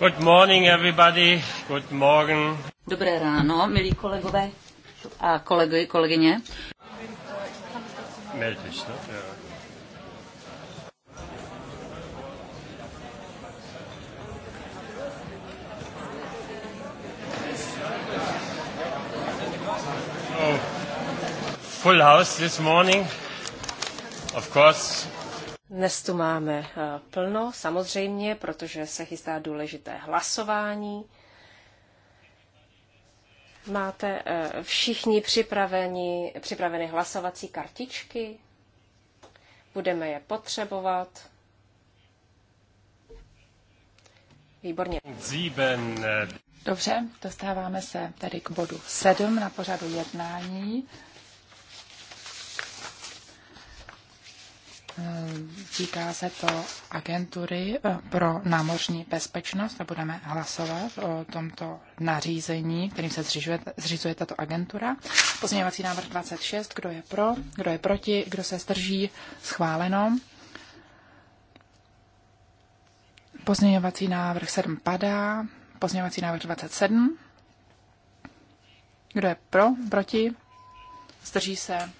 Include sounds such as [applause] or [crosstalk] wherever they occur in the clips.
Good morning everybody. Good morning. Dobré ráno, milí kolegové a kolegy, kolegyně. Meldeš, oh, full house this morning. Of course, dnes tu máme eh, plno, samozřejmě, protože se chystá důležité hlasování. Máte eh, všichni připraveni, připraveny hlasovací kartičky? Budeme je potřebovat. Výborně. Eh, Dobře, dostáváme se tedy k bodu 7 na pořadu jednání. Týká se to agentury eh, pro námořní bezpečnost a budeme hlasovat o tomto nařízení, kterým se zřizuje, zřizuje tato agentura. Pozměňovací návrh 26, kdo je pro, kdo je proti, kdo se zdrží, schváleno. Pozměňovací návrh 7 padá, pozměňovací návrh 27. Kdo je pro, proti, zdrží se,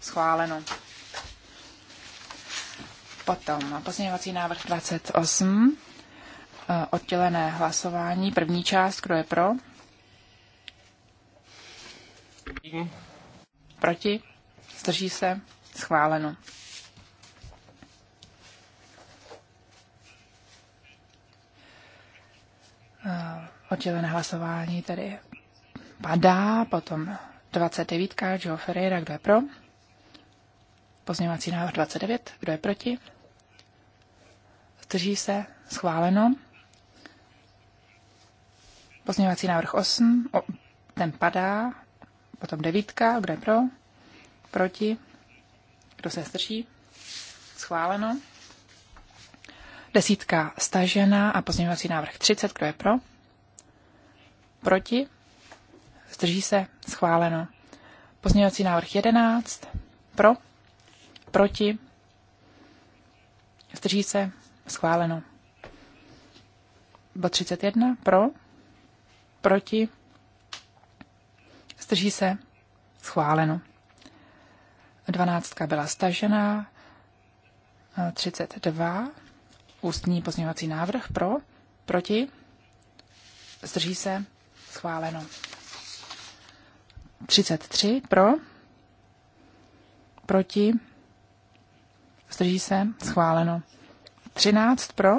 schváleno. Potom pozměňovací návrh 28, eh, oddělené hlasování, první část, kdo je pro? Proti? Zdrží se? Schváleno. Eh, oddělené hlasování tedy padá, potom 29. Joe Ferreira, kdo je pro? Pozměňovací návrh 29. Kdo je proti? Zdrží se? Schváleno. Pozměňovací návrh 8. O, ten padá. Potom devítka. Kdo je pro? Proti? Kdo se zdrží? Schváleno. Desítka stažena a pozměňovací návrh 30. Kdo je pro? Proti? Zdrží se? Schváleno. Pozměňovací návrh 11. Pro? Proti? Zdrží se? Schváleno. Bod 31. Pro? Proti? Zdrží se? Schváleno. Dvanáctka byla stažená. 32. Ústní pozměňovací návrh pro, proti, zdrží se, schváleno. 33 pro, proti, zdrží se, schváleno. 13 pro,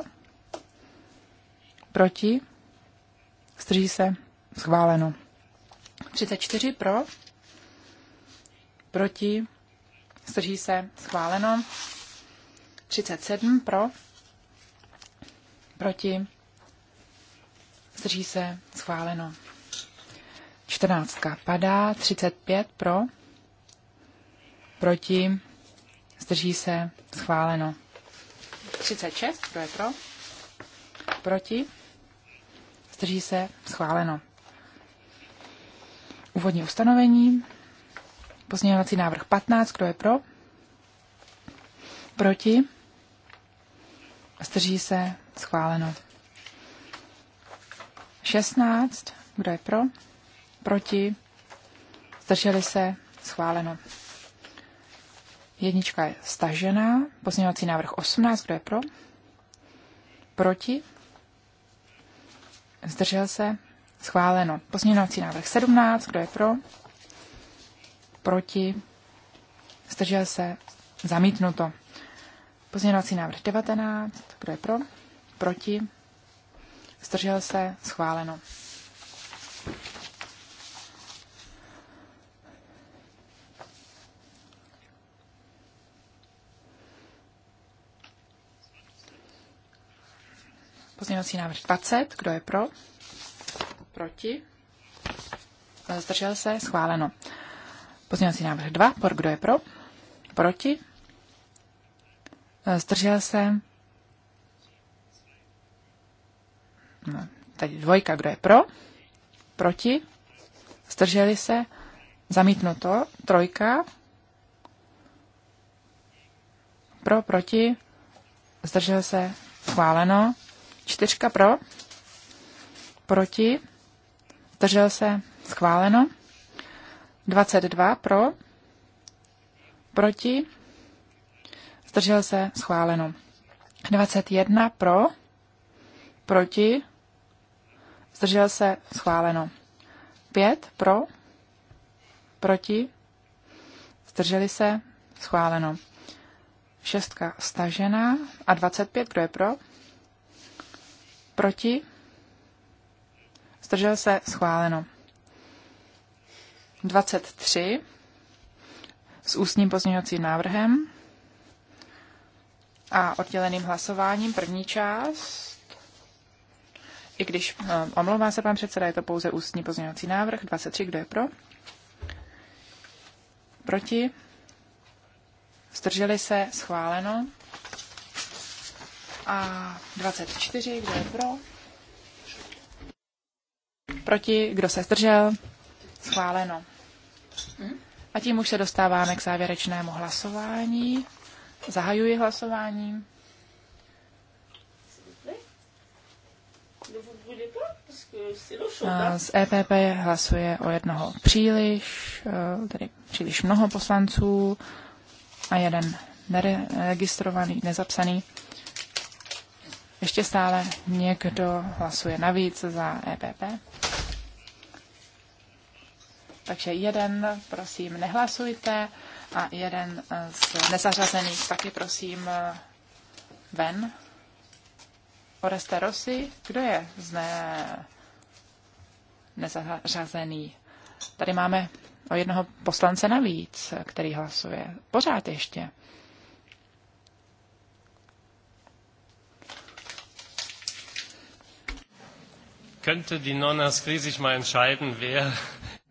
proti, zdrží se, schváleno. 34 pro, proti, zdrží se, schváleno. 37 pro, proti, zdrží se, schváleno. 14 padá, 35 pro, proti, zdrží se, schváleno. 36, kdo je pro? Proti? Zdrží se, schváleno. Úvodní ustanovení. Pozměňovací návrh 15, kdo je pro? Proti? Zdrží se, schváleno. 16, kdo je pro? Proti? Zdrželi se, schváleno. Jednička je stažená. Pozměňovací návrh 18, kdo je pro? Proti? Zdržel se? Schváleno. Pozměňovací návrh 17, kdo je pro? Proti? Zdržel se? Zamítnuto. Pozměňovací návrh 19, kdo je pro? Proti? Zdržel se? Schváleno. Pozměňovací návrh 20. Kdo je pro? Proti? Zdržel se? Schváleno. Pozměňovací návrh 2. Por, kdo je pro? Proti? Zdržel se? No, tady dvojka, kdo je pro? Proti? Zdrželi se? Zamítnuto. Trojka. Pro, proti? Zdržel se? Schváleno. Čtyřka pro, proti, zdržel se, schváleno. 22 pro, proti, zdržel se, schváleno. 21 pro, proti, zdržel se, schváleno. 5 pro, proti, zdrželi se, schváleno. Šestka stažená a 25, kdo je pro? Proti? Zdržel se? Schváleno. 23 s ústním pozměňovacím návrhem a odděleným hlasováním první část. I když eh, omlouvá se pan předseda, je to pouze ústní pozměňovací návrh. 23, kdo je pro? Proti? Zdrželi se? Schváleno. A 24, kdo je pro? Proti, kdo se zdržel? Schváleno. A tím už se dostáváme k závěrečnému hlasování. Zahajuji hlasování. Z EPP hlasuje o jednoho příliš, eh, tedy příliš mnoho poslanců a jeden neregistrovaný, nezapsaný. Ještě stále někdo hlasuje navíc za EPP. Takže jeden, prosím, nehlasujte a jeden z nezařazených taky, prosím, ven. Oreste Rossi, kdo je z ne... nezařazený? Tady máme o jednoho poslance navíc, který hlasuje. Pořád ještě. Könnte die Nonna sich mal entscheiden, wer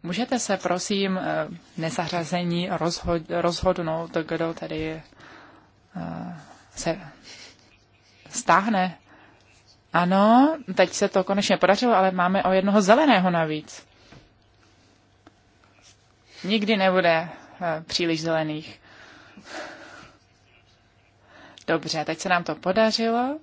Můžete se prosím eh, nezařazení rozhod, rozhodnout, kdo tedy eh, se stáhne? Ano, teď se to konečně podařilo, ale máme o jednoho zeleného navíc. Nikdy nebude eh, příliš zelených. Dobře, teď se nám to podařilo.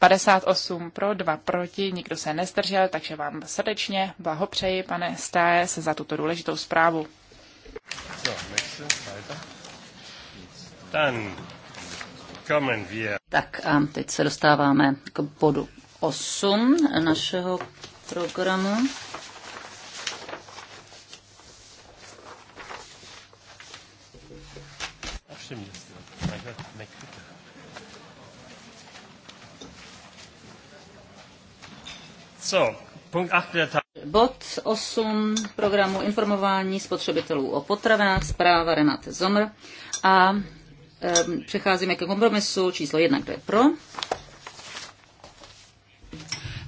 58 pro, 2 proti, nikdo se nestržel, takže vám srdečně blahopřeji, pane stáje se za tuto důležitou zprávu. Tak a teď se dostáváme k bodu 8 našeho programu. Všimně. So, punkt 8 Bod 8 programu informování spotřebitelů o potravinách, zpráva Renate Zomr. A e, přecházíme ke kompromisu číslo 1, kdo je pro.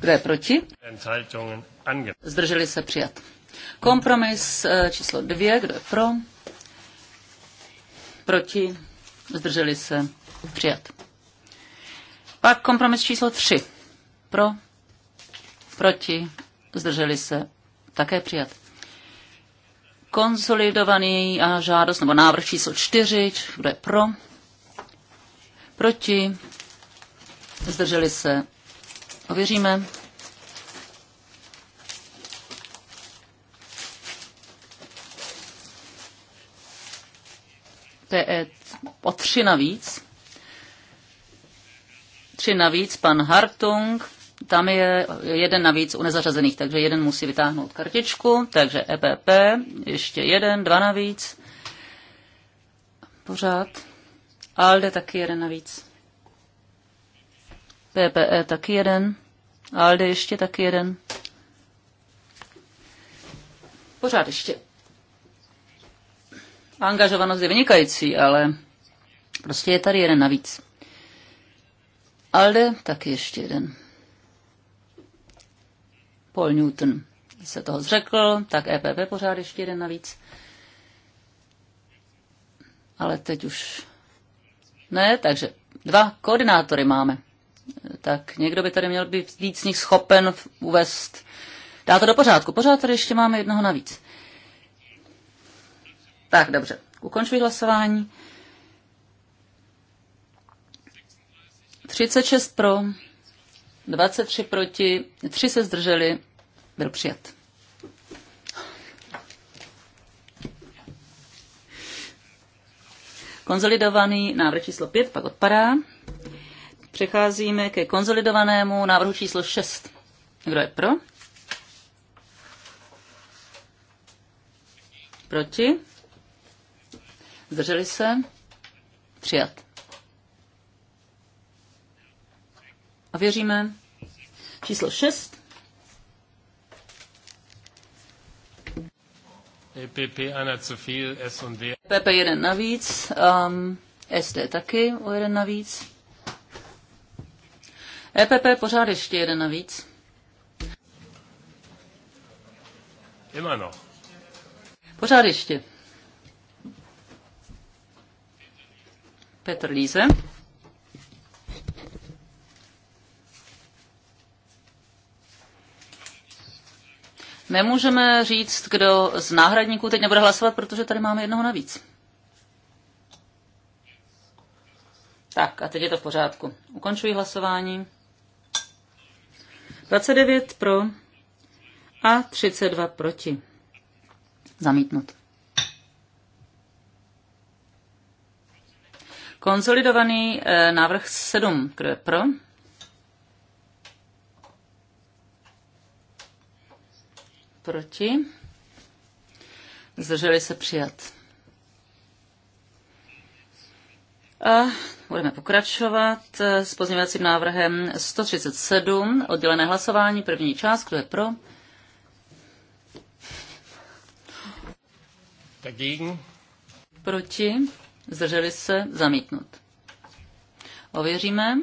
Kdo je proti? Zdrželi se přijat. Kompromis e, číslo 2, kdo je pro. Proti? Zdrželi se přijat. Pak kompromis číslo 3. Pro, proti, zdrželi se, také přijat. Konsolidovaný a žádost, nebo návrh číslo čtyři, kdo je pro, proti, zdrželi se, ověříme. To je eh, o tři navíc. Tři navíc, pan Hartung, tam je jeden navíc u nezařazených, takže jeden musí vytáhnout kartičku, takže EPP, ještě jeden, dva navíc. Pořád. ALDE taky jeden navíc. PPE taky jeden. ALDE ještě taky jeden. Pořád ještě. Angažovanost je vynikající, ale prostě je tady jeden navíc. ALDE taky ještě jeden. Paul Newton se toho zřekl, tak EPP pořád ještě jeden navíc. Ale teď už ne, takže dva koordinátory máme. Tak někdo by tady měl být víc z nich schopen uvést, dá to do pořádku. Pořád tady ještě máme jednoho navíc. Tak, dobře. Ukončuji hlasování. 36 pro, 23 proti, 3 se zdrželi, byl přijat. Konzolidovaný návrh číslo 5 pak odpadá. Přecházíme ke konzolidovanému návrhu číslo 6. Kdo je pro? Proti? Zdrželi se? Přijat. a věříme. Číslo 6. EPP zu viel, PP e jeden navíc, um, SD taky o jeden navíc. EPP pořád ještě jeden navíc. Immer noch. Pořád ještě. Petr Líze. Nemůžeme říct, kdo z náhradníků teď nebude hlasovat, protože tady máme jednoho navíc. Tak a teď je to v pořádku. Ukončuji hlasování. 29 pro a 32 proti. Zamítnut. Konsolidovaný eh, návrh 7. Kdo je pro? Proti? Zdrželi se přijat. A budeme pokračovat s pozměňovacím návrhem 137, oddělené hlasování, první část, kdo je pro? Dagegen. Proti? Zdrželi se? Zamítnut. Ověříme.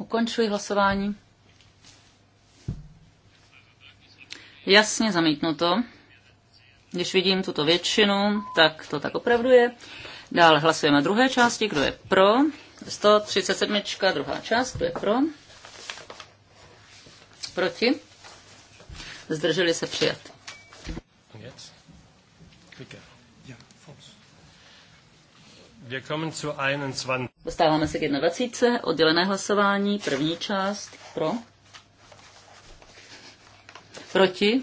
Ukončuji hlasování. Jasně zamítnuto. Když vidím tuto většinu, tak to tak opravdu je. Dále hlasujeme druhé části, kdo je pro. 137. druhá část, kdo je pro. Proti. Zdrželi se přijat. Wir kommen zu 21. Dostáváme se k 21. Oddělené hlasování, první část pro. Proti.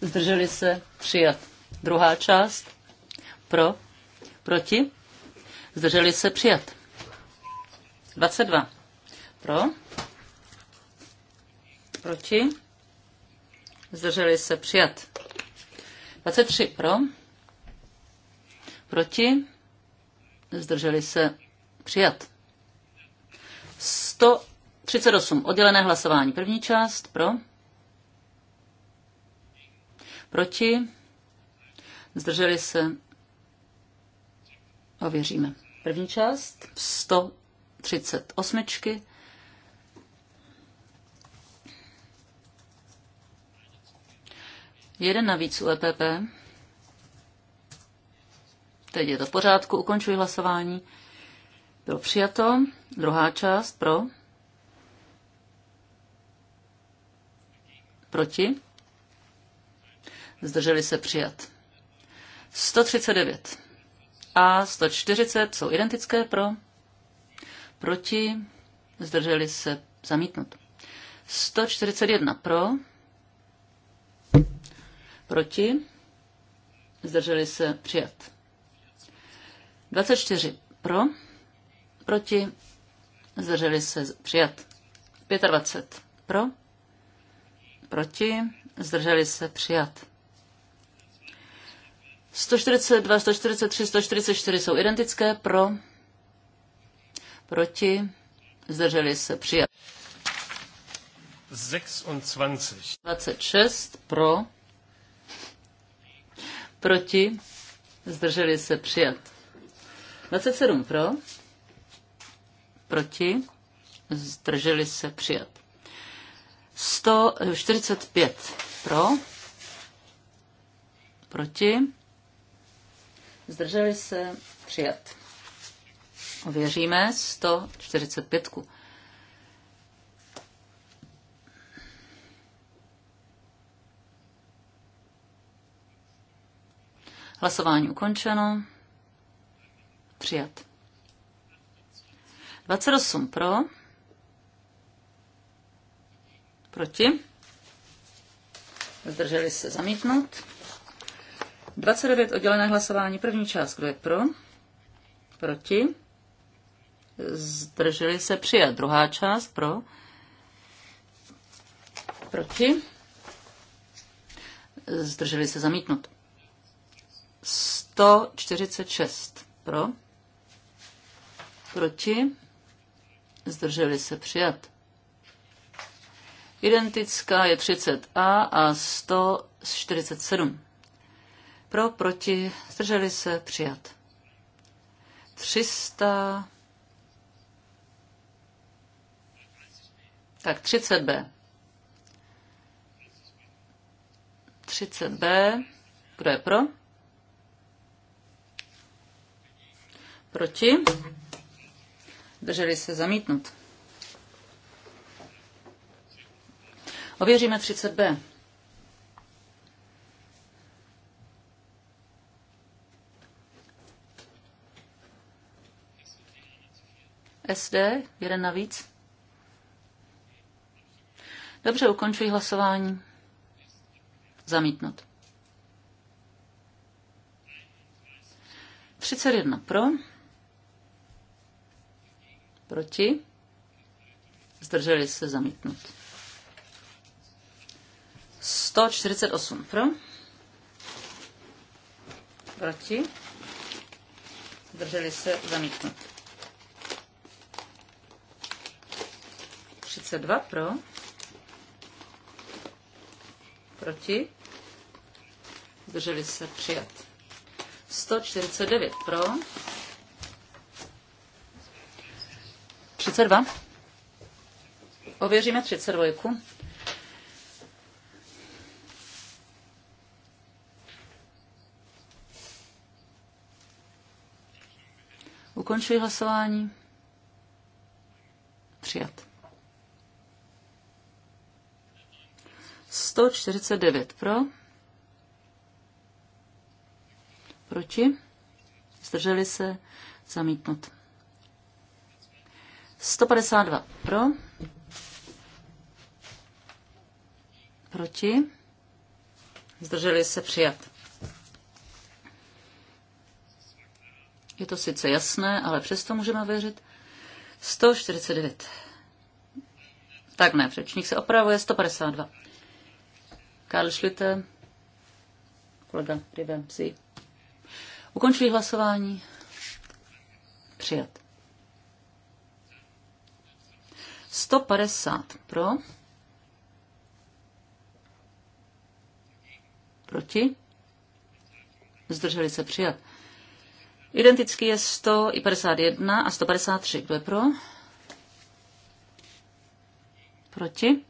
Zdrželi se přijat. Druhá část pro. Proti. Zdrželi se přijat. 22. Pro. Proti. Zdrželi se přijat. 23 pro. Proti. Zdrželi se Přijat. 138. Oddělené hlasování. První část pro. Proti. Zdrželi se. Ověříme. První část. 138. Jeden navíc u EPP. Teď je to v pořádku, ukončuji hlasování. Bylo přijato. Druhá část pro. Proti. Zdrželi se přijat. 139 a 140 jsou identické pro. Proti. Zdrželi se zamítnut. 141 pro. Proti. Zdrželi se přijat. 24 pro Proti? Zdrželi se přijat. 25. Pro? Proti? Zdrželi se přijat. 142, 143, 144 jsou identické. Pro? Proti? Zdrželi se přijat. 26. pro. Proti. Zdrželi se přijat. 27 pro proti, zdrželi se přijat. 145 pro, proti, zdrželi se přijat. Ověříme 145. Hlasování ukončeno. Přijat. 28 pro. Proti. Zdrželi se zamítnout. 29 oddělené hlasování. První část. Kdo je pro? Proti. Zdrželi se přijat. Druhá část. Pro. Proti. Zdrželi se zamítnout. 146 pro. Proti zdrželi se přijat. Identická je 30A a 147. Pro, proti, zdrželi se přijat. 300. Tak 30B. 30B. Kdo je pro? Proti? Drželi se zamítnut. Ověříme 30b. SD, jeden navíc. Dobře, ukončuji hlasování. Zamítnut. 31 pro. Proti? Zdrželi se zamítnut. 148 pro. Proti? Zdrželi se zamítnut. 32 pro. Proti? Zdrželi se přijat. 149 pro 32. Ověříme 32. Ukončuji hlasování. Přijat. 149 pro. Proti. Zdrželi se. Zamítnout. 152 pro. Proti. Zdrželi se přijat. Je to sice jasné, ale přesto můžeme věřit. 149. Tak ne, přečník se opravuje. 152. Karl Schlitter, kolega Rivem, Ukončili hlasování. Přijat. 150 pro, proti, zdrželi se přijat. Identický je 151 a 153. Kdo je pro? Proti?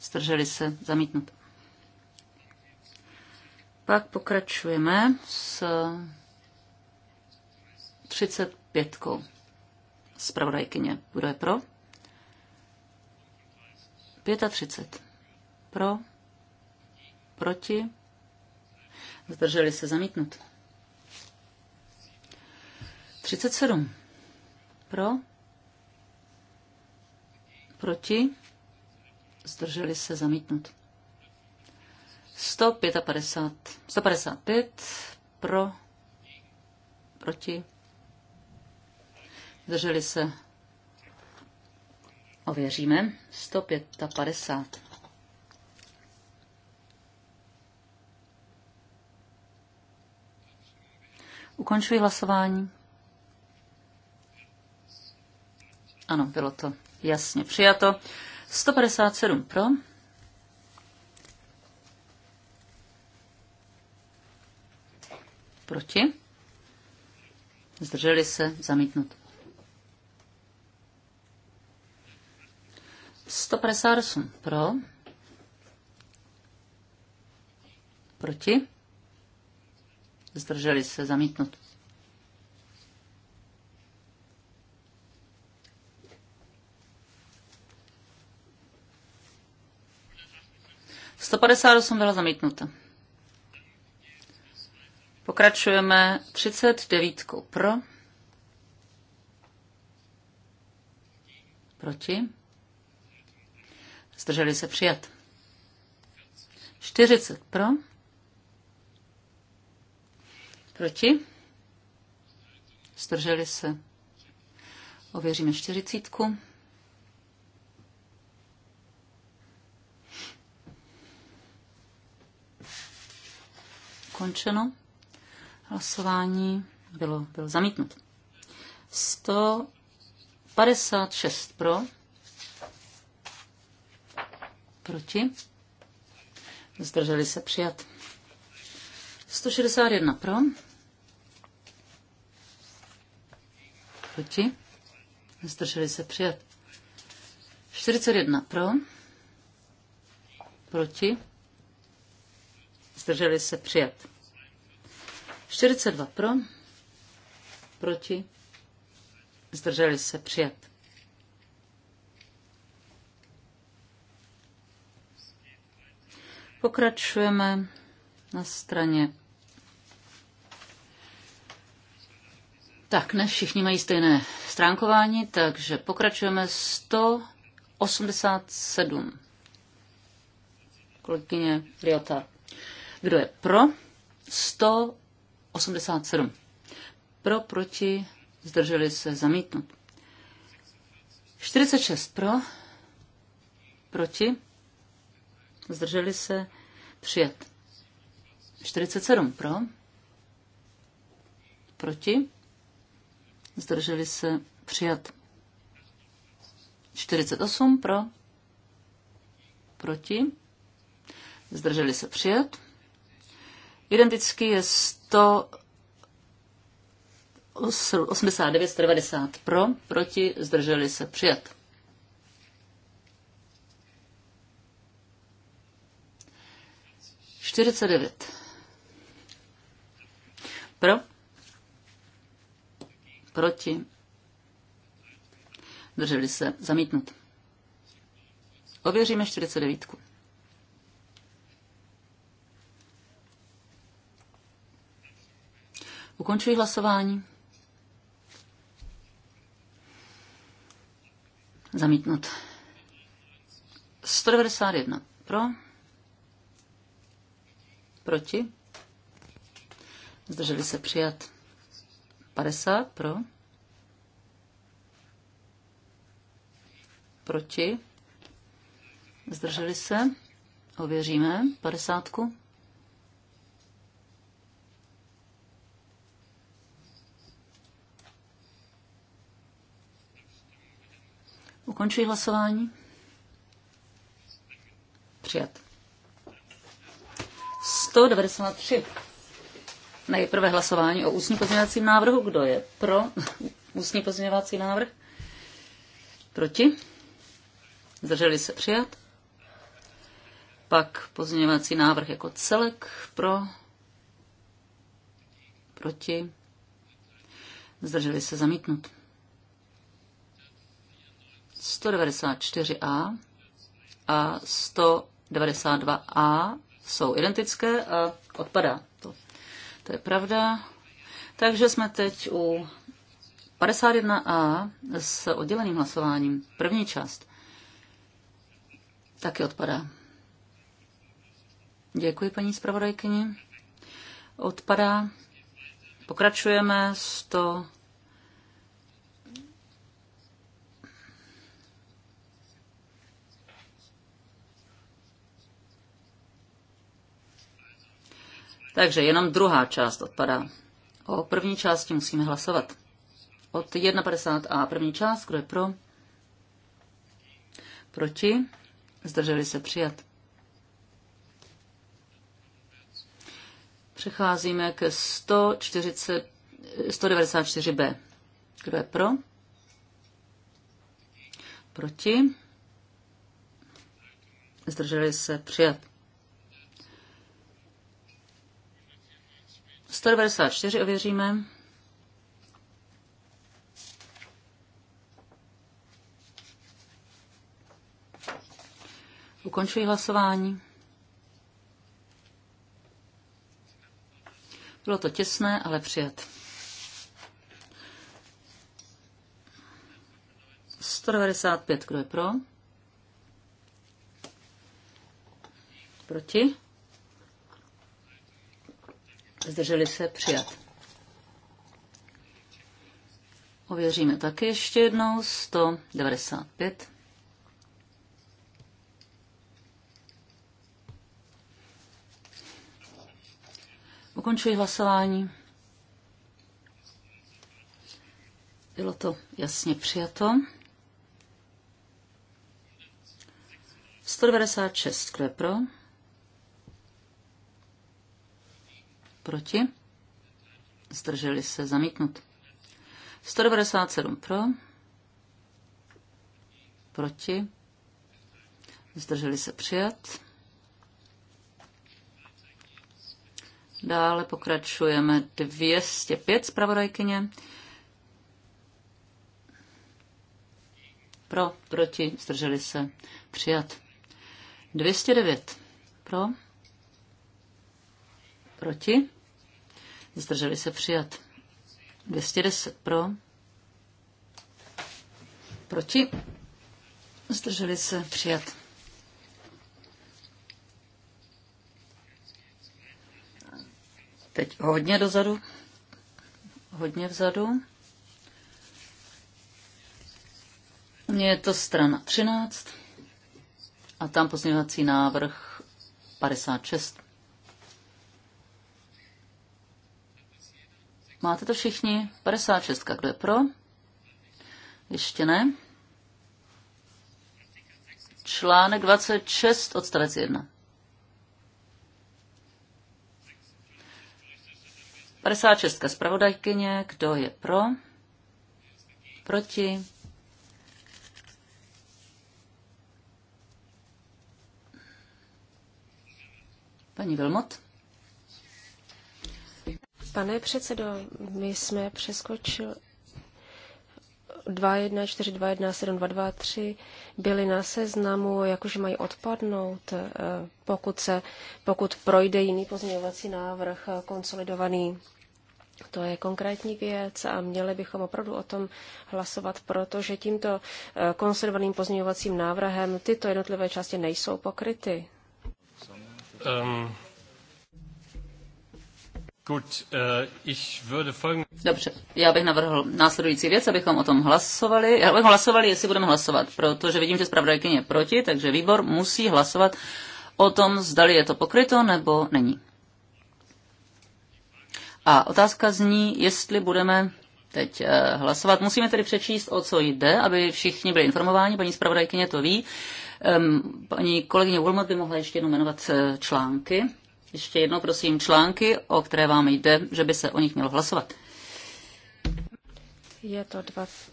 Zdrželi se zamítnout. Pak pokračujeme s 35. Spravodajkyně. Kdo je pro? 35. Pro, proti, zdrželi se zamítnut. 37. Pro, proti, zdrželi se zamítnut. 155, 155 pro, proti, zdrželi se Ověříme. 155. Ukončuji hlasování. Ano, bylo to jasně přijato. 157 pro. Proti. Zdrželi se zamítnut. 158 pro, proti, zdrželi se zamítnout. Sto padesát osm byla zamítnuta. Pokračujeme 39 pro. Proti. Zdrželi se přijat. 40 pro. Proti. Zdrželi se. Ověříme 40. Končeno. Hlasování bylo, bylo zamítnut. 156 pro Proti? Zdrželi se přijat. 161 pro. Proti? Zdrželi se přijat. 41 pro. Proti? Zdrželi se přijat. 42 pro. Proti? Zdrželi se přijat. Pokračujeme na straně. Tak, ne všichni mají stejné stránkování, takže pokračujeme 187. Kolegyně Riota. Kdo je pro? 187. Pro, proti, zdrželi se zamítnout. 46 pro, proti, zdrželi se, přijat. 47 pro, proti, zdrželi se, přijat. 48 pro, proti, zdrželi se, přijat. Identický je 100 89, 190 pro, proti, zdrželi se, přijat. 49. Pro? Proti? Drželi se. Zamítnut. Ověříme 49. Ukončuji hlasování. Zamítnut. 191 pro. Proti? Zdrželi se přijat. 50 pro. Proti? Zdrželi se? Ověříme 50. Ukončuji hlasování. Přijat. 193. Nejprve hlasování o ústní pozměňovacím návrhu. Kdo je pro ústní pozměňovací návrh? Proti? Zdrželi se přijat? Pak pozměňovací návrh jako celek pro, proti, zdrželi se zamítnut. 194a a 192a jsou identické a odpadá to. To je pravda. Takže jsme teď u 51a s odděleným hlasováním. První část taky odpadá. Děkuji paní zpravodajkyni. Odpadá. Pokračujeme 100. Takže jenom druhá část odpadá. O první části musíme hlasovat. Od 1.50a první část, kdo je pro? Proti? Zdrželi se přijat. Přecházíme ke 140, 194b. Kdo je pro? Proti? Zdrželi se přijat. 194 ověříme. Ukončuji hlasování. Bylo to těsné, ale přijat. 195, kdo je pro? Proti? zdrželi se, přijat. Ověříme taky ještě jednou 195. Ukončuji hlasování. Bylo to jasně přijato. 196, kdo je pro? Proti? Zdrželi se zamítnut. 197 pro. Proti? Zdrželi se přijat. Dále pokračujeme 205 zpravodajkyně. Pro, proti, zdrželi se, přijat. 209. Pro, proti, zdrželi se přijat. 210 pro, proti, zdrželi se přijat. Teď hodně dozadu, hodně vzadu. Je to strana 13 a tam pozměňovací návrh 56. Máte to všichni? 56. Kdo je pro? Ještě ne. Článek 26, odstavec 1. 56. Spravodajkyně. Kdo je pro? Proti? Paní Vilmot? Pane předsedo, my jsme přeskočili 2.1.4.2.1.7.2.2.3. byli na seznamu, jakože mají odpadnout, eh, pokud, se, pokud projde jiný pozměňovací návrh eh, konsolidovaný. To je konkrétní věc a měli bychom opravdu o tom hlasovat, protože tímto eh, konsolidovaným pozměňovacím návrhem tyto jednotlivé části nejsou pokryty. Um. Äh, Dobře, já bych navrhl následující věc, abychom o tom hlasovali. bych hlasovali, jestli budeme hlasovat, protože vidím, že zpravodajkyně je proti, takže výbor musí hlasovat o tom, zdali je to pokryto nebo není. A otázka zní, jestli budeme teď eh, hlasovat. Musíme tedy přečíst, o co jde, aby všichni byli informováni. Paní zpravodajkyně to ví. Paní kolegyně Wilmot by mohla ještě jenom jmenovat eh, články. Ještě jednou prosím články, o které vám jde, že by se o nich mělo hlasovat. Je to 20,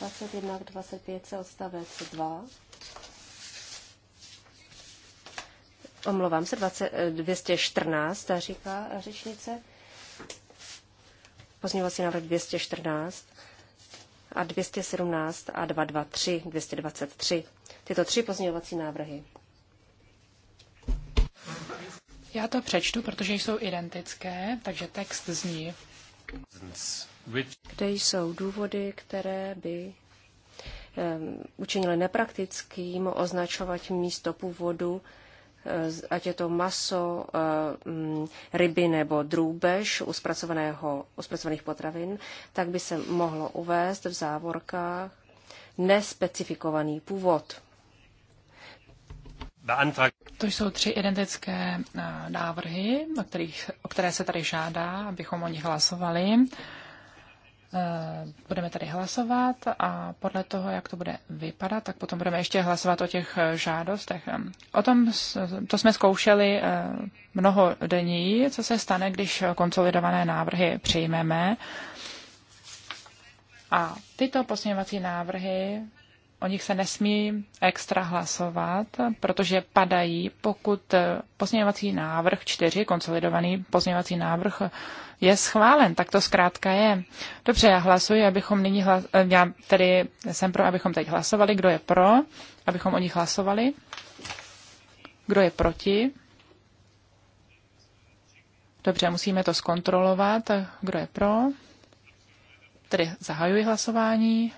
21 k 25 odstavec 2. Omlouvám se, 20, 214, eh, říká řečnice. Pozměňovací návrh 214 a 217 a 223, 223. Tyto tři pozměňovací návrhy já to přečtu, protože jsou identické, takže text zní. Kde jsou důvody, které by učinili nepraktickým označovat místo původu, eh, ať je to maso, eh, mm, ryby nebo drůbež u, u zpracovaných potravin, tak by se mohlo uvést v závorkách nespecifikovaný původ. Beantrag to jsou tři identické eh, návrhy, o, kterých, o které se tady žádá, abychom o nich hlasovali. Eh, budeme tady hlasovat a podle toho, jak to bude vypadat, tak potom budeme ještě hlasovat o těch eh, žádostech. O tom to jsme zkoušeli mnoho dní, co se stane, když konsolidované návrhy přijmeme. A tyto posměvací návrhy o nich se nesmí extra hlasovat, protože padají, pokud pozměňovací návrh 4, konsolidovaný pozměňovací návrh, je schválen. Tak to zkrátka je. Dobře, já hlasuji, abychom nyní hlas... já tedy jsem pro, abychom teď hlasovali. Kdo je pro, abychom o nich hlasovali? Kdo je proti? Dobře, musíme to zkontrolovat. Kdo je pro? Tedy zahajuji hlasování.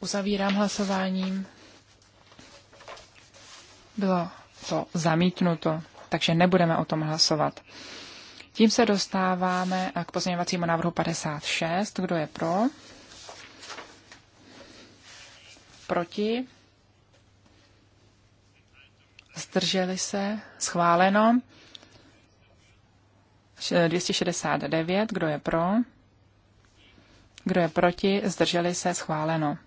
Uzavírám hlasováním. Bylo to zamítnuto, takže nebudeme o tom hlasovat. Tím se dostáváme k pozměňovacímu návrhu 56. Kdo je pro? Proti? Zdrželi se? Schváleno. 269. Kdo je pro? Kdo je proti? Zdrželi se? Schváleno.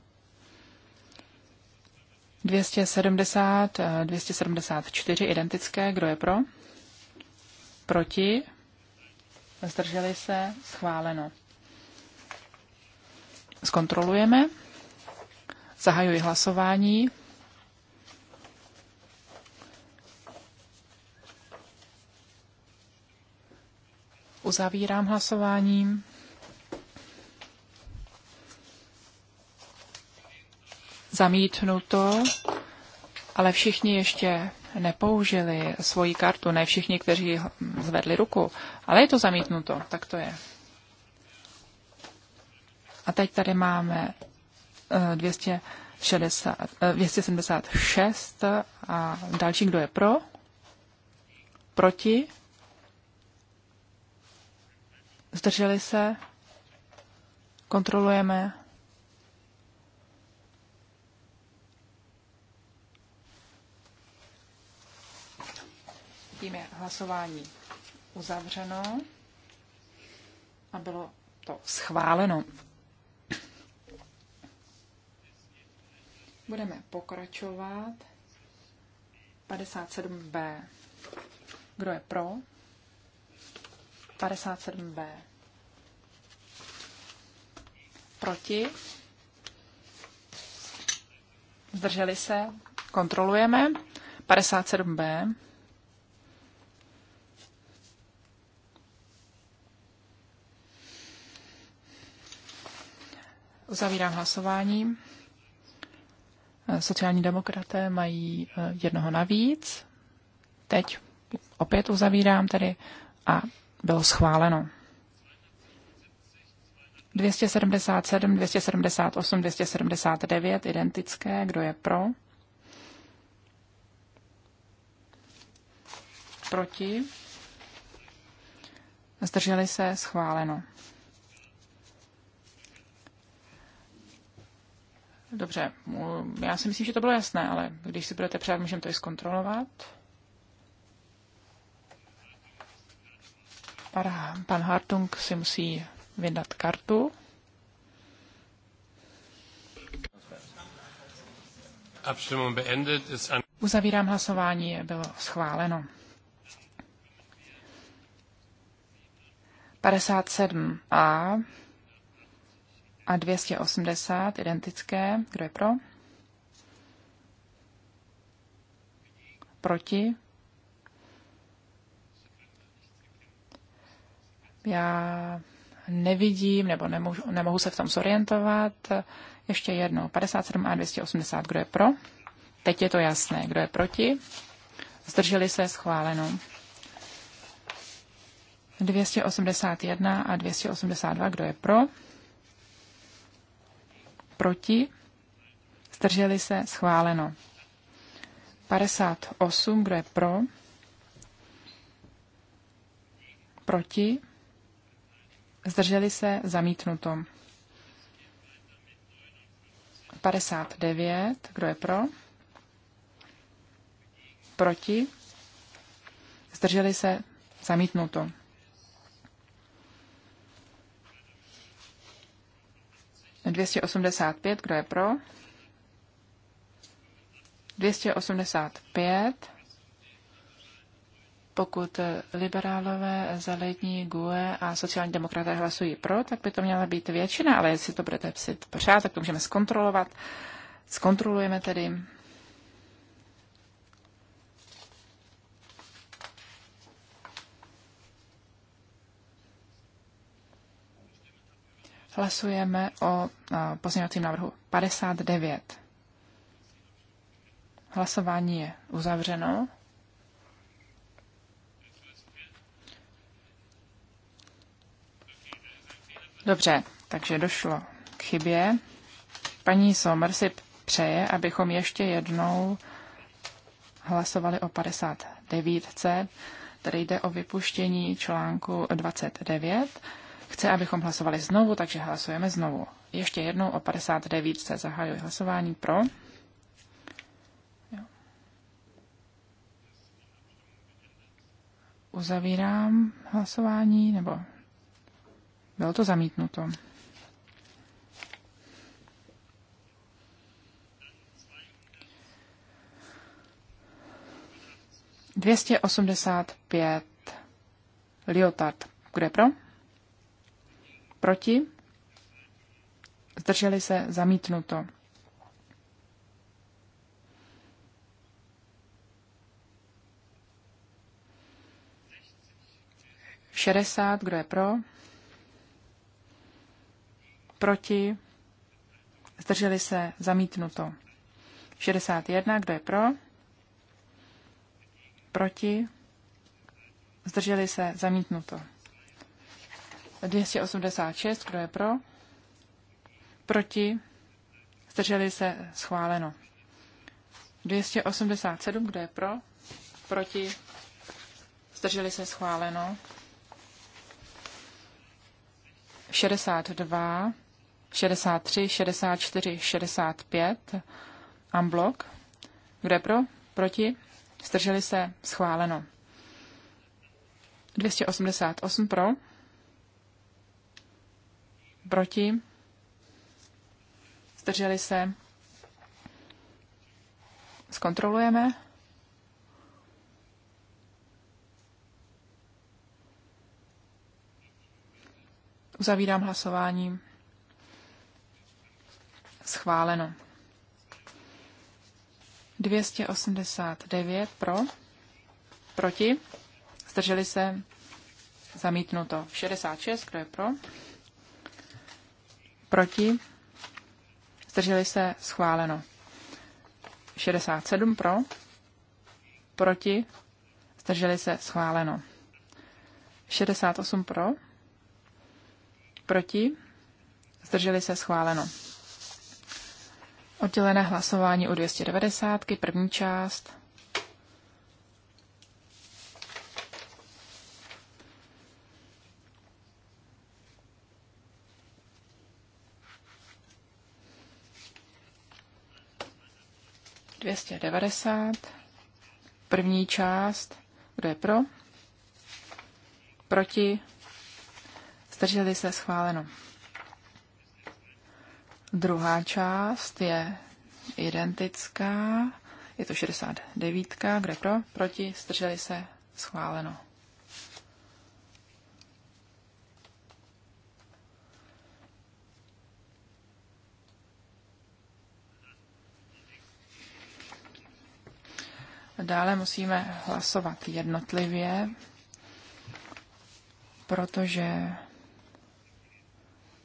270, 274 eh, identické, kdo je pro? Proti? Zdrželi se? Schváleno. Zkontrolujeme. Zahajuji hlasování. Uzavírám hlasováním. zamítnuto, ale všichni ještě nepoužili svoji kartu, ne všichni, kteří zvedli ruku, ale je to zamítnuto, tak to je. A teď tady máme 260, eh, 276 eh, a další, kdo je pro, proti, zdrželi se, kontrolujeme. Tím je hlasování uzavřeno a bylo to schváleno. Budeme pokračovat. 57b. Kdo je pro? 57b. Proti? Zdrželi se? Kontrolujeme. 57b. Uzavírám hlasování. Sociální demokraté mají eh, jednoho navíc. Teď opět uzavírám tedy a bylo schváleno. 277, 278, 279, identické. Kdo je pro? Proti? Zdrželi se schváleno. Dobře, já si myslím, že to bylo jasné, ale když si budete přát, můžeme to i zkontrolovat. Pan Hartung si musí vydat kartu. Uzavírám hlasování, bylo schváleno. 57a a 280 identické. Kdo je pro? Proti? Já nevidím nebo nemůžu, nemohu se v tom zorientovat. Ještě jednou. 57 a 280. Kdo je pro? Teď je to jasné. Kdo je proti? Zdrželi se schváleno. 281 a 282. Kdo je pro? proti, zdrželi se, schváleno. 58, kdo je pro, proti, zdrželi se, zamítnuto. 59, kdo je pro, proti, zdrželi se, zamítnuto. 285, kdo je pro? 285. Pokud liberálové, zelení, GUE a sociální demokraté hlasují pro, tak by to měla být většina, ale jestli to budete psit pořád, tak to můžeme zkontrolovat. Zkontrolujeme tedy hlasujeme o pozměňovacím návrhu 59. Hlasování je uzavřeno. Dobře, takže došlo k chybě. Paní Sommer si přeje, abychom ještě jednou hlasovali o 59, tady jde o vypuštění článku 29 Chce, abychom hlasovali znovu, takže hlasujeme znovu. Ještě jednou o 59 se zahajuji hlasování pro. Uzavírám hlasování, nebo bylo to zamítnuto. Dvěstě osmdesát pět Lyotard. Kdo je pro? Proti? Zdrželi se zamítnuto. Šedesát, kdo je pro? Proti? Zdrželi se zamítnuto. 61, kdo je pro? Proti? Zdrželi se zamítnuto. 286, kdo je pro? Proti? Zdrželi se schváleno. 287, kdo je pro? Proti? Zdrželi se schváleno. 62, 63, 64, 65. Amblok. Kdo je pro? Proti? Zdrželi se schváleno. 288 pro Proti? Zdrželi se? Zkontrolujeme? Uzavírám hlasování. Schváleno. 289 pro, proti, zdrželi se, zamítnuto. 66, kdo je pro? proti, zdrželi se, schváleno. 67 pro, proti, zdrželi se, schváleno. 68 pro, proti, zdrželi se, schváleno. Oddělené hlasování u 290, první část, 290. První část. Kdo je pro? Proti? Zdrželi se schváleno. Druhá část je identická. Je to 69. je pro? Proti? Zdrželi se schváleno. Dále musíme hlasovat jednotlivě, protože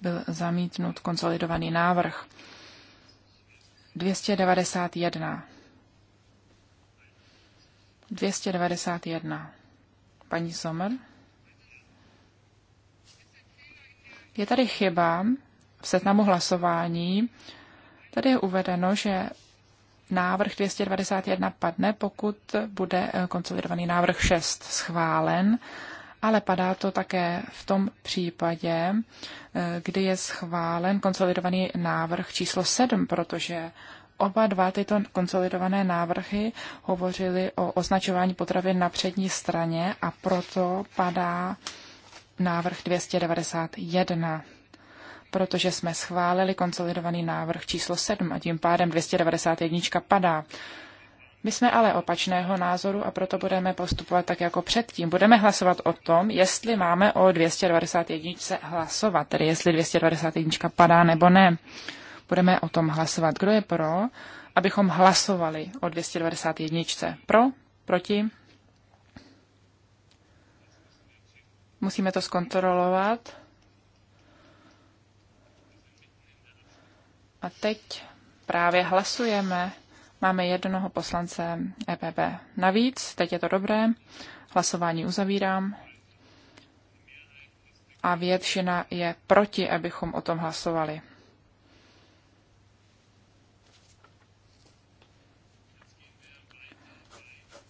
byl zamítnut konsolidovaný návrh. 291. 291. Paní Sommer? Je tady chyba v setnamu hlasování. Tady je uvedeno, že návrh 291 padne, pokud bude eh, konsolidovaný návrh 6 schválen, ale padá to také v tom případě, eh, kdy je schválen konsolidovaný návrh číslo 7, protože Oba dva tyto konsolidované návrhy hovořily o označování potravin na přední straně a proto padá návrh 291 protože jsme schválili konsolidovaný návrh číslo 7 a tím pádem 291 padá. My jsme ale opačného názoru a proto budeme postupovat tak jako předtím. Budeme hlasovat o tom, jestli máme o 291 hlasovat, tedy jestli 291 padá nebo ne. Budeme o tom hlasovat. Kdo je pro, abychom hlasovali o 291? Pro? Proti? Musíme to zkontrolovat. A teď právě hlasujeme. Máme jednoho poslance EPP navíc, teď je to dobré. Hlasování uzavírám. A většina je proti, abychom o tom hlasovali.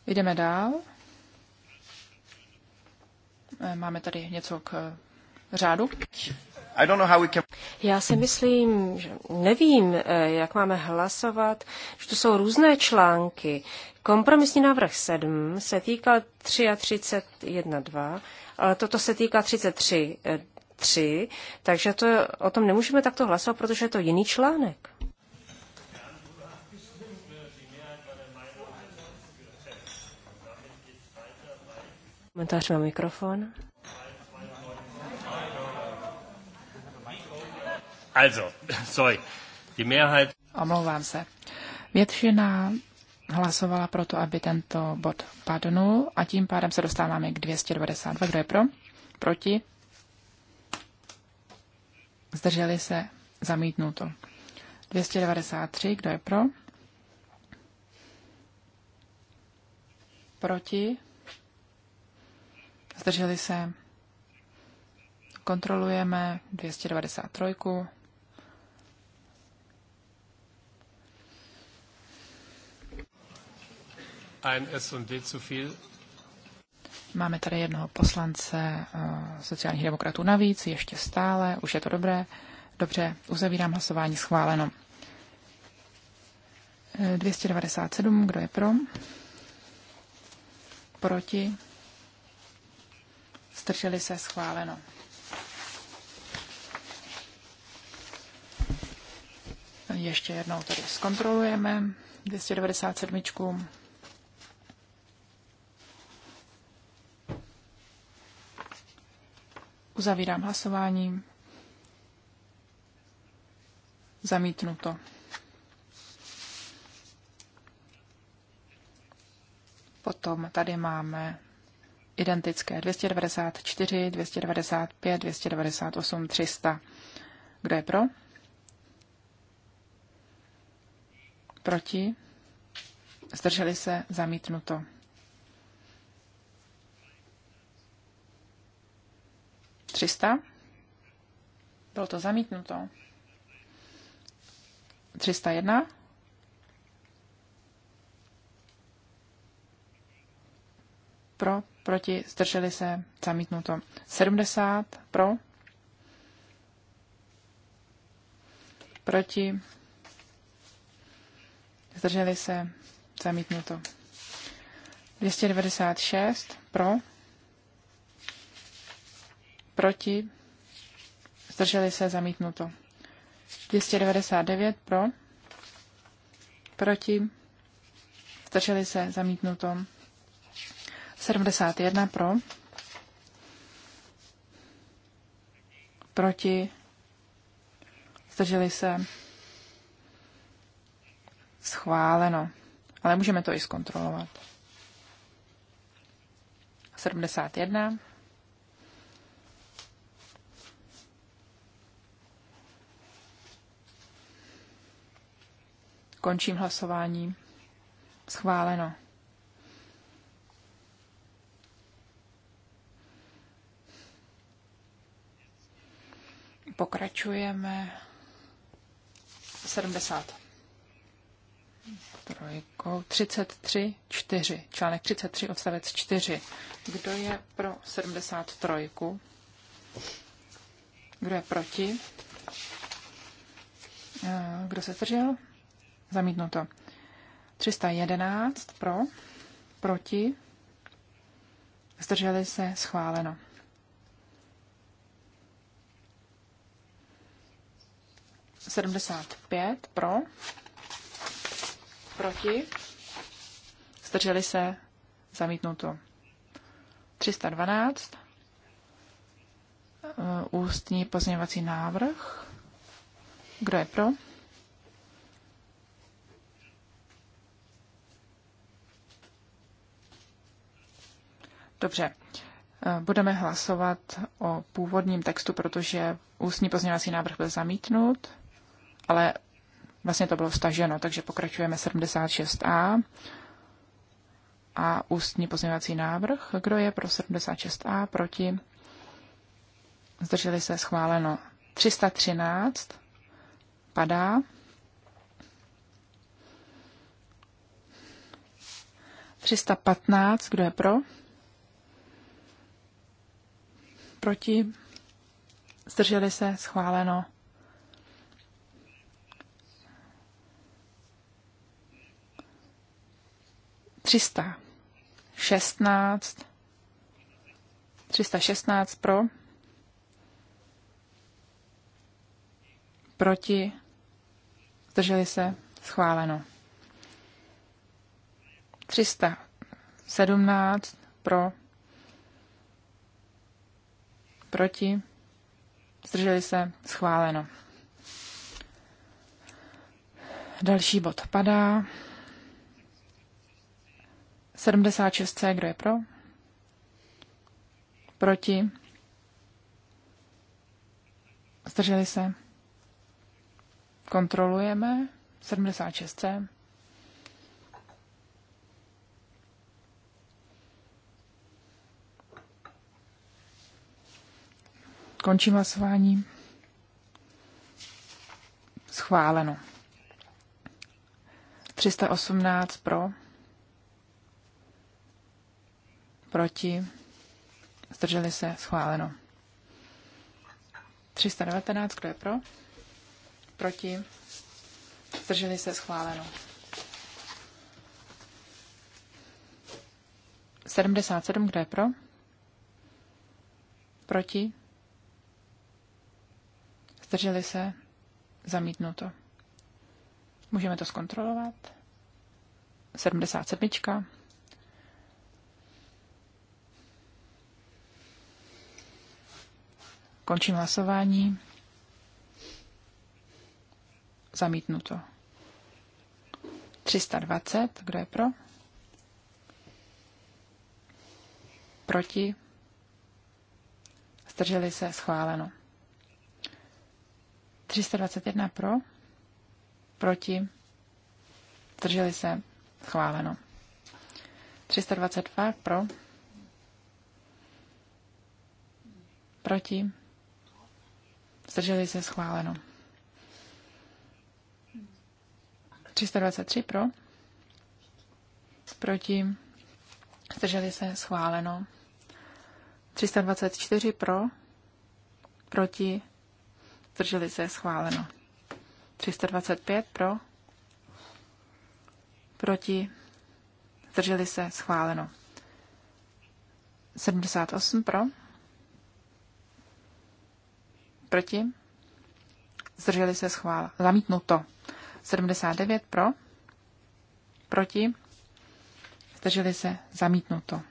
Jdeme dál. E, máme tady něco k řádu. Já si myslím, že nevím, eh, jak máme hlasovat, že to jsou různé články. Kompromisní návrh 7 se týká 33.1.2, ale toto se týká 33 3, takže to, o tom nemůžeme takto hlasovat, protože je to jiný článek. Komentář na mikrofon. Also, [laughs] sorry, die Mehrheit... Omlouvám se. Většina hlasovala pro to, aby tento bod padnul a tím pádem se dostáváme k 292. Kdo je pro? Proti? Zdrželi se? Zamítnuto. 293. Kdo je pro? Proti? Zdrželi se? Kontrolujeme 293. Máme tady jednoho poslance eh, sociálních demokratů navíc, ještě stále, už je to dobré. Dobře, uzavírám hlasování schváleno. 297, eh, kdo je pro? Proti? Strželi se schváleno. Ještě jednou tady zkontrolujeme 297. Uzavírám hlasování. Zamítnuto. Potom tady máme identické 294, 295, 298, 300. Kdo je pro? Proti? Zdrželi se zamítnuto. 300. Bylo to zamítnuto. 301. Pro, proti, zdrželi se, zamítnuto. 70 pro, proti, zdrželi se, zamítnuto. 296 pro, proti, zdrželi se, zamítnuto. 299 pro, proti, zdrželi se, zamítnuto. 71 pro, proti, zdrželi se, schváleno. Ale můžeme to i zkontrolovat. 71. Končím hlasování. Schváleno. Pokračujeme 70. Trojkou 33, 4. Článek 33, odstavec 4. Kdo je pro 73? Kdo je proti? Eh, kdo se zdržel? Zamítnuto. 311 pro, proti, zdrželi se, schváleno. Sedmdesát pět pro, proti, zdrželi se, zamítnuto. 312, eh, ústní pozměňovací návrh. Kdo je pro? Dobře, e, budeme hlasovat o původním textu, protože ústní pozměňovací návrh byl zamítnut, ale vlastně to bylo staženo, takže pokračujeme 76a a ústní pozměňovací návrh. Kdo je pro 76a, proti? Zdrželi se schváleno 313, padá. 315, kdo je pro? proti, zdrželi se, schváleno. Třista šestnáct, třista šestnáct pro, proti, zdrželi se, schváleno. 317 pro, proti, zdrželi se, schváleno. Další bod padá. 76C, kdo je pro? Proti? Zdrželi se? Kontrolujeme. 76C. Končím hlasování. Schváleno. 318 pro. Proti. Zdrželi se. Schváleno. 319, kdo je pro? Proti. Zdrželi se. Schváleno. 77, kdo je pro? Proti? Zdrželi se? Zamítnuto. Můžeme to zkontrolovat. 77. Končím hlasování. Zamítnuto. 320. Kdo je pro? Proti? Zdrželi se? Schváleno. 321 pro, proti, zdrželi se, schváleno. 322 pro, proti, zdrželi se, schváleno. 323 pro, proti, zdrželi se, schváleno. 324 pro, proti, zdrželi se, schváleno. 325 pro, proti, zdrželi se, schváleno. 78 pro, proti, zdrželi se, schváleno. Zamítnuto. 79 pro, proti, zdrželi se, zamítnuto.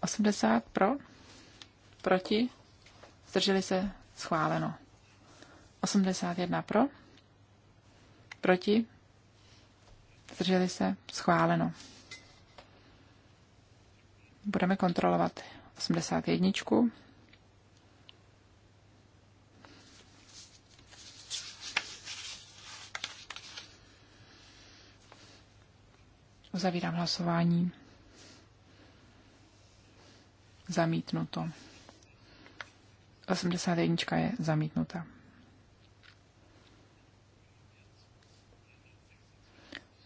80 pro, proti, zdrželi se, schváleno. 81 pro, proti, zdrželi se, schváleno. Budeme kontrolovat 81. Uzavírám hlasování. Zamítnuto. 81 je zamítnuta.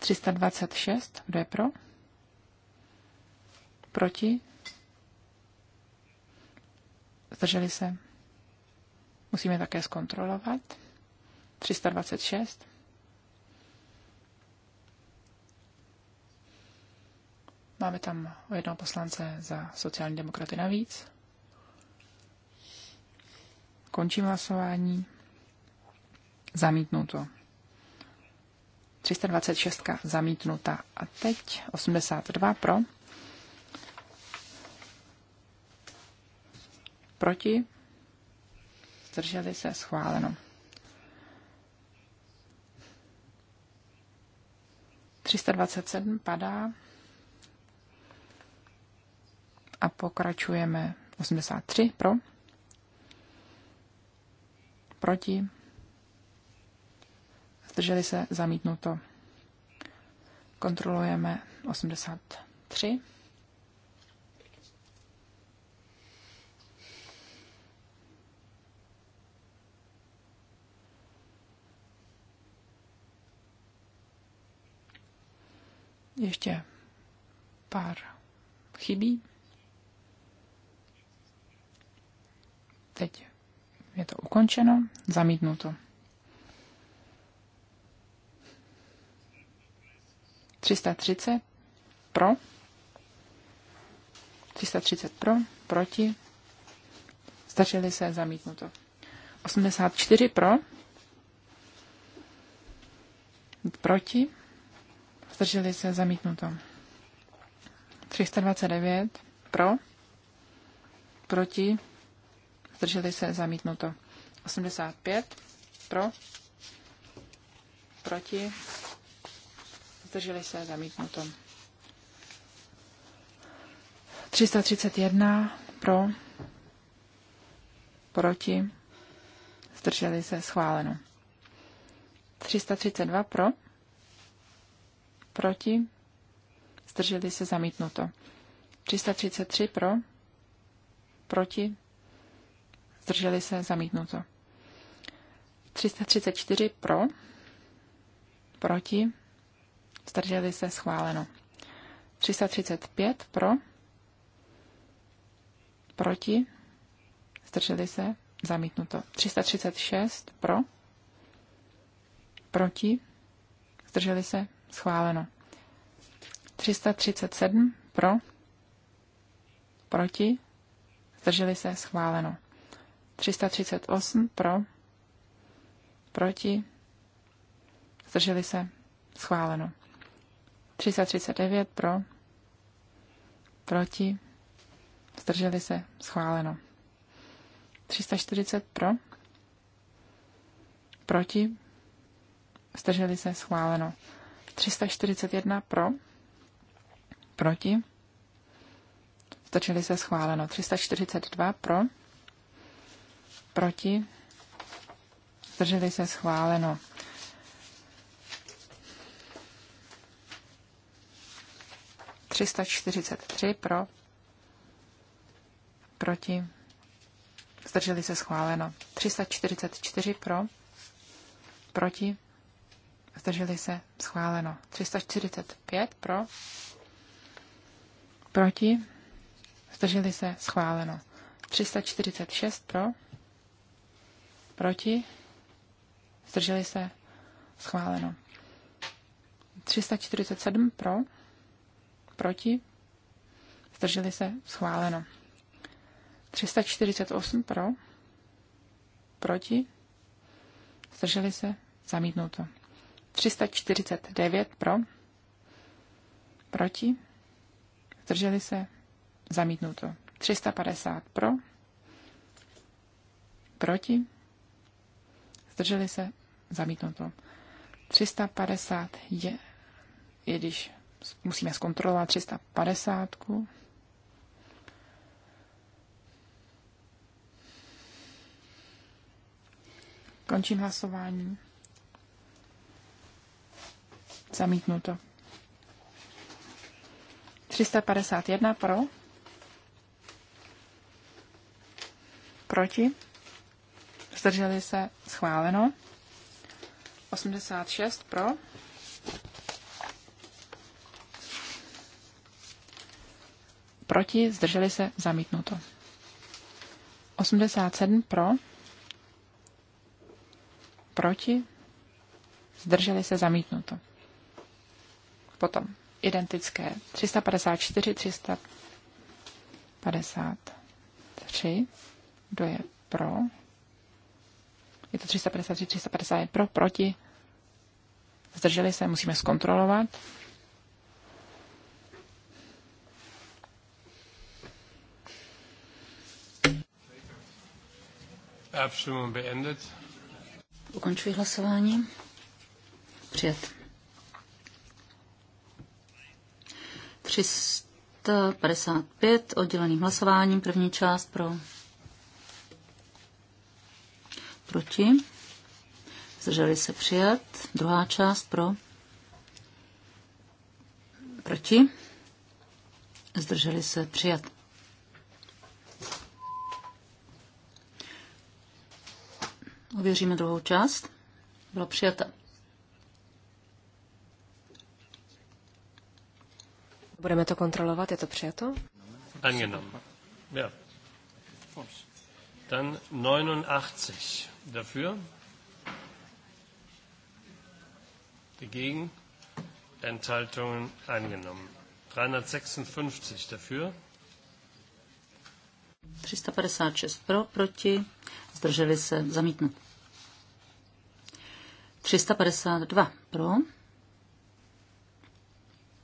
326, kdo je pro? Proti? Zdrželi se? Musíme také zkontrolovat. 326. Máme tam o jednoho poslance za sociální demokraty navíc. Končím hlasování. Zamítnuto. to. 326 zamítnuta. A teď 82 pro. Proti. Zdrželi se schváleno. 327 padá. A pokračujeme 83 pro. Proti zdrželi se, zamítnuto. Kontrolujeme 83. Ještě pár chybí. Teď je to ukončeno, zamítnuto. 330 pro, 330 pro, proti, stačili se zamítnuto. 84 pro, proti, zdrželi se zamítnuto. 329 pro, proti, zdrželi se zamítnuto. 85 pro, proti, zdrželi se, zamítnuto. 331 pro, proti, zdrželi se, schváleno. 332 pro, proti, zdrželi se, zamítnuto. 333 pro, proti, zdrželi se, zamítnuto. 334 pro, proti, zdrželi se, schváleno. 335 pro, proti, zdrželi se, zamítnuto. 336 pro, proti, zdrželi se, schváleno. 337 pro, proti, zdrželi se, schváleno. 338 pro, proti, zdrželi se, schváleno. 339 pro, proti, zdrželi se, schváleno. 340 pro, proti, zdrželi se, schváleno. 341 pro, proti, zdrželi se, schváleno. 342 pro, proti, zdrželi se, schváleno. 343 pro, proti, zdrželi se schváleno. 344 pro, proti, zdrželi se schváleno. 345 pro, proti, zdrželi se schváleno. 346 pro, proti, zdrželi se schváleno. 347 pro, proti, zdrželi se, schváleno. 348 pro, proti, zdrželi se, zamítnuto. 349 pro, proti, zdrželi se, zamítnuto. 350 pro, proti, zdrželi se, zamítnuto. 350 je, i když musíme zkontrolovat 350. Končím hlasování. Zamítnuto. 351 pro. Proti. Zdrželi se schváleno. 86 pro. proti, zdrželi se, zamítnuto. 87 pro, proti, zdrželi se, zamítnuto. Potom identické 354, 353, kdo je pro, je to 353, 351 pro, proti, zdrželi se, musíme zkontrolovat. Abstimmung beendet. Ukončuji hlasování. Přijat. 355 odděleným hlasováním. První část pro. Proti. Zdrželi se přijat. Druhá část pro. Proti. Zdrželi se přijat. Ověříme druhou část. Bylo přijata. Budeme to kontrolovat, je to přijato? Angenommen. Ja. Dann 89. Dafür? Dagegen? Enthaltungen angenommen. 356 dafür. 356 pro, proti, zdrželi se, zamítnut. 352 pro,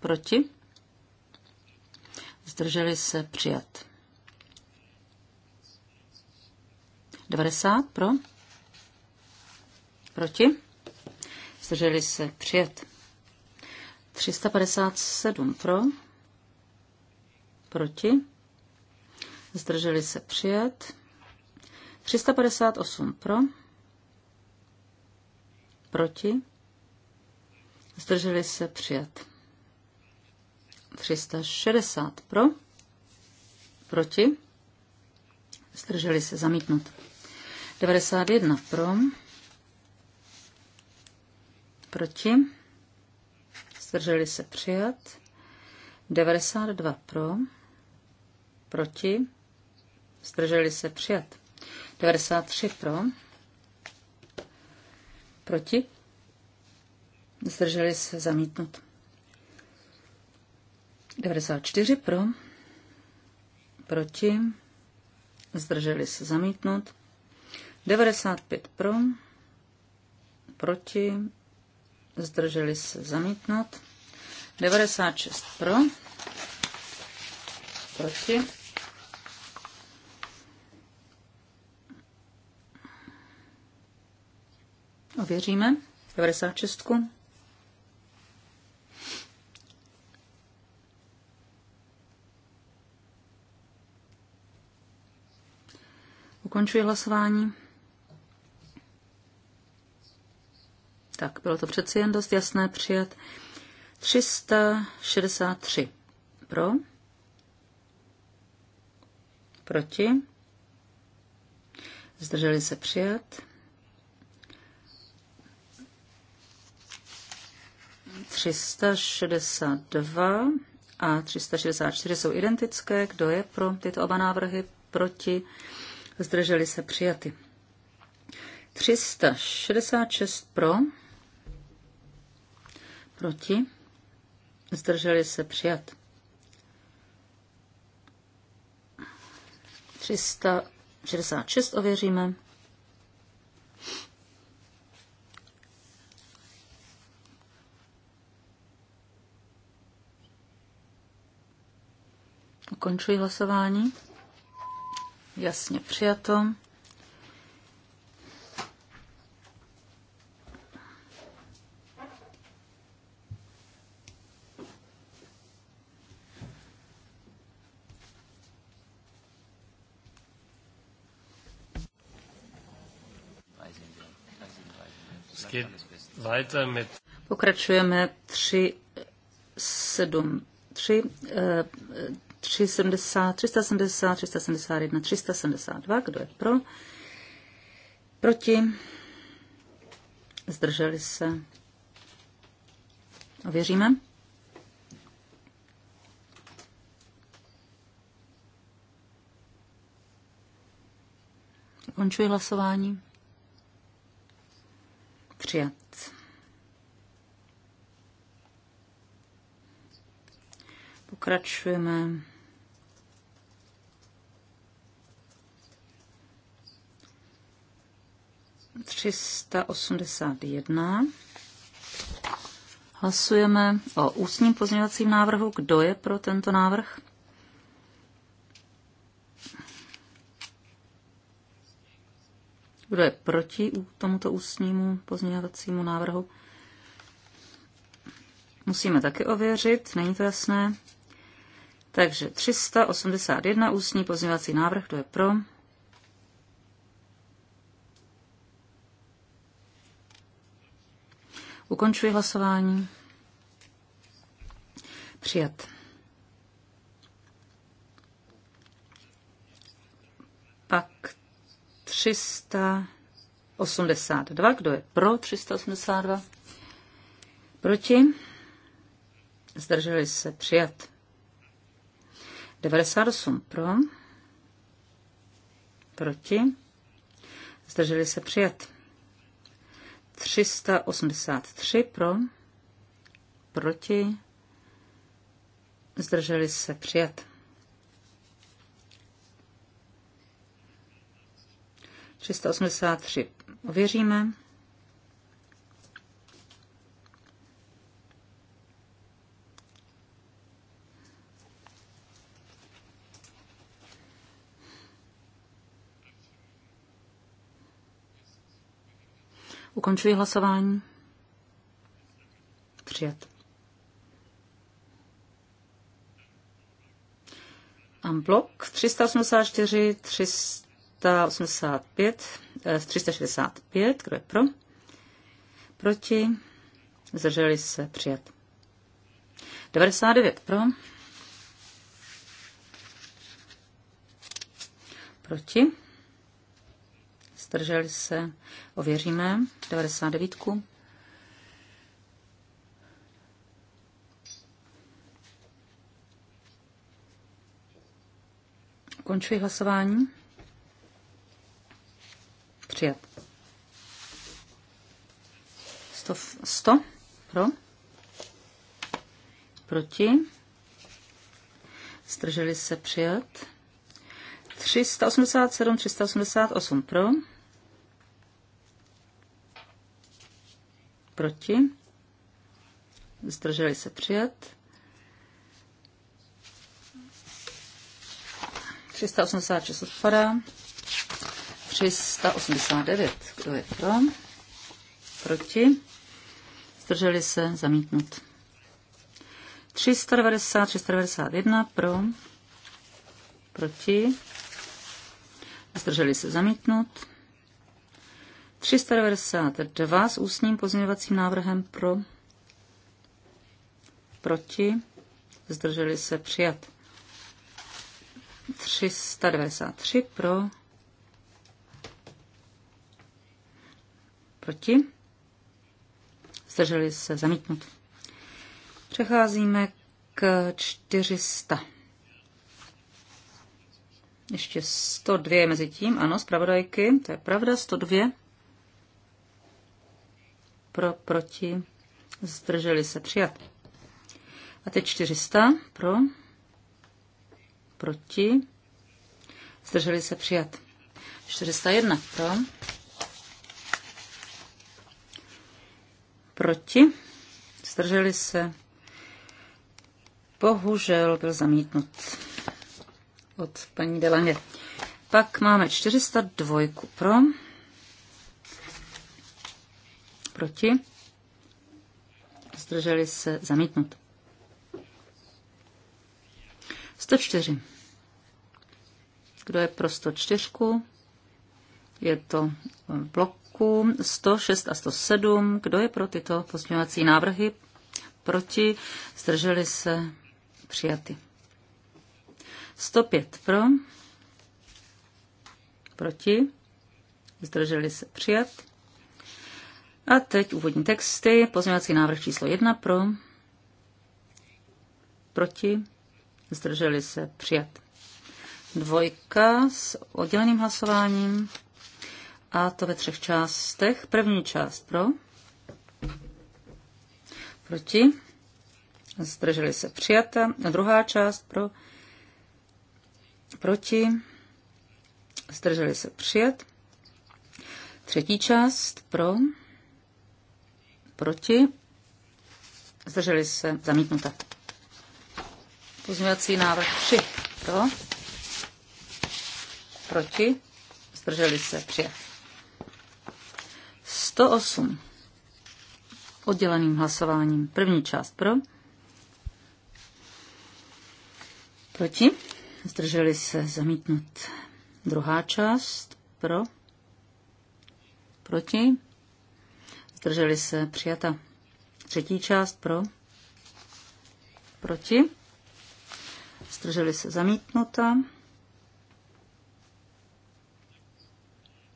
proti, zdrželi se přijat. 90 pro, proti, zdrželi se přijat. 357 pro, proti, zdrželi se přijat. 358 pro, Proti? Zdrželi se přijat. 360 pro. Proti? Zdrželi se zamítnut. 91 pro. Proti? Zdrželi se přijat. 92 pro. Proti? Zdrželi se přijat. 93 pro Proti? Zdrželi se zamítnout. 94 pro. Proti? Zdrželi se zamítnout. 95 pro. Proti? Zdrželi se zamítnout. 96 pro. Proti? Ověříme. 96. Ukončuji hlasování. Tak, bylo to přeci jen dost jasné přijat. 363 pro, proti, zdrželi se přijat. 362 a 364 jsou identické. Kdo je pro tyto oba návrhy? Proti? Zdrželi se přijaty. 366 pro. Proti? Zdrželi se přijat. 366 ověříme. Ukončuji hlasování. Jasně přijato. Pokračujeme 3, 7, 3. 370, 370, 371, 372. Kdo je pro? Proti? Zdrželi se? Ověříme. Končuji hlasování. Přijat. Pokračujeme. 381. Hlasujeme o ústním pozměňovacím návrhu. Kdo je pro tento návrh? Kdo je proti tomuto ústnímu pozměňovacímu návrhu? Musíme taky ověřit, není to jasné. Takže 381 ústní pozměňovací návrh, kdo je pro? Ukončuji hlasování. Přijat. Pak 382. Kdo je pro 382? Proti? Zdrželi se. Přijat. 98 pro. Proti? Zdrželi se. Přijat. 383 pro, proti, zdrželi se přijat. 383 ověříme. Ukončuji hlasování. Přijat. Amblok 384, 385, 365, kdo je pro? Proti? Zdrželi se přijat. 99 pro. Proti? zdrželi se, ověříme, 99. Končuji hlasování. Přijat. 100, 100 pro. Proti. Zdrželi se přijat. 387, 388 pro. Proti? Zdrželi se přijat. 386 odpadá. 389. Kdo je pro? Proti? Zdrželi se zamítnut. 390, 391 pro, proti, zdrželi se zamítnut. 392 s ústním pozměňovacím návrhem pro, proti, zdrželi se přijat. 393 pro, proti, zdrželi se zamítnut. Přecházíme k 400. Ještě 102 mezi tím, ano, zpravodajky, to je pravda, 102 pro, proti, zdrželi se přijat. A teď 400 pro, proti, zdrželi se přijat. 401 pro, proti, zdrželi se, bohužel byl zamítnut od paní Delaně. Pak máme 402 pro, Proti? Zdrželi se zamítnut. 104. Kdo je pro 104? Je to v bloku 106 a 107. Kdo je pro tyto pozměňovací návrhy? Proti? Zdrželi se přijaty. 105 pro. Proti? Zdrželi se přijaty. A teď úvodní texty. Pozměňovací návrh číslo jedna pro. Proti. Zdrželi se. Přijat. Dvojka s odděleným hlasováním. A to ve třech částech. První část pro. Proti. Zdrželi se. Přijata. A druhá část pro. Proti. Zdrželi se. Přijat. Třetí část pro Proti? Zdrželi se. Zamítnuta. Pozměňovací návrh 3. Pro? Proti? Zdrželi se. Přijat. 108. Odděleným hlasováním. První část pro. Proti? Zdrželi se. Zamítnut. Druhá část pro. Proti? zdrželi se, přijata. Třetí část pro, proti, zdrželi se, zamítnuta.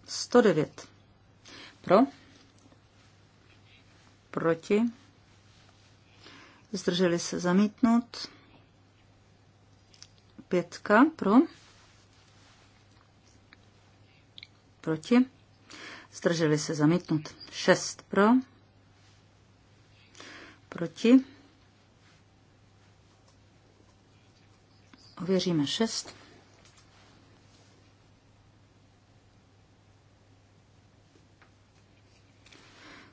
109 pro, proti, zdrželi se, zamítnut. Pětka pro, proti Zdrželi se zamítnut. 6 pro. Proti. Ověříme 6.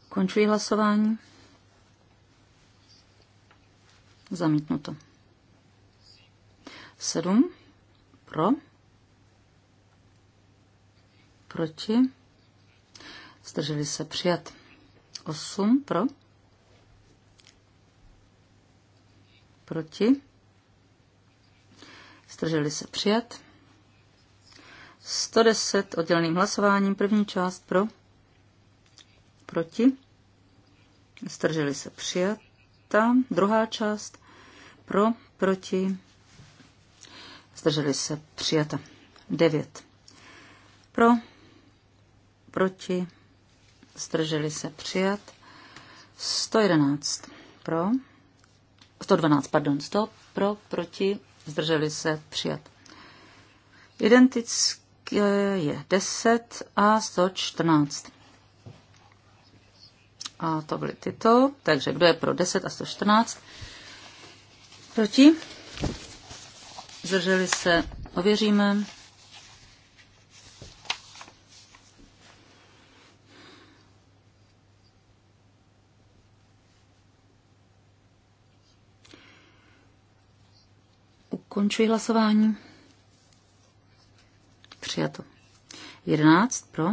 Končuji hlasování. Zamítnuto. 7 pro. Proti. Zdrželi se přijat. 8 pro. Proti. Zdrželi se přijat. 110 odděleným hlasováním. První část pro. Proti. Zdrželi se Ta Druhá část pro. Proti. Zdrželi se přijata. 9. Pro. Proti zdrželi se přijat. 111 pro, 112, pardon, 100 pro, proti, zdrželi se přijat. Identické je 10 a 114. A to byly tyto, takže kdo je pro 10 a 114? Proti? Zdrželi se, ověříme. Ukončuji hlasování. Přijato. 11 pro.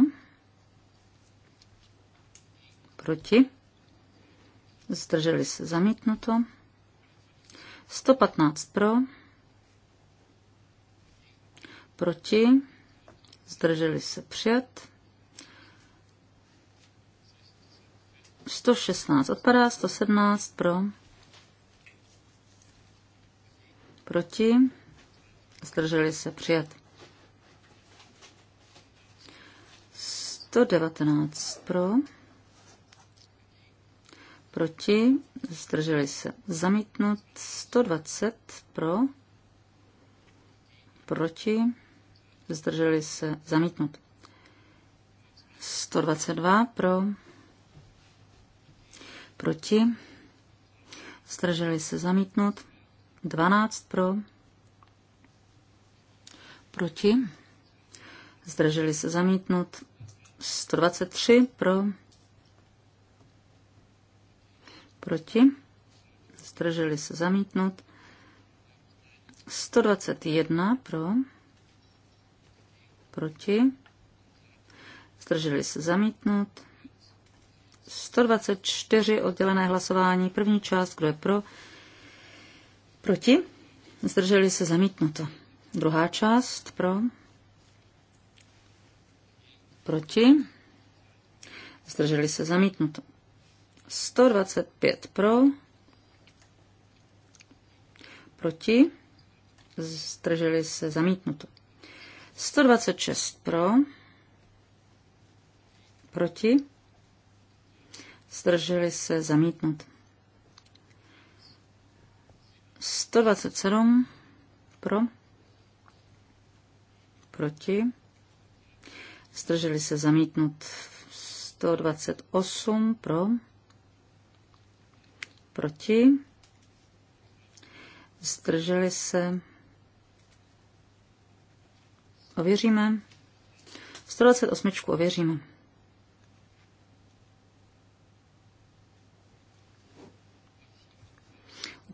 Proti. Zdrželi se zamítnuto. 115 pro. Proti. Zdrželi se přijat. 116 odpadá, 117 pro Proti? Zdrželi se přijat. 119 pro. Proti? Zdrželi se. Zamítnut 120 pro. Proti? Zdrželi se. Zamítnut. 122 pro. Proti? Zdrželi se. Zamítnut. 12 pro, proti, zdrželi se zamítnout, 123 pro, proti, zdrželi se zamítnout, 121 pro, proti, zdrželi se zamítnout, 124 oddělené hlasování, první část, kdo je pro, Proti? Zdrželi se zamítnuto. Druhá část pro. Proti? Zdrželi se zamítnuto. 125 pro. Proti? Zdrželi se zamítnuto. 126 pro. Proti? Zdrželi se zamítnuto. 127 pro, proti, zdrželi se zamítnut 128 pro, proti, zdrželi se, ověříme, 128 ověříme.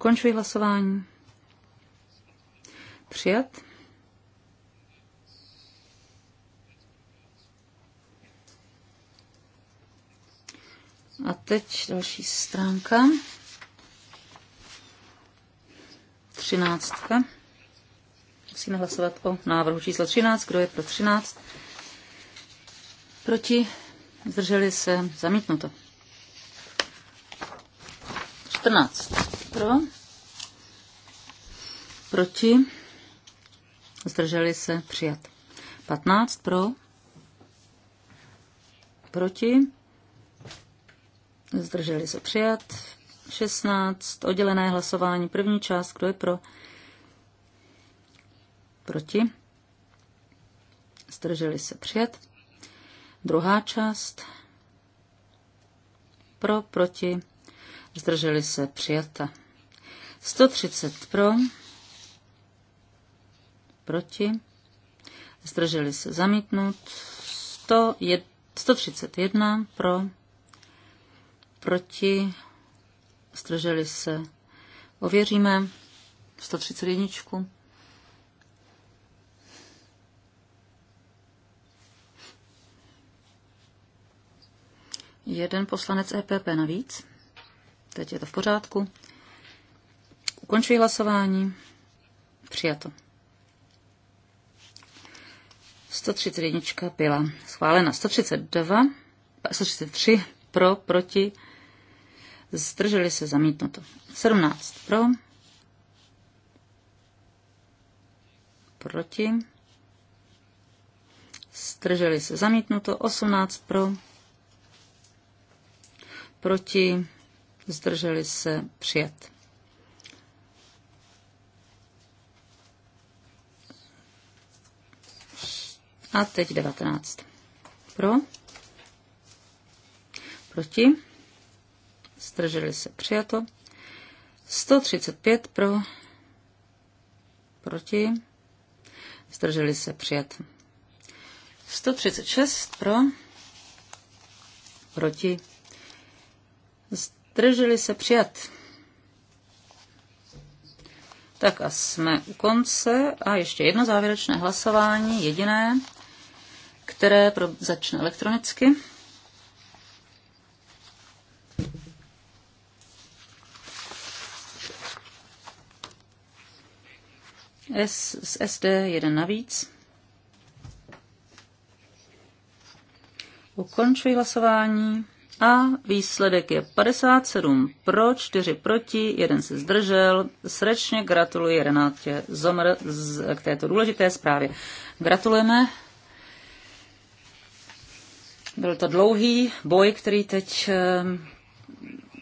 Ukončuji hlasování. Přijat. A teď další stránka. Třináctka. Musíme hlasovat o návrhu číslo 13. Kdo je pro 13? Proti? Zdrželi se? Zamítnuto. 14 pro? Proti? Zdrželi se přijat. 15 pro? Proti? Zdrželi se přijat. 16. Oddělené hlasování. První část. Kdo je pro? Proti? Zdrželi se přijat. Druhá část. Pro, proti. Zdrželi se přijata. 130 pro, proti, zdrželi se zamítnout, 100, 131 pro, proti, zdrželi se, ověříme, 131. Jeden poslanec EPP navíc. Teď je to v pořádku. Ukončuji hlasování. Přijato. 131 byla schválena. 132, 133 pro, proti, zdrželi se zamítnuto. 17 pro, proti, zdrželi se zamítnuto. 18 pro, proti, zdrželi se přijat. A teď 19. Pro. Proti. Zdrželi se. Přijato. 135 pro. Proti. Zdrželi se. Přijat. 136 pro. Proti. Zdrželi se. Přijat. Tak a jsme u konce a ještě jedno závěrečné hlasování, jediné které pro, začne elektronicky. S, z SD jeden navíc. Ukončuji hlasování a výsledek je 57 pro, 4 proti, jeden se zdržel. Srdečně gratuluji Renátě Zomr k této důležité zprávě. Gratulujeme. Byl to dlouhý boj, který teď eh,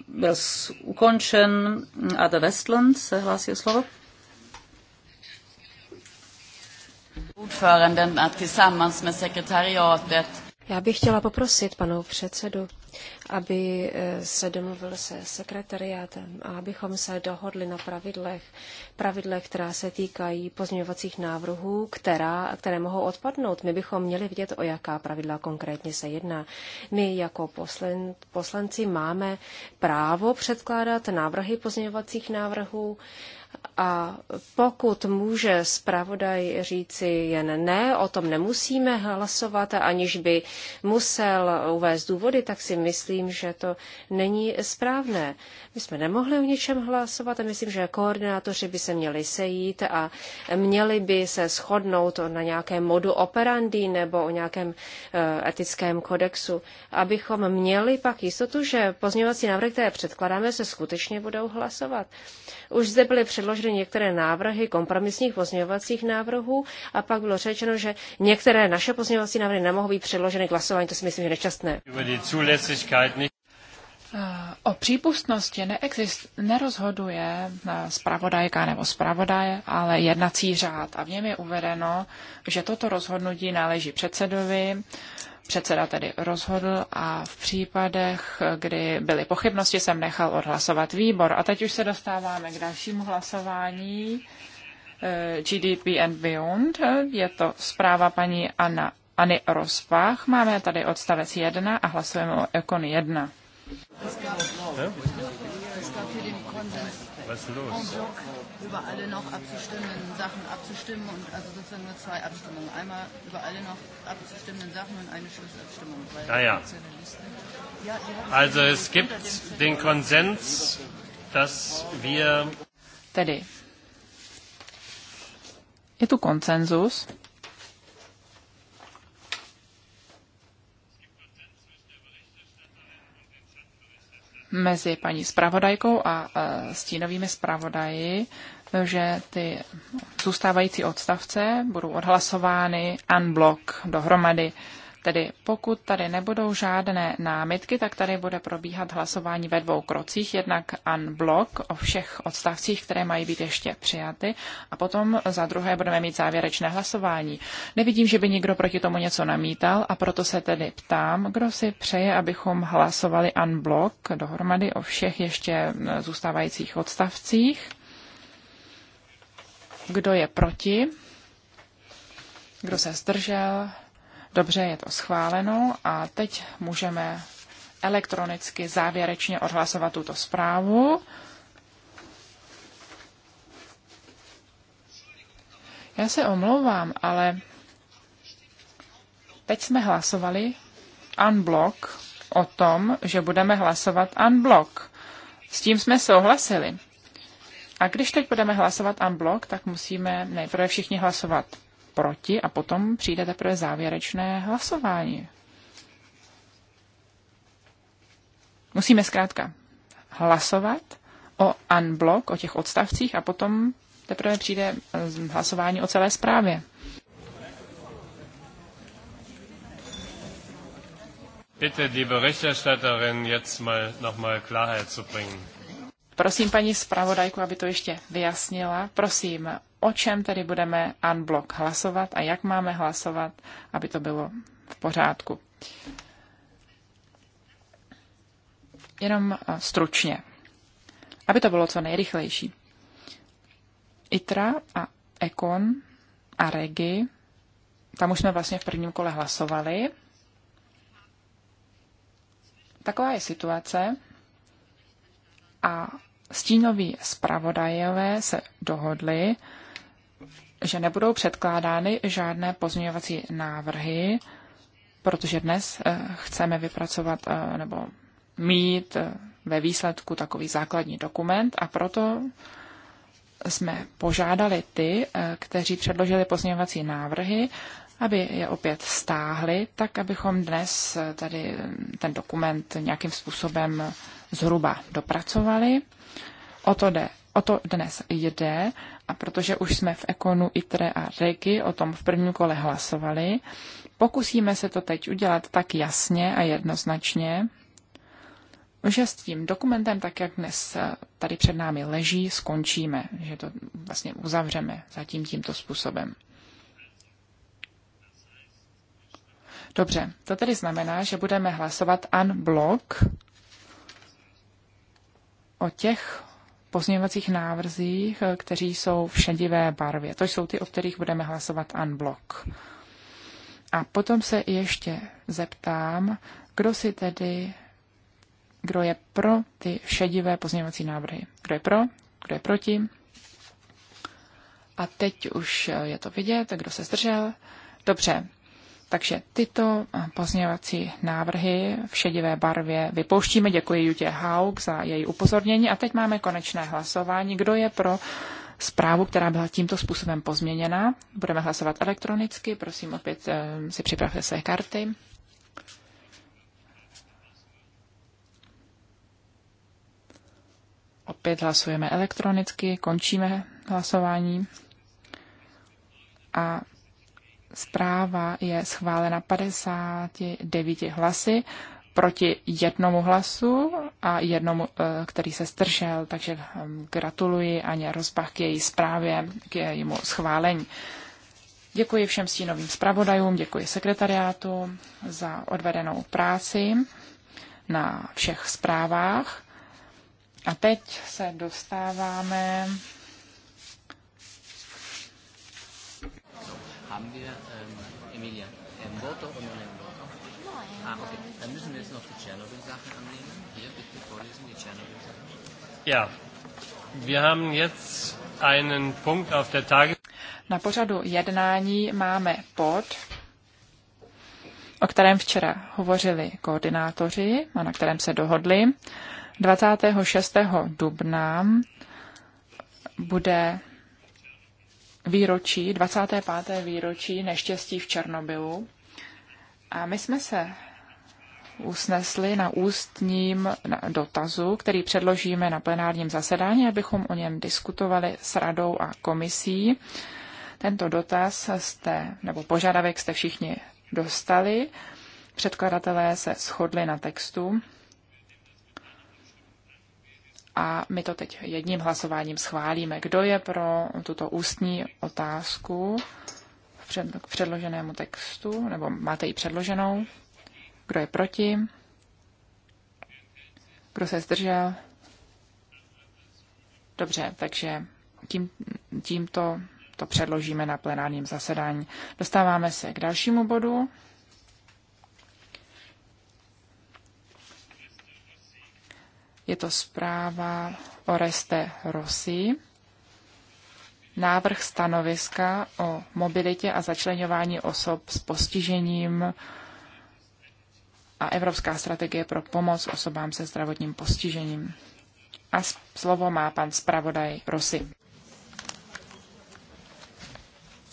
byl ukončen. Ada Westland se hlásí o slovo. Já bych chtěla poprosit panu předsedu, aby eh, se domluvil se sekretariátem a abychom se dohodli na pravidlech, pravidlech, která se týkají pozměňovacích návrhů, která, které mohou odpadnout. My bychom měli vidět, o jaká pravidla konkrétně se jedná. My jako poslen, poslanci máme právo předkládat návrhy pozměňovacích návrhů, a pokud může zpravodaj říci jen ne, o tom nemusíme hlasovat, aniž by musel uvést důvody, tak si myslím, že to není správné. My jsme nemohli o něčem hlasovat a myslím, že koordinátoři by se měli sejít a měli by se shodnout na nějakém modu operandi nebo o nějakém eh, etickém kodexu, abychom měli pak jistotu, že pozměňovací návrhy, které předkládáme, se skutečně budou hlasovat. Už zde byly před předloženy některé návrhy kompromisních pozměňovacích návrhů a pak bylo řečeno, že některé naše pozměňovací návrhy nemohou být předloženy k hlasování. To si myslím, že nečastné. Eh, o přípustnosti neexist, nerozhoduje eh, zpravodajka nebo zpravodaj, ale jednací řád. A v něm je uvedeno, že toto rozhodnutí náleží předsedovi Předseda tedy rozhodl a v případech, kdy byly pochybnosti, jsem nechal odhlasovat výbor. A teď už se dostáváme k dalšímu hlasování. Eh, GDP and Beyond. Eh, je to zpráva paní Anna, Anny Rozpach. Máme tady odstavec 1 a hlasujeme o Ekon 1. Was ist los? en bloc über alle noch abzustimmenden Sachen abzustimmen und also sozusagen nur zwei Abstimmungen. Einmal über alle noch abzustimmenden Sachen und eine Schlussabstimmung. Weil ah ja. ja also es gibt den Konsens, dass wir. Tedy. Je tu konsenzus, mezi paní zpravodajkou a e, stínovými zpravodaji, že ty zůstávající odstavce budou odhlasovány unblock dohromady. Tedy pokud tady nebudou žádné námitky, tak tady bude probíhat hlasování ve dvou krocích, jednak unblock o všech odstavcích, které mají být ještě přijaty a potom za druhé budeme mít závěrečné hlasování. Nevidím, že by někdo proti tomu něco namítal a proto se tedy ptám, kdo si přeje, abychom hlasovali unblock dohromady o všech ještě zůstávajících odstavcích. Kdo je proti? Kdo se zdržel? Dobře, je to schváleno a teď můžeme elektronicky závěrečně odhlasovat tuto zprávu. Já se omlouvám, ale teď jsme hlasovali unblock o tom, že budeme hlasovat unblock. S tím jsme souhlasili. A když teď budeme hlasovat unblock, tak musíme nejprve všichni hlasovat proti a potom přijde teprve závěrečné hlasování. Musíme zkrátka hlasovat o unblock, o těch odstavcích a potom teprve přijde eh, hlasování o celé zprávě. Bitte die Berichterstatterin jetzt mal nochmal Klarheit zu bringen. Prosím paní zpravodajku, aby to ještě vyjasnila. Prosím, o čem tedy budeme unblock hlasovat a jak máme hlasovat, aby to bylo v pořádku. Jenom eh, stručně, aby to bylo co nejrychlejší. ITRA a EKON a REGI, tam už jsme vlastně v prvním kole hlasovali. Taková je situace a stínoví zpravodajové se dohodli, že nebudou předkládány žádné pozměňovací návrhy, protože dnes eh, chceme vypracovat eh, nebo mít eh, ve výsledku takový základní dokument a proto jsme požádali ty, kteří předložili pozměňovací návrhy, aby je opět stáhli, tak abychom dnes tady ten dokument nějakým způsobem zhruba dopracovali. O to, jde, o to dnes jde a protože už jsme v Ekonu, ITRE a REGI o tom v prvním kole hlasovali, pokusíme se to teď udělat tak jasně a jednoznačně, že s tím dokumentem, tak jak dnes tady před námi leží, skončíme, že to vlastně uzavřeme zatím tímto způsobem. Dobře, to tedy znamená, že budeme hlasovat an blok o těch pozměňovacích návrzích, eh, kteří jsou v šedivé barvě. To jsou ty, o kterých budeme hlasovat unblock. A potom se ještě zeptám, kdo si tedy, kdo je pro ty šedivé pozměňovací návrhy. Kdo je pro, kdo je proti. A teď už eh, je to vidět, kdo se zdržel. Dobře, takže tyto pozměňovací návrhy v šedivé barvě vypouštíme. Děkuji Jutě Haug za její upozornění. A teď máme konečné hlasování. Kdo je pro zprávu, která byla tímto způsobem pozměněna? Budeme hlasovat elektronicky. Prosím, opět eh, si připravte své karty. Opět hlasujeme elektronicky, končíme hlasování. A zpráva je schválena 59 hlasy proti jednomu hlasu a jednomu, eh, který se stržel, takže hm, gratuluji Aně Rozbach k její zprávě, k jejímu schválení. Děkuji všem stínovým zpravodajům, děkuji sekretariátu za odvedenou práci na všech zprávách. A teď se dostáváme Haben wir, ähm, Emilia, ein Voto und no ein Voto? Nein. No, ah, okay. Dann müssen wir jetzt noch die tschernobyl annehmen. Hier bitte vorlesen die tschernobyl Ja. Wir haben jetzt einen Punkt auf der Na pořadu jednání máme bod, o kterém včera hovořili koordinátoři a na kterém se dohodli. 26. dubna bude výročí, 25. výročí neštěstí v Černobylu. A my jsme se usnesli na ústním dotazu, který předložíme na plenárním zasedání, abychom o něm diskutovali s radou a komisí. Tento dotaz jste, nebo požadavek jste všichni dostali. Předkladatelé se shodli na textu a my to teď jedním hlasováním schválíme. Kdo je pro tuto ústní otázku k předloženému textu, nebo máte ji předloženou? Kdo je proti? Kdo se zdržel? Dobře, takže tím, tímto to předložíme na plenárním zasedání. Dostáváme se k dalšímu bodu. Je to zpráva Oreste Rossi. Návrh stanoviska o mobilitě a začlenování osob s postižením a Evropská strategie pro pomoc osobám se zdravotním postižením. A slovo má pan zpravodaj Rossi.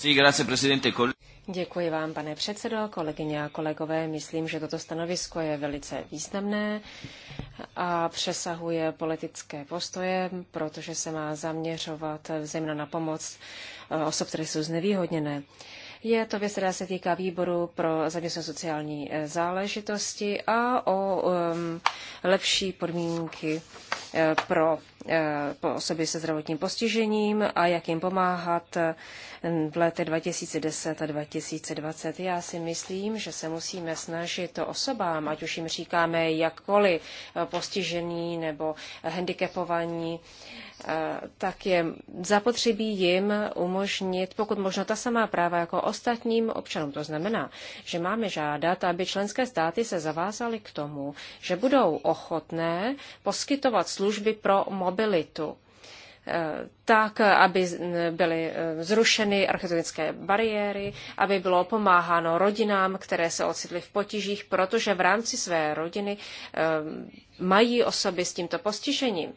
Sí, gracias, presidente. Děkuji vám, pane předsedo, kolegyně a kolegové. Myslím, že toto stanovisko je velice významné a přesahuje politické postoje, protože se má zaměřovat zejména na pomoc eh, osob, které jsou znevýhodněné. Je to věc, která se týká výboru pro zaměstnanost sociální eh, záležitosti a o um, lepší podmínky eh, pro Eh, osoby se zdravotním postižením a jak jim pomáhat eh, v letech 2010 a 2020. Já si myslím, že se musíme snažit osobám, ať už jim říkáme jakkoliv eh, postižený nebo handicapovaní, tak je zapotřebí jim umožnit pokud možno ta samá práva jako ostatním občanům. To znamená, že máme žádat, aby členské státy se zavázaly k tomu, že budou ochotné poskytovat služby pro mobilní mobilitu eh, tak, aby byly eh, zrušeny architektonické bariéry, aby bylo pomáháno rodinám, které se ocitly v potížích, protože v rámci své rodiny eh, mají osoby s tímto postižením.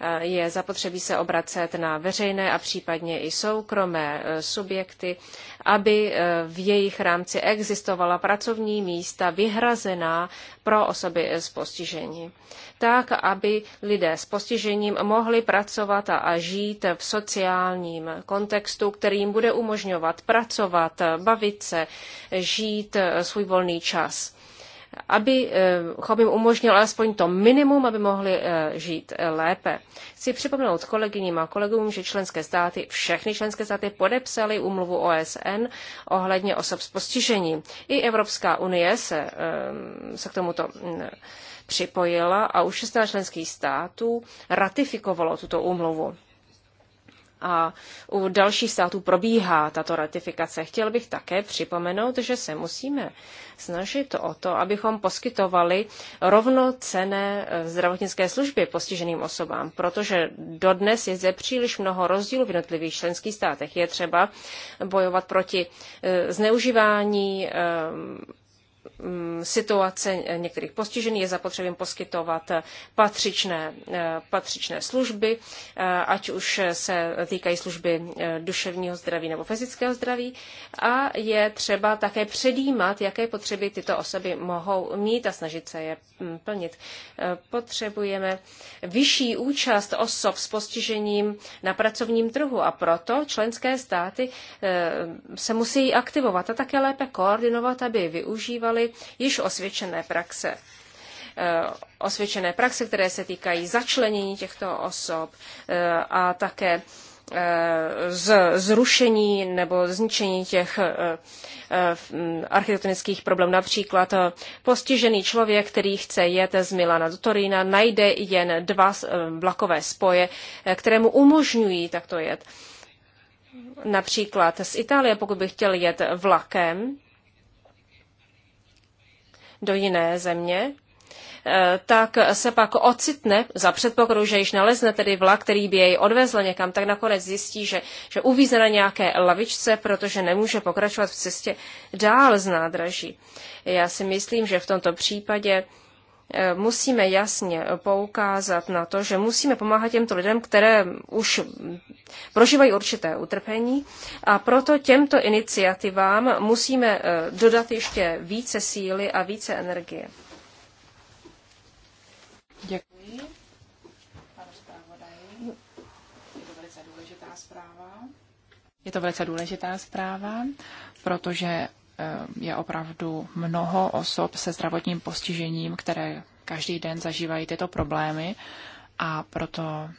Eh, je zapotřebí se obracet na veřejné a případně i soukromé eh, subjekty, aby eh, v jejich rámci existovala pracovní místa vyhrazená pro osoby s postižením. Tak, aby lidé s postižením mohli pracovat a žít v sociálním kontextu, který jim bude umožňovat pracovat, bavit se, žít svůj volný čas aby eh, jim umožnil alespoň to minimum, aby mohli eh, žít eh, lépe. Chci připomenout kolegyním a kolegům, že členské státy, všechny členské státy podepsaly úmluvu OSN ohledně osob s postižením. I Evropská unie se, se k tomuto mm, připojila a už 16 členských států ratifikovalo tuto úmluvu a u dalších států probíhá tato ratifikace. Chtěl bych také připomenout, že se musíme snažit o to, abychom poskytovali rovnocené eh, zdravotnické služby postiženým osobám, protože dodnes je zde příliš mnoho rozdílů v jednotlivých členských státech. Je třeba bojovat proti eh, zneužívání eh, Mm, situace eh, některých postižených je zapotřebí poskytovat eh, patřičné, eh, patřičné služby, ať už se týkají služby duševního zdraví nebo fyzického zdraví. A je třeba také předjímat, jaké potřeby tyto osoby mohou mít a snažit se je mm, plnit. Potřebujeme vyšší účast osob s postižením na pracovním trhu a proto členské státy se musí aktivovat a také lépe koordinovat, aby využívali aplikovaly již osvědčené praxe eh, osvědčené praxe, které se týkají začlenění těchto osob eh, a také eh, z zrušení nebo zničení těch mm, architektonických problémů. Například postižený člověk, který chce jet z Milana do Torína, najde jen dva vlakové spoje, které mu umožňují takto jet. Například z Itálie, pokud by chtěl jet vlakem, do jiné země, eh, tak se pak ocitne za předpokladu, že již nalezne tedy vlak, který by jej odvezl někam, tak nakonec zjistí, že, že uvízne na nějaké lavičce, protože nemůže pokračovat v cestě dál z nádraží. Já si myslím, že v tomto případě Eh, musíme jasně poukázat na to, že musíme pomáhat těmto lidem, které už prožívají určité utrpení a proto těmto iniciativám musíme eh, dodat ještě více síly a více energie. Děkuji. Je to velice důležitá zpráva, protože Ehm, je opravdu mnoho osob se zdravotním postižením, které každý den zažívají tyto problémy a proto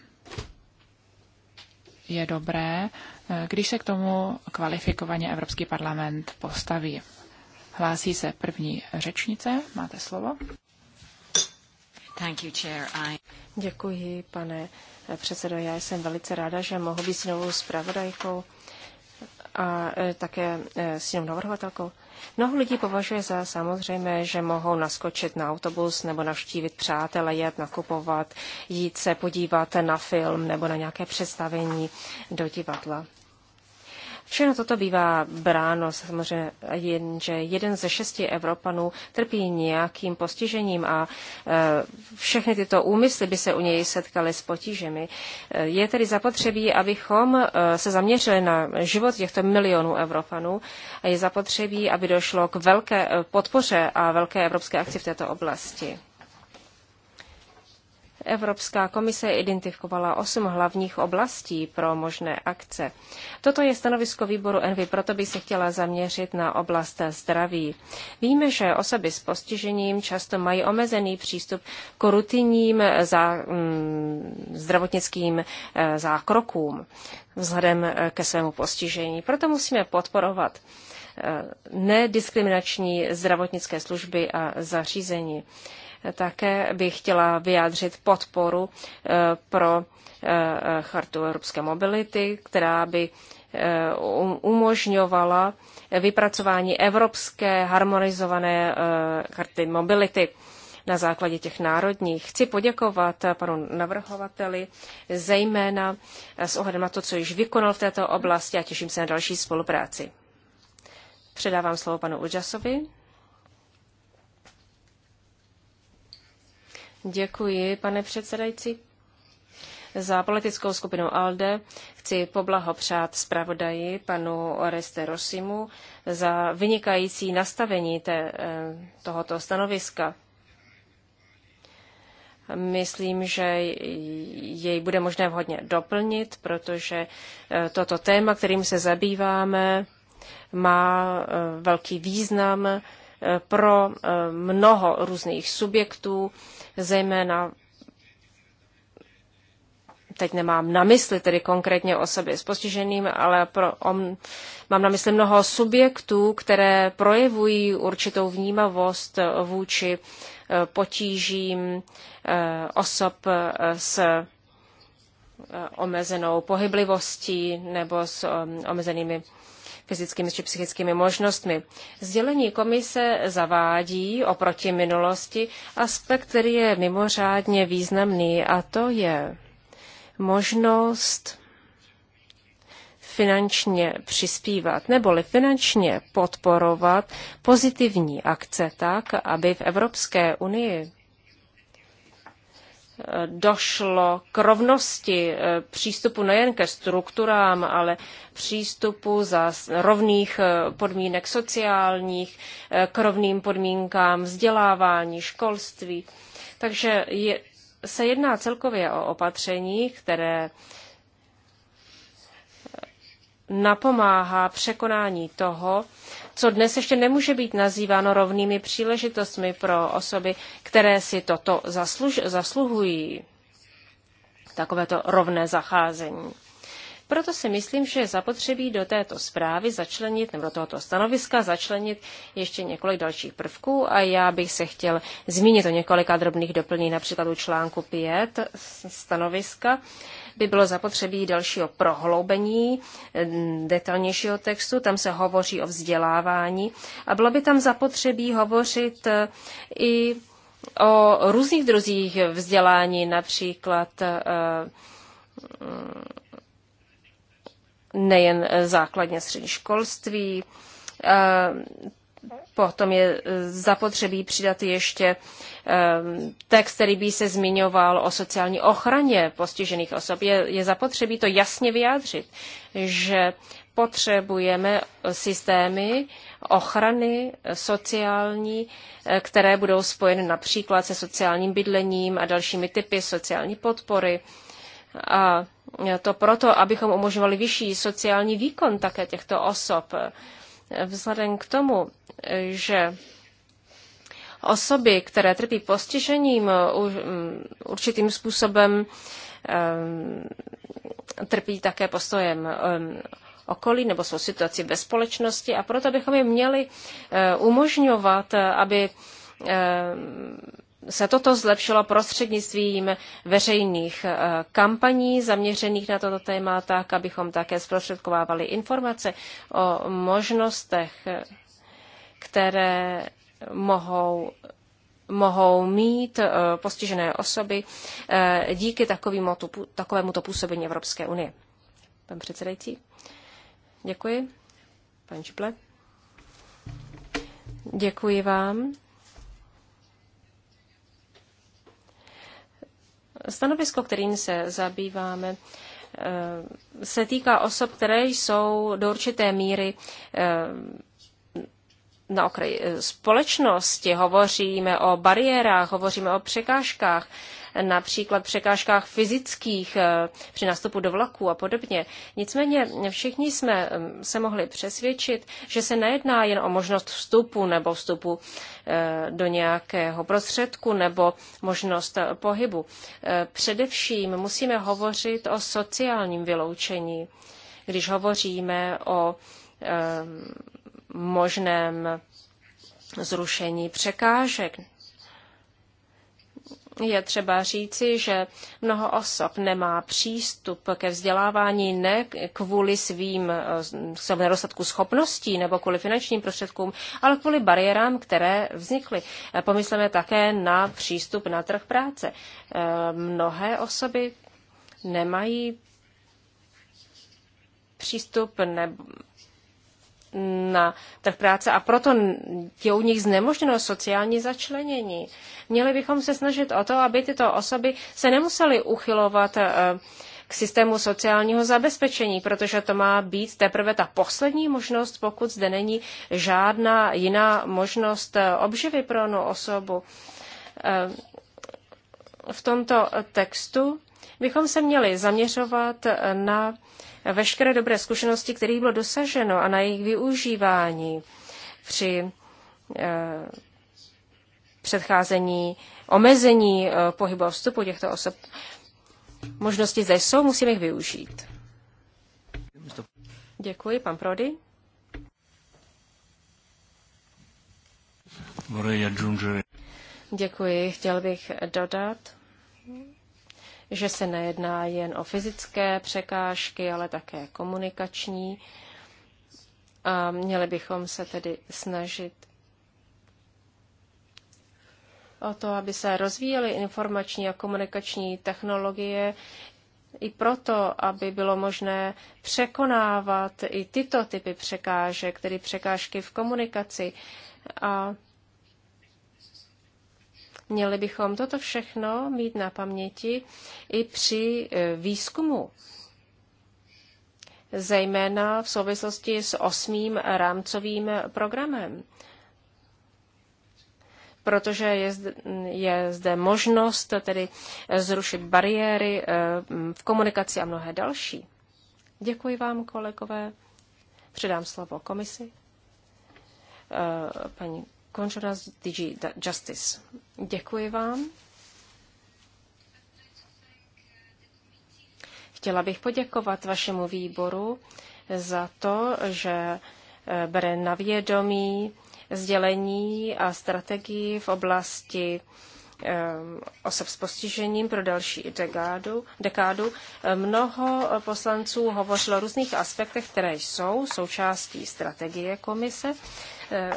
je dobré, eh, když se k tomu kvalifikovaně Evropský parlament postaví. Hlásí se první řečnice, máte slovo. Thank you, chair. I... Děkuji, pane předsedo. Já jsem velice ráda, že mohu být znovu zpravodajkou a e, také e, s ním navrhovatelkou. Mnoho lidí považuje za samozřejmé, že mohou naskočit na autobus nebo navštívit přátele, jet nakupovat, jít se podívat na film nebo na nějaké představení do divadla. Všechno toto bývá bráno samozřejmě jen, že jeden ze šesti Evropanů trpí nějakým postižením a e, všechny tyto úmysly by se u něj setkaly s potížemi. E, je tedy zapotřebí, abychom e, se zaměřili na život těchto milionů Evropanů a je zapotřebí, aby došlo k velké podpoře a velké evropské akci v této oblasti. Evropská komise identifikovala osm hlavních oblastí pro možné akce. Toto je stanovisko výboru Envy, proto by se chtěla zaměřit na oblast zdraví. Víme, že osoby s postižením často mají omezený přístup k rutinním zá, mm, zdravotnickým e, zákrokům vzhledem e, ke svému postižení. Proto musíme podporovat e, nediskriminační zdravotnické služby a zařízení. Také bych chtěla vyjádřit podporu eh, pro eh, chartu evropské mobility, která by eh, um-, umožňovala vypracování evropské harmonizované karty mobility na základě těch národních. Chci poděkovat panu navrhovateli, zejména s ohledem na to, co již vykonal v této oblasti a těším se na další spolupráci. Předávám slovo panu Udžasovi. Děkuji, pane předsedající. Za politickou skupinu ALDE chci poblahopřát zpravodaji panu Oreste Rosimu za vynikající nastavení té, eh, tohoto stanoviska. Myslím, že jej bude možné vhodně doplnit, protože eh, toto téma, kterým se zabýváme, má eh, velký význam pro mnoho různých subjektů, zejména teď nemám na mysli tedy konkrétně osoby s postižením, ale pro, om, mám na mysli mnoho subjektů, které projevují určitou vnímavost vůči eh, potížím eh, osob eh, s omezenou pohyblivostí nebo s omezenými fyzickými či psychickými možnostmi. Sdělení komise zavádí oproti minulosti aspekt, který je mimořádně významný, a to je možnost finančně přispívat neboli finančně podporovat pozitivní akce tak, aby v Evropské unii došlo k rovnosti eh, přístupu nejen ke strukturám, ale přístupu za rovných eh, podmínek sociálních, eh, k rovným podmínkám vzdělávání, školství. Takže je, se jedná celkově o opatření, které napomáhá překonání toho, co dnes ještě nemůže být nazýváno rovnými příležitostmi pro osoby, které si toto zasluž, zasluhují, takovéto rovné zacházení. Proto si myslím, že je zapotřebí do této zprávy začlenit, nebo do tohoto stanoviska začlenit ještě několik dalších prvků a já bych se chtěl zmínit o několika drobných doplnění, například u článku 5 stanoviska by bylo zapotřebí dalšího prohloubení eh, detailnějšího textu. Tam se hovoří o vzdělávání a bylo by tam zapotřebí hovořit eh, i o různých druzích vzdělání, například eh, nejen eh, základně střední školství. Eh, potom je eh, zapotřebí přidat ještě text, který by se zmiňoval o sociální ochraně postižených osob. Je, je zapotřebí to jasně vyjádřit, že potřebujeme systémy ochrany sociální, které budou spojeny například se sociálním bydlením a dalšími typy sociální podpory. A to proto, abychom umožňovali vyšší sociální výkon také těchto osob. Vzhledem k tomu, že osoby, které trpí postižením, mm, určitým způsobem trpí také postojem okolí nebo svou situaci ve společnosti a proto bychom je měli eh, umožňovat, aby se toto zlepšilo prostřednictvím veřejných eh, kampaní zaměřených na toto téma, tak abychom také zprostředkovávali informace o možnostech, eh, které mohou mohou mít eh, postižené osoby díky takovému to působení Evropské unie. Pan předsedající, děkuji. Pan Čiple. Děkuji vám. Stanovisko, kterým se zabýváme, eh, se týká osob, které jsou do určité míry eh, na okraji eh, společnosti. Hovoříme o bariérách, hovoříme o překážkách například překážkách fyzických eh, při nastupu do vlaku a podobně. Nicméně všichni jsme mm, se mohli přesvědčit, že se nejedná jen o možnost vstupu nebo vstupu eh, do nějakého prostředku nebo možnost eh, pohybu. Především musíme hovořit o sociálním vyloučení, když hovoříme o možném zrušení překážek je třeba říci, že mnoho osob nemá přístup ke vzdělávání ne kvůli svým, eh, svým nedostatku schopností nebo kvůli finančním prostředkům, ale kvůli bariérám, které vznikly. Eh, pomysleme také na přístup na trh práce. Eh, mnohé osoby nemají přístup nebo na trh práce a proto je u nich znemožněno sociální začlenění. Měli bychom se snažit o to, aby tyto osoby se nemusely uchylovat eh, k systému sociálního zabezpečení, protože to má být teprve ta poslední možnost, pokud zde není žádná jiná možnost eh, obživy pro onu osobu. Eh, v tomto textu bychom se měli zaměřovat na veškeré dobré zkušenosti, které bylo dosaženo a na jejich využívání při eh, předcházení omezení eh, pohybu a vstupu těchto osob. Možnosti zde jsou, musíme jich využít. Děkuji, pan Prody. Děkuji, chtěl bych dodat, že se nejedná jen o fyzické překážky, ale také komunikační. A měli bychom se tedy snažit o to, aby se rozvíjely informační a komunikační technologie i proto, aby bylo možné překonávat i tyto typy překážek, tedy překážky v komunikaci. A Měli bychom toto všechno mít na paměti i při e, výzkumu, zejména v souvislosti s osmým rámcovým programem protože je zde, je zde možnost tedy zrušit bariéry e, v komunikaci a mnohé další. Děkuji vám, kolegové. Předám slovo komisi. E, paní Končora z DG Justice. Děkuji vám. Chtěla bych poděkovat vašemu výboru za to, že eh, bere na vědomí sdělení a strategii v oblasti osob s postižením pro další dekádu. dekádu. Mnoho poslanců hovořilo o různých aspektech, které jsou součástí strategie komise.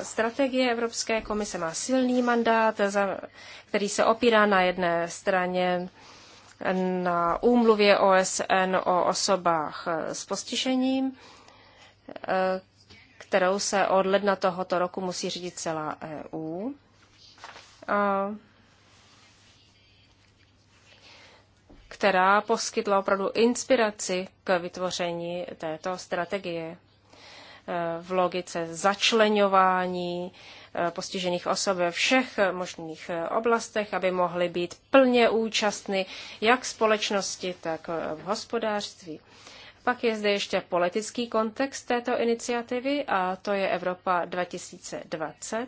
Strategie Evropské komise má silný mandát, který se opírá na jedné straně na úmluvě OSN o osobách eh, s postižením, eh, kterou se od ledna tohoto roku musí řídit celá EU. A která poskytla opravdu inspiraci k vytvoření této strategie e, v logice začlenování e, postižených osob ve všech možných e, oblastech, aby mohly být plně účastny jak společnosti, tak v hospodářství. Pak je zde ještě politický kontext této iniciativy a to je Evropa 2020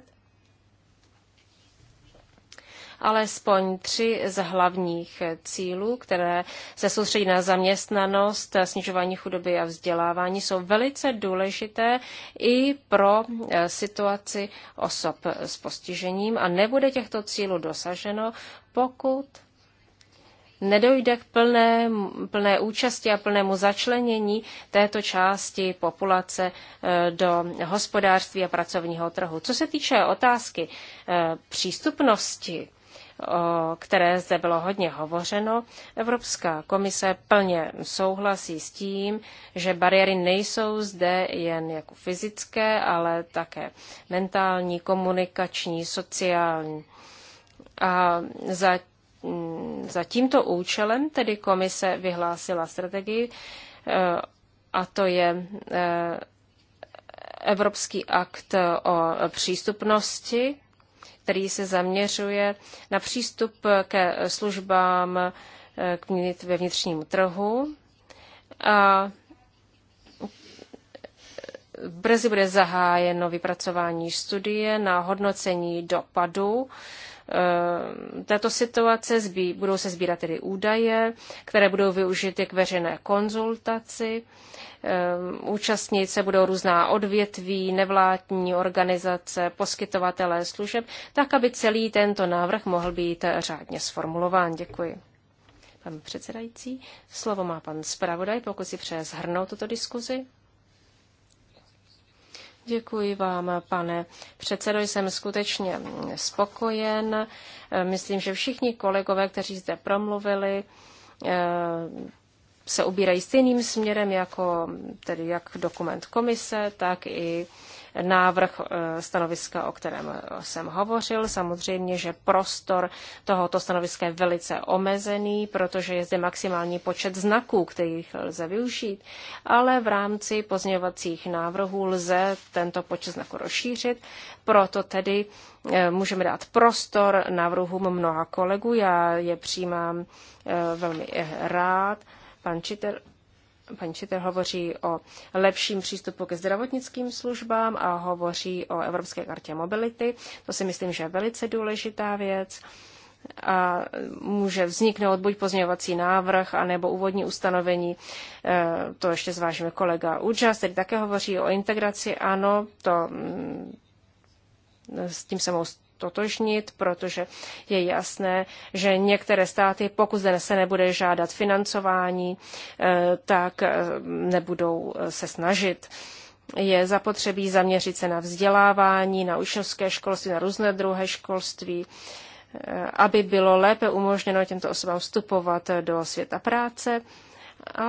alespoň tři z hlavních cílů, které se soustředí na zaměstnanost, snižování chudoby a vzdělávání, jsou velice důležité i pro eh, situaci osob s postižením a nebude těchto cílů dosaženo, pokud nedojde k plné, plné účasti a plnému začlenění této části populace eh, do hospodářství a pracovního trhu. Co se týče otázky eh, přístupnosti, o které zde bylo hodně hovořeno. Evropská komise plně souhlasí s tím, že bariéry nejsou zde jen jako fyzické, ale také mentální, komunikační, sociální. A za, mm, za tímto účelem tedy komise vyhlásila strategii, e, a to je e, Evropský akt o přístupnosti který se zaměřuje na přístup ke službám eh, k ve vnitřním trhu. A brzy bude zahájeno vypracování studie na hodnocení dopadu eh, této situace. Zbí, budou se sbírat tedy údaje, které budou využity k veřejné konzultaci Ehm, účastnit se budou různá odvětví, nevládní organizace, poskytovatelé služeb, tak aby celý tento návrh mohl být řádně sformulován. Děkuji. Pan předsedající, slovo má pan zpravodaj, pokud si přeje zhrnout tuto diskuzi. Děkuji vám, pane předsedo, jsem skutečně spokojen. Ehm, myslím, že všichni kolegové, kteří zde promluvili, ehm, se ubírají stejným směrem, jako tedy jak dokument komise, tak i návrh e, stanoviska, o kterém jsem hovořil. Samozřejmě, že prostor tohoto stanoviska je velice omezený, protože je zde maximální počet znaků, kterých lze využít, ale v rámci pozměňovacích návrhů lze tento počet znaků rozšířit, proto tedy e, můžeme dát prostor návrhům mnoha kolegů. Já je přijímám e, velmi rád Pan Čiter, pan Čiter hovoří o lepším přístupu ke zdravotnickým službám a hovoří o Evropské kartě mobility. To si myslím, že je velice důležitá věc a může vzniknout buď pozměňovací návrh, anebo úvodní ustanovení. E, to ještě zvážíme kolega Udžas, který také hovoří o integraci. Ano, to mm, s tím se mohu totožnit, protože je jasné, že některé státy, pokud zde se nebude žádat financování, eh, tak eh, nebudou eh, se snažit je zapotřebí zaměřit se na vzdělávání, na učňovské školství, na různé druhé školství, aby bylo lépe umožněno těmto osobám vstupovat do světa práce a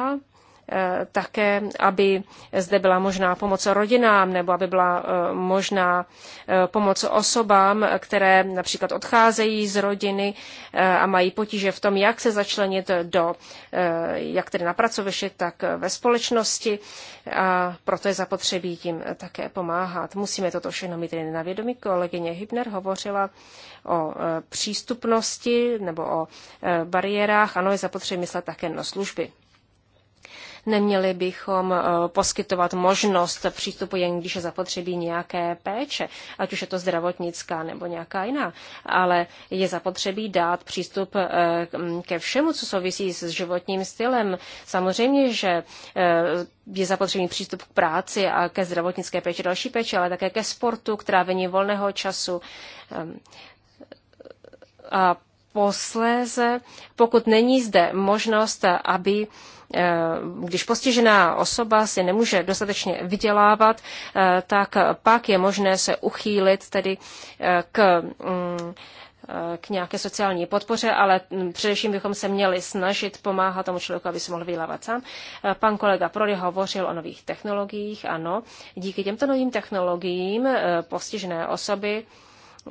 Eh, také, aby zde byla možná pomoc rodinám nebo aby byla eh, možná eh, pomoc osobám, které například odcházejí z rodiny a mají potíže v tom, jak se začlenit do, jak tedy na pracovišti, tak ve společnosti a proto je zapotřebí tím také pomáhat. Musíme toto všechno mít tedy na vědomí. Kolegyně Hybner hovořila o přístupnosti nebo o bariérách. Ano, je zapotřebí myslet také na služby. Neměli bychom eh, poskytovat možnost přístupu jen, když je zapotřebí nějaké péče, ať už je to zdravotnická nebo nějaká jiná, ale je zapotřebí dát přístup eh, ke všemu, co souvisí s životním stylem. Samozřejmě, že eh, je zapotřebí přístup k práci a ke zdravotnické péči, další péči, ale také ke sportu, k trávení volného času. Ehm, a posléze, pokud není zde možnost, aby eh, když postižená osoba si nemůže dostatečně vydělávat, eh, tak pak je možné se uchýlit tedy eh, k, mm, k nějaké sociální podpoře, ale mm, především bychom se měli snažit pomáhat tomu člověku, aby se mohl vydělávat sám. Pan kolega Prody hovořil o nových technologiích, ano. Díky těmto novým technologiím postižené osoby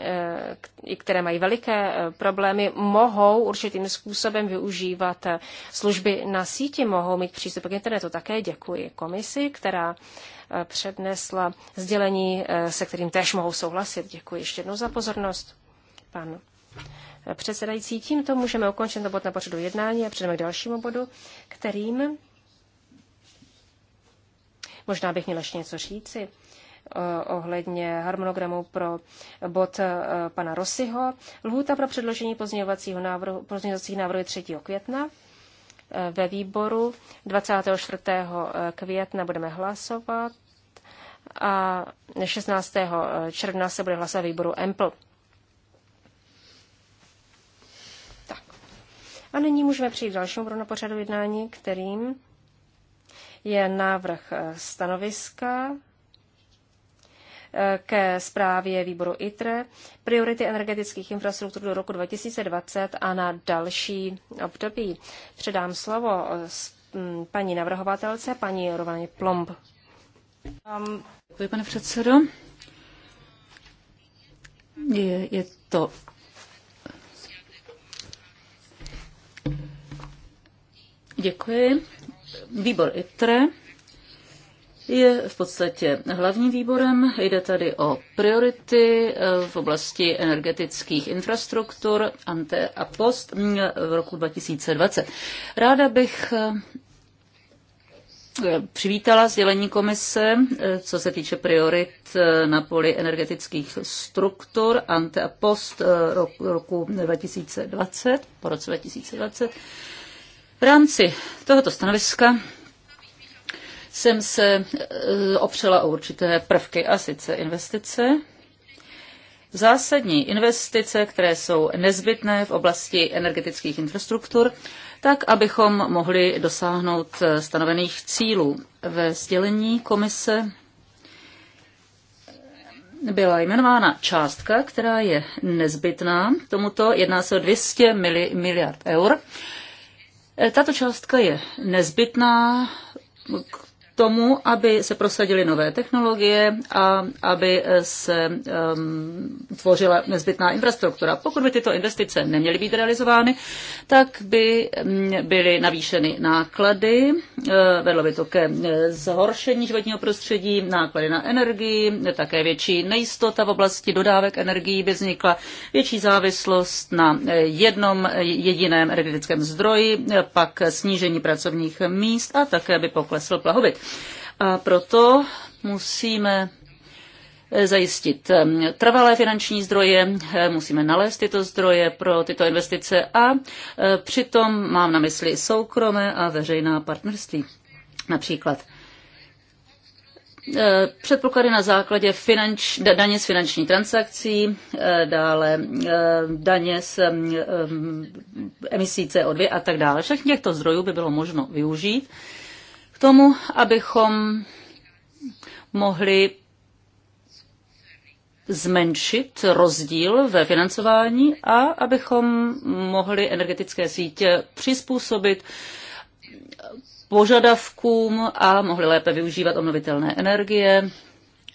E, které mají veliké e, problémy, mohou určitým způsobem využívat e, služby na síti, mohou mít přístup k internetu. Také děkuji komisi, která přednesla sdělení, se kterým též mohou souhlasit. Děkuji ještě jednou za pozornost. Pan předsedající, tímto můžeme ukončit tento bod na pořadu jednání a přejdeme k dalšímu bodu, kterým možná bych měla ještě něco říci. Eh, ohledně harmonogramu pro bod eh, pana Rosiho. Lhůta pro předložení pozměňovacího návrhu, pozměňovacích návrhů je 3. května. Eh, ve výboru 24. května budeme hlasovat a 16. června se bude hlasovat výboru EMPL. Tak. A nyní můžeme přijít k dalšímu bodu na pořadu jednání, kterým je návrh stanoviska ke zprávě výboru ITRE, priority energetických infrastruktur do roku 2020 a na další období. Předám slovo eh, mm, paní navrhovatelce, paní Rovaně Plomb. Um, děkuji, pane předsedo. Je, je to Děkuji. Výbor ITRE je v podstatě hlavním výborem. Jde tady o priority eh, v oblasti energetických infrastruktur ante a post mm, v roku 2020. Ráda bych eh, eh, přivítala sdělení komise, co se týče priorit na poli energetických struktur ante a post roku 2020, po roce 2020. V rámci tohoto stanoviska jsem se eh, opřela o určité prvky, a sice investice, zásadní investice, které jsou nezbytné v oblasti energetických infrastruktur, tak abychom mohli dosáhnout eh, stanovených cílů. Ve sdělení komise byla jmenována částka, která je nezbytná tomuto, jedná se o 200 mili, miliard eur. Eh, tato částka je nezbytná k tomu, aby se prosadily nové technologie a aby se um, tvořila nezbytná infrastruktura. Pokud by tyto investice neměly být realizovány, tak by um, byly navýšeny náklady, uh, vedlo by to ke uh, zhoršení životního prostředí, náklady na energii, také větší nejistota v oblasti dodávek energií by vznikla, větší závislost na uh, jednom jediném energetickém zdroji, pak snížení pracovních míst a také by poklesl blahobyt. A proto musíme eh, zajistit eh, trvalé finanční zdroje, eh, musíme nalézt tyto zdroje pro tyto investice a přitom mám na mysli soukromé a veřejná partnerství. Například předpoklady na základě finanč, daně z finanční transakcí, dále daně z emisí CO2 a tak dále. Všech těchto zdrojů by bylo možno využít tomu, abychom mohli zmenšit rozdíl ve financování a abychom mohli energetické sítě přizpůsobit požadavkům a mohli lépe využívat obnovitelné energie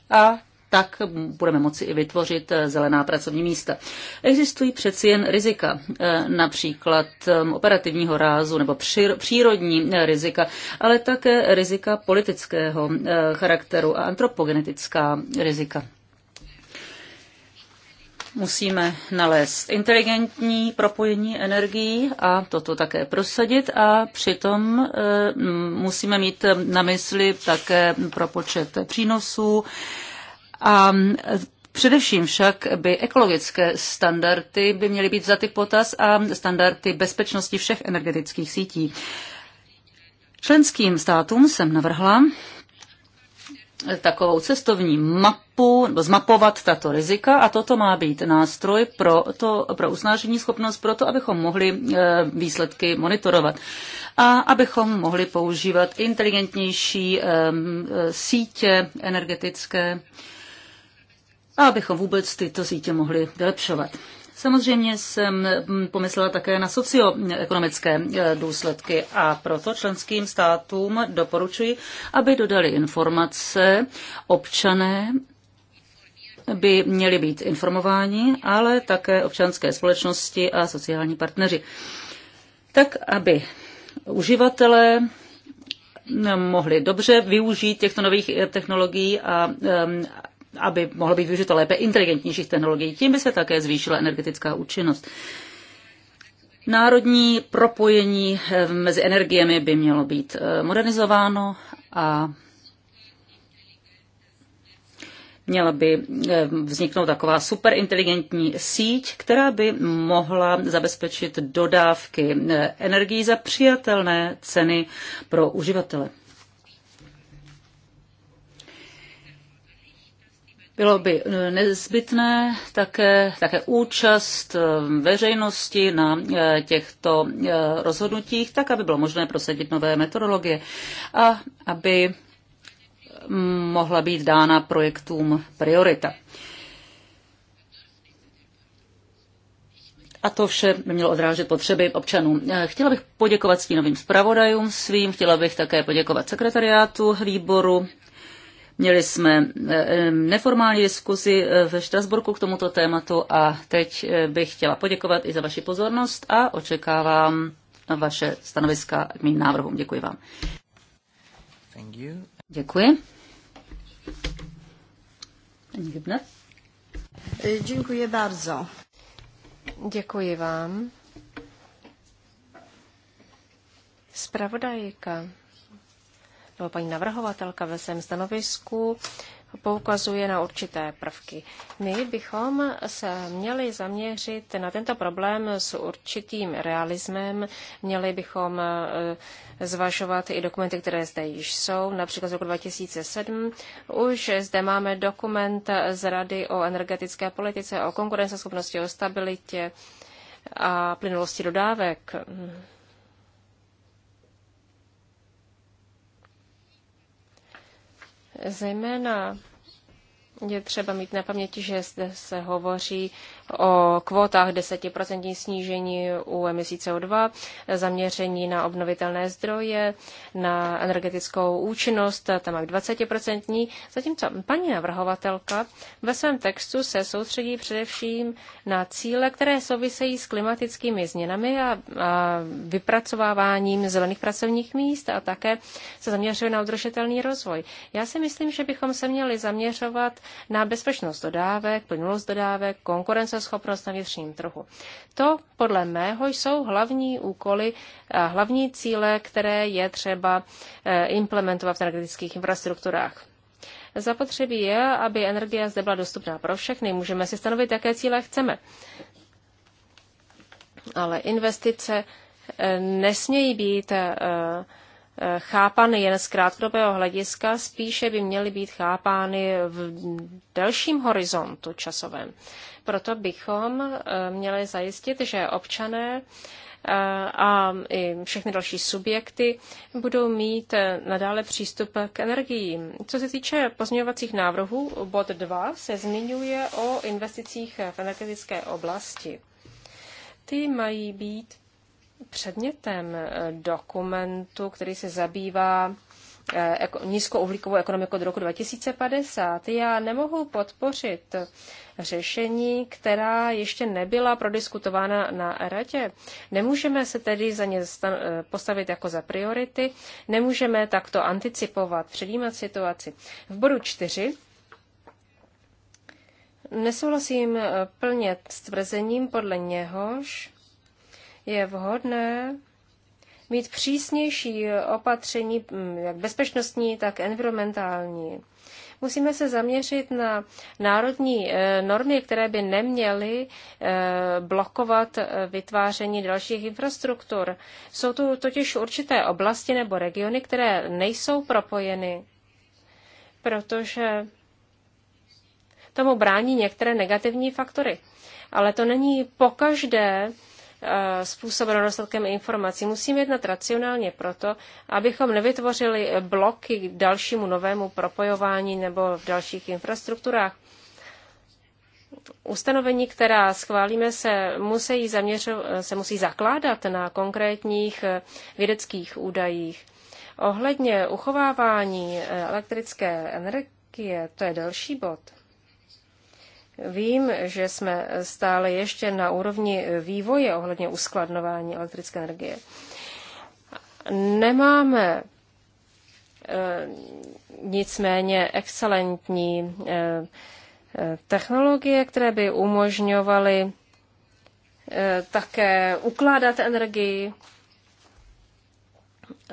a tak budeme moci i vytvořit eh, zelená pracovní místa. Existují přeci jen rizika, eh, například eh, operativního rázu nebo přírodní rizika, ale také rizika politického charakteru a antropogenetická rizika musíme nalézt inteligentní propojení energií a toto také prosadit a přitom musíme mít na mysli také propočet přínosů a Především však by ekologické standardy by měly být vzaty potaz a standardy bezpečnosti všech energetických sítí. Členským státům jsem navrhla takovou cestovní mapu, nebo zmapovat tato rizika a toto má být nástroj pro, to, pro usnážení schopnost, pro to, abychom mohli e, výsledky monitorovat a abychom mohli používat inteligentnější e, e, sítě energetické, a abychom vůbec tyto sítě mohli vylepšovat. Samozřejmě jsem mm, pomyslela také na socioekonomické e, důsledky a proto členským státům doporučuji, aby dodali informace občané by měli být informováni, ale také občanské společnosti a sociální partneři. Tak, aby uživatelé mm, mohli dobře využít těchto nových e, technologií a e, aby mohlo být využito lépe inteligentnějších technologií. Tím by se také zvýšila energetická účinnost. Národní propojení eh, mezi energiemi by mělo být eh, modernizováno a měla by eh, vzniknout taková superinteligentní síť, která by mohla zabezpečit dodávky energií za přijatelné ceny pro uživatele. Bylo by eh, nezbytné také, také účast eh, veřejnosti na eh, těchto rozhodnutích, tak aby bylo možné prosadit nové metodologie a aby mm, mohla být dána projektům priorita. A to vše by mělo odrážet potřeby občanů. Chtěla bych poděkovat stínovým zpravodajům svým, chtěla bych také poděkovat sekretariátu výboru Měli jsme eh, neformální diskuzi eh, ve Štrasburku k tomuto tématu a teď eh, bych chtěla poděkovat i za vaši pozornost a očekávám vaše stanoviska k mým návrhům. Děkuji vám. Děkuji. Pani Hybner. Děkuji bardzo. Děkuji vám. Spravodajka nebo paní navrhovatelka ve svém stanovisku poukazuje na určité prvky. My bychom se měli zaměřit na tento problém s určitým realismem, měli bychom e, zvažovat i dokumenty, které zde již jsou, například z roku 2007. Už zde máme dokument z Rady o energetické politice, o konkurenceschopnosti, o stabilitě a plynulosti dodávek. Zejména je třeba mít na paměti, že zde se hovoří o kvótách 10% snížení u emisí CO2, zaměření na obnovitelné zdroje, na energetickou účinnost, tam jak 20%, zatímco paní navrhovatelka ve svém textu se soustředí především na cíle, které souvisejí s klimatickými změnami a, a vypracováváním zelených pracovních míst a také se zaměřuje na udržitelný rozvoj. Já si myslím, že bychom se měli zaměřovat na bezpečnost dodávek, plynulost dodávek, konkurence konkurenceschopnost na vnitřním trhu. To podle mého jsou hlavní úkoly a hlavní cíle, které je třeba eh, implementovat v energetických infrastrukturách. Zapotřebí je, aby energie zde byla dostupná pro všechny. Můžeme si stanovit, jaké cíle chceme. Ale investice eh, nesmějí být eh, chápány jen z krátkodobého hlediska, spíše by měly být chápány v delším horizontu časovém. Proto bychom eh, měli zajistit, že občané eh, a i všechny další subjekty budou mít eh, nadále přístup k energiím. Co se týče pozměňovacích návrhů, bod 2 se zmiňuje o investicích v energetické oblasti. Ty mají být Předmětem eh, dokumentu, který se zabývá eh, nízkouhlíkovou ekonomiku do roku 2050, já nemohu podpořit řešení, která ještě nebyla prodiskutována na radě. Nemůžeme se tedy za ně eh, postavit jako za priority, nemůžeme takto anticipovat, předjímat situaci. V bodu 4 nesouhlasím plně s tvrzením, podle něhož je vhodné mít přísnější opatření, mm, jak bezpečnostní, tak environmentální. Musíme se zaměřit na národní eh, normy, které by neměly eh, blokovat eh, vytváření dalších infrastruktur. Jsou tu totiž určité oblasti nebo regiony, které nejsou propojeny, protože tomu brání některé negativní faktory. Ale to není pokaždé, Eh, způsobeno dostatkem informací. Musíme jednat racionálně proto, abychom nevytvořili bloky k dalšímu novému propojování nebo v dalších infrastrukturách. Ustanovení, která schválíme, se musí, zaměřo- se musí zakládat na konkrétních eh, vědeckých údajích. Ohledně uchovávání eh, elektrické energie, to je další bod. Vím, že jsme stále ještě na úrovni vývoje ohledně uskladnování elektrické energie. Nemáme eh, nicméně excelentní eh, eh, technologie, které by umožňovaly také ukládat energii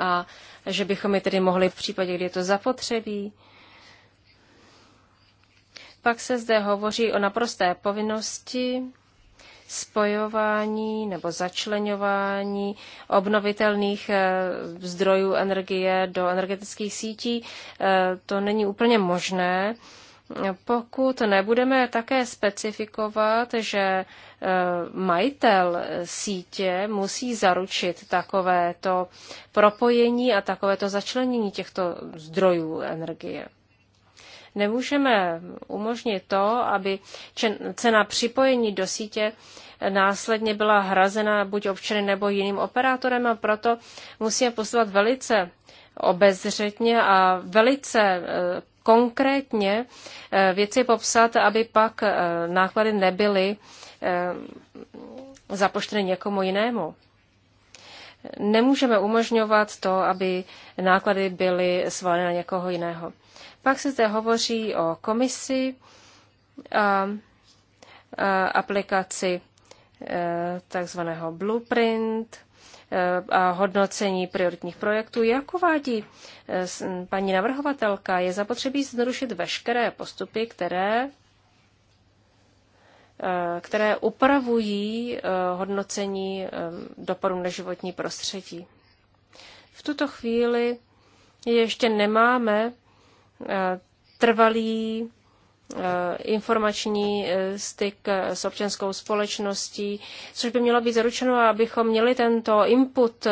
a že bychom ji tedy mohli v případě, kdy je to zapotřebí, pak se zde hovoří o naprosté povinnosti spojování nebo začlenování obnovitelných eh, zdrojů energie do energetických sítí. Eh, to není úplně možné, pokud nebudeme také specifikovat, že eh, majitel sítě musí zaručit takovéto propojení a takovéto začlenění těchto zdrojů energie. Nemůžeme umožnit to, aby cena připojení do sítě následně byla hrazena buď občany nebo jiným operátorem a proto musíme postupovat velice obezřetně a velice e, konkrétně e, věci popsat, aby pak e, náklady nebyly zapoštěny někomu jinému. Nemůžeme umožňovat to, aby náklady byly svaleny na někoho jiného. Pak se zde hovoří o komisi a, a aplikaci e, takzvaného blueprint e, a hodnocení prioritních projektů. Jak uvádí e, paní navrhovatelka, je zapotřebí zrušit veškeré postupy, které které upravují hodnocení dopadů na životní prostředí. V tuto chvíli ještě nemáme Eh, trvalý eh, informační eh, styk s občanskou společností, což by mělo být zaručeno, abychom měli tento input.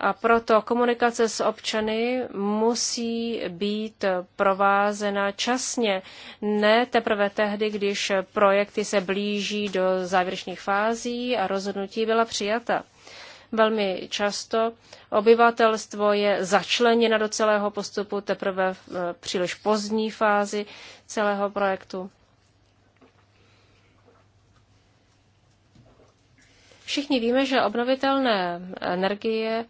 A proto komunikace s občany musí být provázena časně, ne teprve tehdy, když projekty se blíží do závěrečných fází a rozhodnutí byla přijata. Velmi často obyvatelstvo je začleněno do celého postupu teprve v e, příliš pozdní fázi celého projektu. Všichni víme, že obnovitelné energie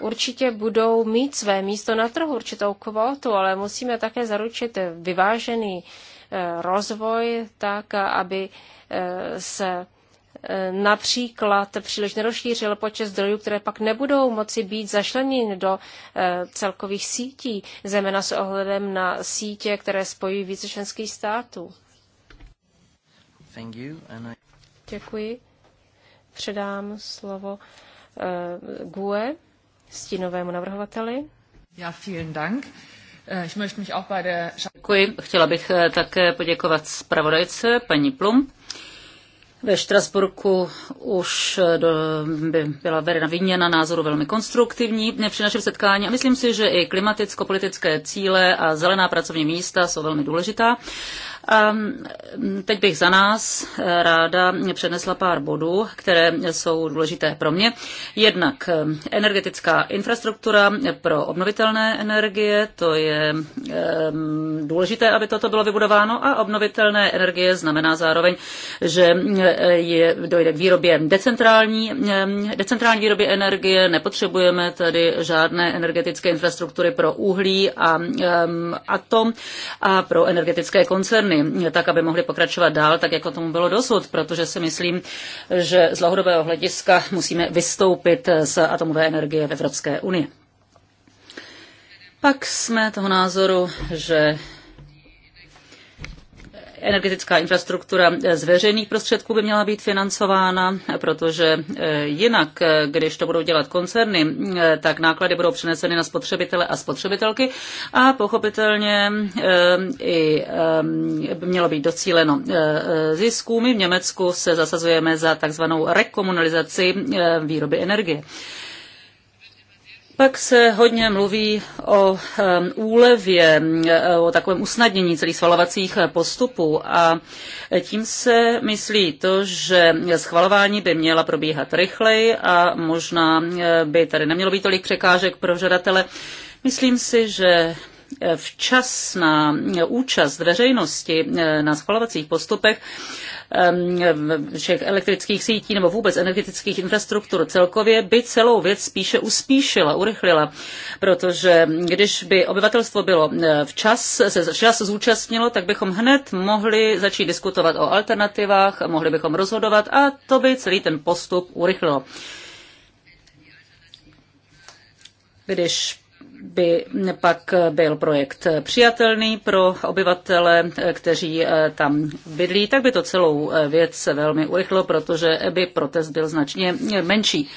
určitě budou mít své místo na trhu, určitou kvotu, ale musíme také zaručit vyvážený e, rozvoj tak, aby e, se Eh, například příliš nerozšířil počet zdrojů, které pak nebudou moci být zašleněny do eh, celkových sítí, zejména s ohledem na sítě, které spojují více členských států. Děkuji. Předám slovo uh, GUE, stínovému navrhovateli. Ja, vielen Dank. Děkuji. Chtěla bych také poděkovat zpravodajce paní Plum ve Štrasburku už eh, do, by byla vedena výměna názoru velmi konstruktivní při našem setkání a myslím si, že i klimaticko-politické cíle a zelená pracovní místa jsou velmi důležitá. Ehm, teď bych za nás eh, ráda přenesla pár bodů, které jsou důležité pro mě. Jednak ehm, energetická infrastruktura pro obnovitelné energie, to je ehm, důležité, aby toto bylo vybudováno a obnovitelné energie znamená zároveň, že eh, je, dojde k výrobě decentrální, decentrální výrobě energie, nepotřebujeme tady žádné energetické infrastruktury pro uhlí a atom a pro energetické koncerny tak aby mohly pokračovat dál, tak jako tomu bylo dosud, protože si myslím, že z dlouhodobého hlediska musíme vystoupit z atomové energie v Evropské unii. Pak jsme toho názoru, že Energetická infrastruktura z veřejných prostředků by měla být financována, protože eh, jinak, eh, když to budou dělat koncerny, eh, tak náklady budou přeneseny na spotřebitele a spotřebitelky a pochopitelně i by mělo být docíleno zisků. My v Německu se zasazujeme za takzvanou rekomunalizaci výroby energie. Pak se hodně mluví o um, úlevě, o takovém usnadnění celých schvalovacích postupů a tím se myslí to, že schvalování by měla probíhat rychleji a možná eh, by tady nemělo být tolik překážek pro žadatele. Myslím si, že včasná účast veřejnosti eh, na schvalovacích postupech ehm, všech elektrických sítí nebo vůbec energetických infrastruktur celkově by celou věc spíše uspíšila, urychlila, protože když by obyvatelstvo bylo eh, včas, se včas zúčastnilo, tak bychom hned mohli začít diskutovat o alternativách, mohli bychom rozhodovat a to by celý ten postup urychlilo. Když by pak byl projekt přijatelný pro obyvatele, kteří eh, tam bydlí, tak by to celou eh, věc velmi urychlo, protože by protest byl značně eh, menší.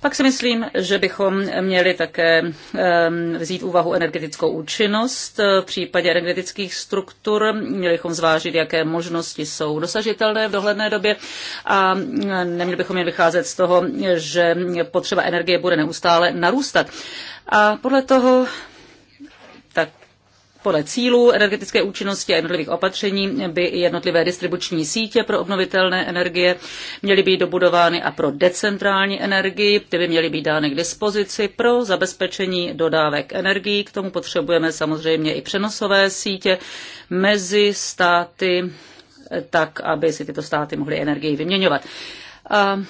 Pak si myslím, že bychom měli také ehm, vzít úvahu energetickou účinnost. V případě energetických struktur měli bychom zvážit, jaké možnosti jsou dosažitelné v dohledné době a neměli bychom jen vycházet z toho, že potřeba energie bude neustále narůstat. A podle toho tak podle cílů energetické účinnosti a jednotlivých opatření by jednotlivé distribuční sítě pro obnovitelné energie měly být dobudovány a pro decentrální energii, ty by měly být dány k dispozici pro zabezpečení dodávek energií. K tomu potřebujeme samozřejmě i přenosové sítě mezi státy, tak aby si tyto státy mohly energii vyměňovat. A e,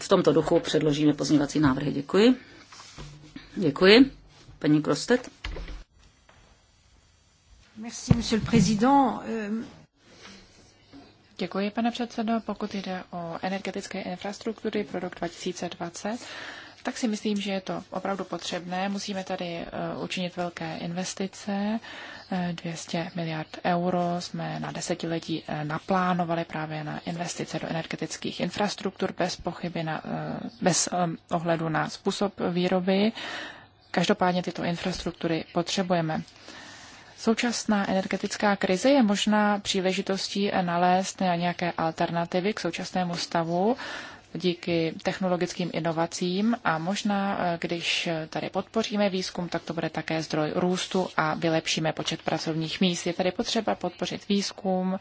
v tomto duchu předložíme pozměňovací návrhy. Děkuji. Děkuji. Paní Krostet. Merci, monsieur le président. Euh, Děkuji, pane předsedo. Pokud jde o energetické infrastruktury pro rok 2020, tak si myslím, že je to opravdu potřebné. Musíme tady eh, učinit velké investice 200 miliard euro jsme na desetiletí eh, naplánovali právě na investice do energetických infrastruktur bez pochyby, na, eh, bez eh, ohledu na způsob výroby. Každopádně tyto infrastruktury potřebujeme. Současná energetická krize je možná příležitostí nalézt nějaké alternativy k současnému stavu díky technologickým inovacím a možná, eh, když tady podpoříme výzkum, tak to bude také zdroj růstu a vylepšíme počet pracovních míst. Je tady potřeba podpořit výzkum,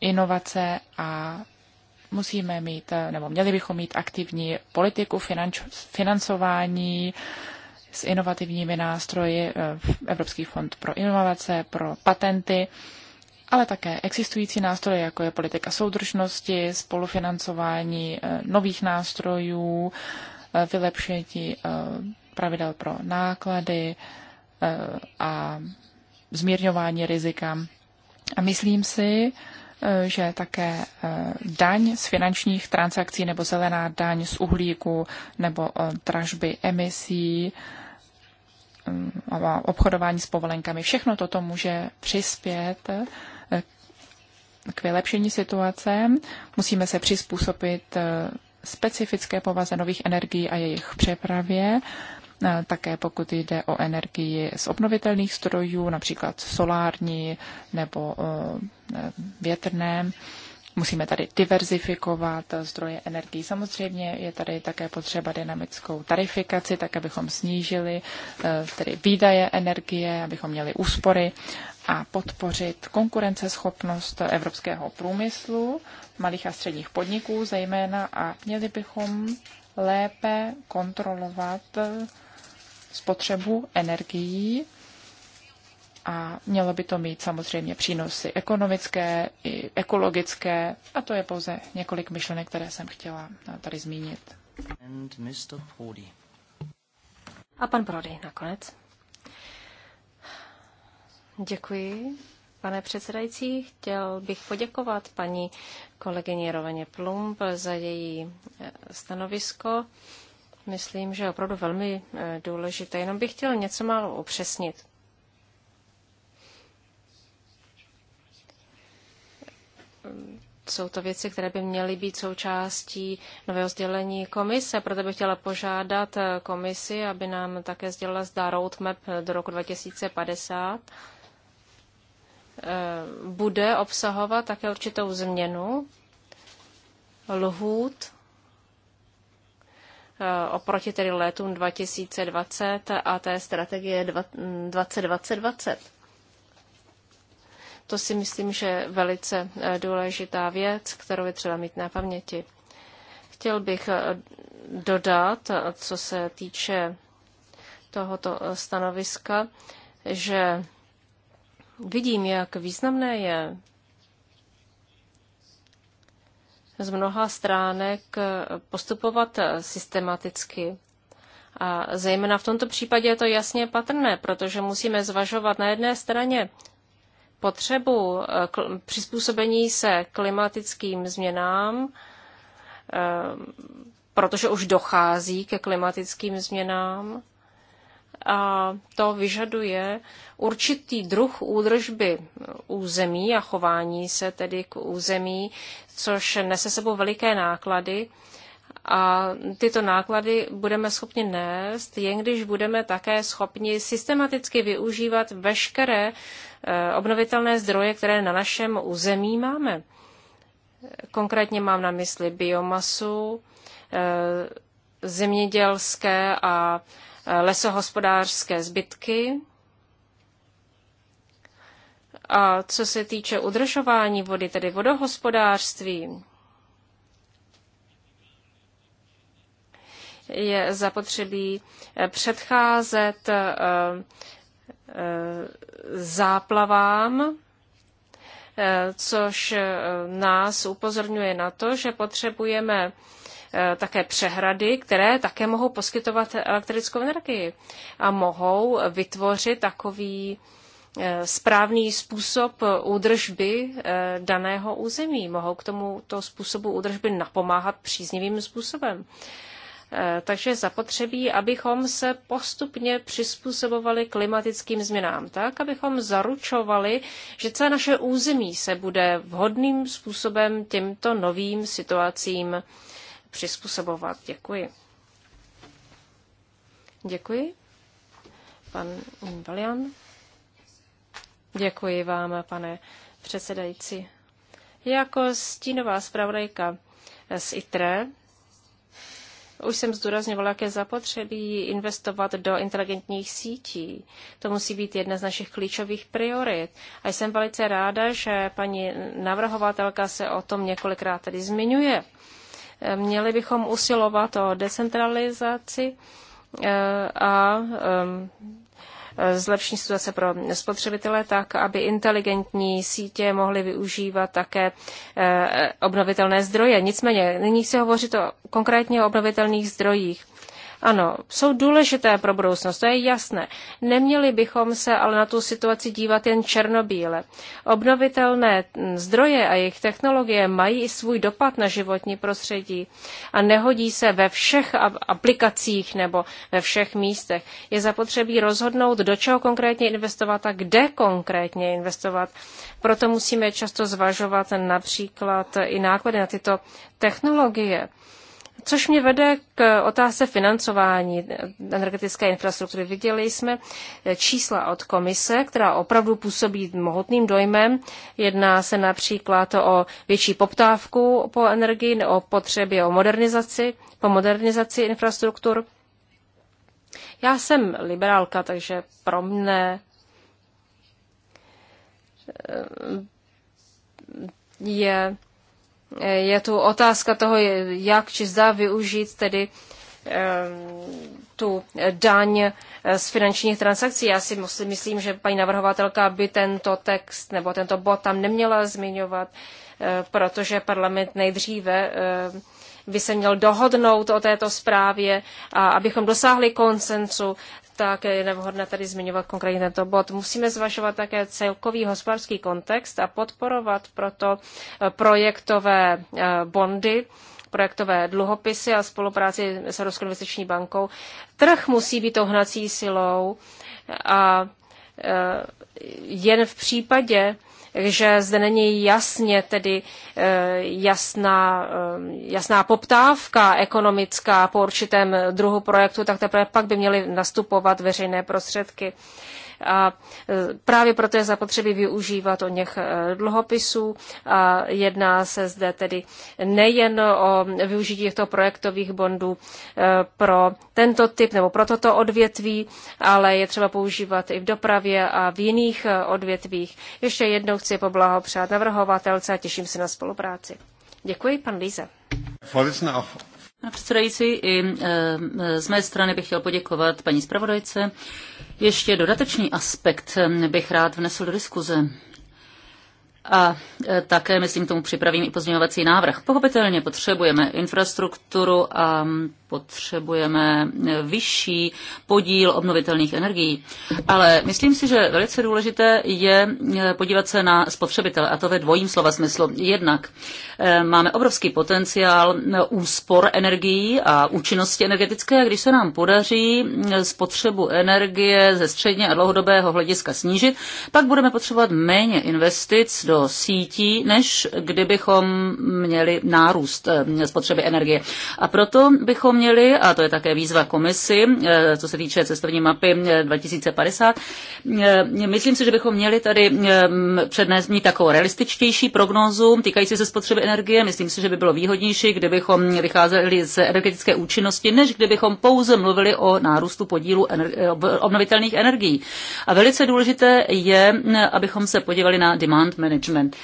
inovace a musíme mít, eh, nebo měli bychom mít aktivní politiku financ- financování s inovativními nástroji, eh, Evropský fond pro inovace, pro patenty ale také existující nástroje, jako je politika soudržnosti, spolufinancování eh, nových nástrojů, eh, vylepšení eh, pravidel pro náklady a zmírňování rizika. A myslím si, že také daň z finančních transakcí nebo zelená daň z uhlíku nebo dražby emisí mm, a obchodování s povolenkami. Všechno toto může přispět k vylepšení situace. Musíme se přizpůsobit eh, specifické povaze nových energií a jejich přepravě, eh, také pokud jde o energii z obnovitelných strojů, například solární nebo eh, větrné. Musíme tady diverzifikovat zdroje energií. Samozřejmě je tady také potřeba dynamickou tarifikaci, tak abychom snížili tedy výdaje energie, abychom měli úspory a podpořit konkurenceschopnost evropského průmyslu, malých a středních podniků zejména a měli bychom lépe kontrolovat spotřebu energií a mělo by to mít samozřejmě přínosy ekonomické i ekologické a to je pouze několik myšlenek, které jsem chtěla tady zmínit. A pan Brody nakonec. Děkuji. Pane předsedající, chtěl bych poděkovat paní kolegyni Roveně Plump za její eh, stanovisko. Myslím, že je opravdu velmi eh, důležité. Jenom bych chtěl něco málo upřesnit. Jsou to věci, které by měly být součástí nového sdělení komise, proto bych chtěla požádat eh, komisi, aby nám také sdělila zda roadmap do roku 2050 Eh, bude obsahovat také určitou změnu lhůt eh, oproti tedy letům 2020 a té strategie 2020. To si myslím, že je velice eh, důležitá věc, kterou je třeba mít na paměti. Chtěl bych dodat, co se týče tohoto stanoviska, že vidím, jak významné je z mnoha stránek postupovat systematicky. A zejména v tomto případě je to jasně patrné, protože musíme zvažovat na jedné straně potřebu eh, přizpůsobení se klimatickým změnám, eh, protože už dochází ke klimatickým změnám a to vyžaduje určitý druh údržby území a chování se tedy k území, což nese sebou veliké náklady. A tyto náklady budeme schopni nést, jen když budeme také schopni systematicky využívat veškeré e, obnovitelné zdroje, které na našem území máme. Konkrétně mám na mysli biomasu, e, zemědělské a lesohospodářské zbytky. A co se týče udržování vody, tedy vodohospodářství, je zapotřebí eh, předcházet eh, eh, záplavám, což nás upozorňuje na to, že potřebujeme Eh, také přehrady, které také mohou poskytovat elektrickou energii a mohou vytvořit takový eh, správný způsob údržby eh, daného území. Mohou k tomuto způsobu údržby napomáhat příznivým způsobem. Takže zapotřebí, abychom se postupně přizpůsobovali klimatickým změnám tak, abychom zaručovali, že celé naše území se bude vhodným způsobem těmto novým situacím přizpůsobovat. Děkuji. Děkuji. Pan Invalian. Děkuji vám, pane předsedající. Jako stínová zpravodajka z ITRE už jsem zdůrazňovala, jak je zapotřebí investovat do inteligentních sítí. To musí být jedna z našich klíčových priorit. A jsem velice ráda, že paní navrhovatelka se o tom několikrát tady zmiňuje. Měli bychom usilovat o decentralizaci eh, a eh, zlepšení situace pro spotřebitele tak, aby inteligentní sítě mohly využívat také eh, obnovitelné zdroje. Nicméně nyní chci hovořit o konkrétně o obnovitelných zdrojích ano, jsou důležité pro budoucnost, to je jasné. Neměli bychom se ale na tu situaci dívat jen černobíle. Obnovitelné zdroje a jejich technologie mají i svůj dopad na životní prostředí a nehodí se ve všech aplikacích nebo ve všech místech. Je zapotřebí rozhodnout, do čeho konkrétně investovat a kde konkrétně investovat. Proto musíme často zvažovat například i náklady na tyto technologie. Což mě vede k otázce financování energetické infrastruktury. Viděli jsme čísla od komise, která opravdu působí mohutným dojmem. Jedná se například o větší poptávku po energii, o potřebě o modernizaci, po modernizaci infrastruktur. Já jsem liberálka, takže pro mne eh, je je tu otázka toho, jak či zda využít tedy tu daň eh, z finančních transakcí. Já si myslím, že paní navrhovatelka by tento text nebo tento bod tam neměla zmiňovat, eh, protože parlament nejdříve eh, by se měl dohodnout o této zprávě a abychom dosáhli konsensu, tak je nevhodné tady zmiňovat konkrétně tento bod. Musíme zvažovat také celkový hospodářský kontext a podporovat proto eh, projektové eh, bondy, projektové dluhopisy a spolupráci s Evropskou investiční bankou. Trh musí být ohnací silou a eh, jen v případě, že zde není jasně tedy eh, jasná, eh, jasná poptávka ekonomická po určitém druhu projektu, tak teprve pak by měly nastupovat veřejné prostředky. A e, právě proto je zapotřebí využívat o něch e, dluhopisů. A jedná se zde tedy nejen o využití těchto projektových bondů e, pro tento typ nebo pro toto odvětví, ale je třeba používat i v dopravě a v jiných odvětvích. Ještě jednou chci poblahopřát navrhovatelce a těším se na spolupráci. Děkuji, pan Líze. Pane předsedající, i e, z mé strany bych chtěl poděkovat paní zpravodajce. Ještě dodatečný aspekt bych rád vnesl do diskuze. A e, také, myslím, tomu připravím i pozměňovací návrh. Pochopitelně potřebujeme infrastrukturu a potřebujeme vyšší podíl obnovitelných energií. Ale myslím si, že velice důležité je eh, podívat se na spotřebitele, a to ve dvojím slova smyslu. Jednak eh, máme obrovský potenciál eh, úspor energií a účinnosti energetické, když se nám podaří spotřebu energie ze středně a dlouhodobého hlediska snížit, pak budeme potřebovat méně investic do sítí, než kdybychom měli nárůst spotřeby energie. A proto bychom měli a to je také výzva komisy, eh, co se týče cestovní mapy 2050. Eh, eh, myslím si, že bychom měli tady přednést mít takovou realističtější prognózu týkající se spotřeby energie. Myslím si, že by bylo výhodnější, kdybychom vycházeli z energetické účinnosti, než kdybychom pouze mluvili o nárůstu podílu obnovitelných energií. A velice důležité je, abychom se podívali na demand management.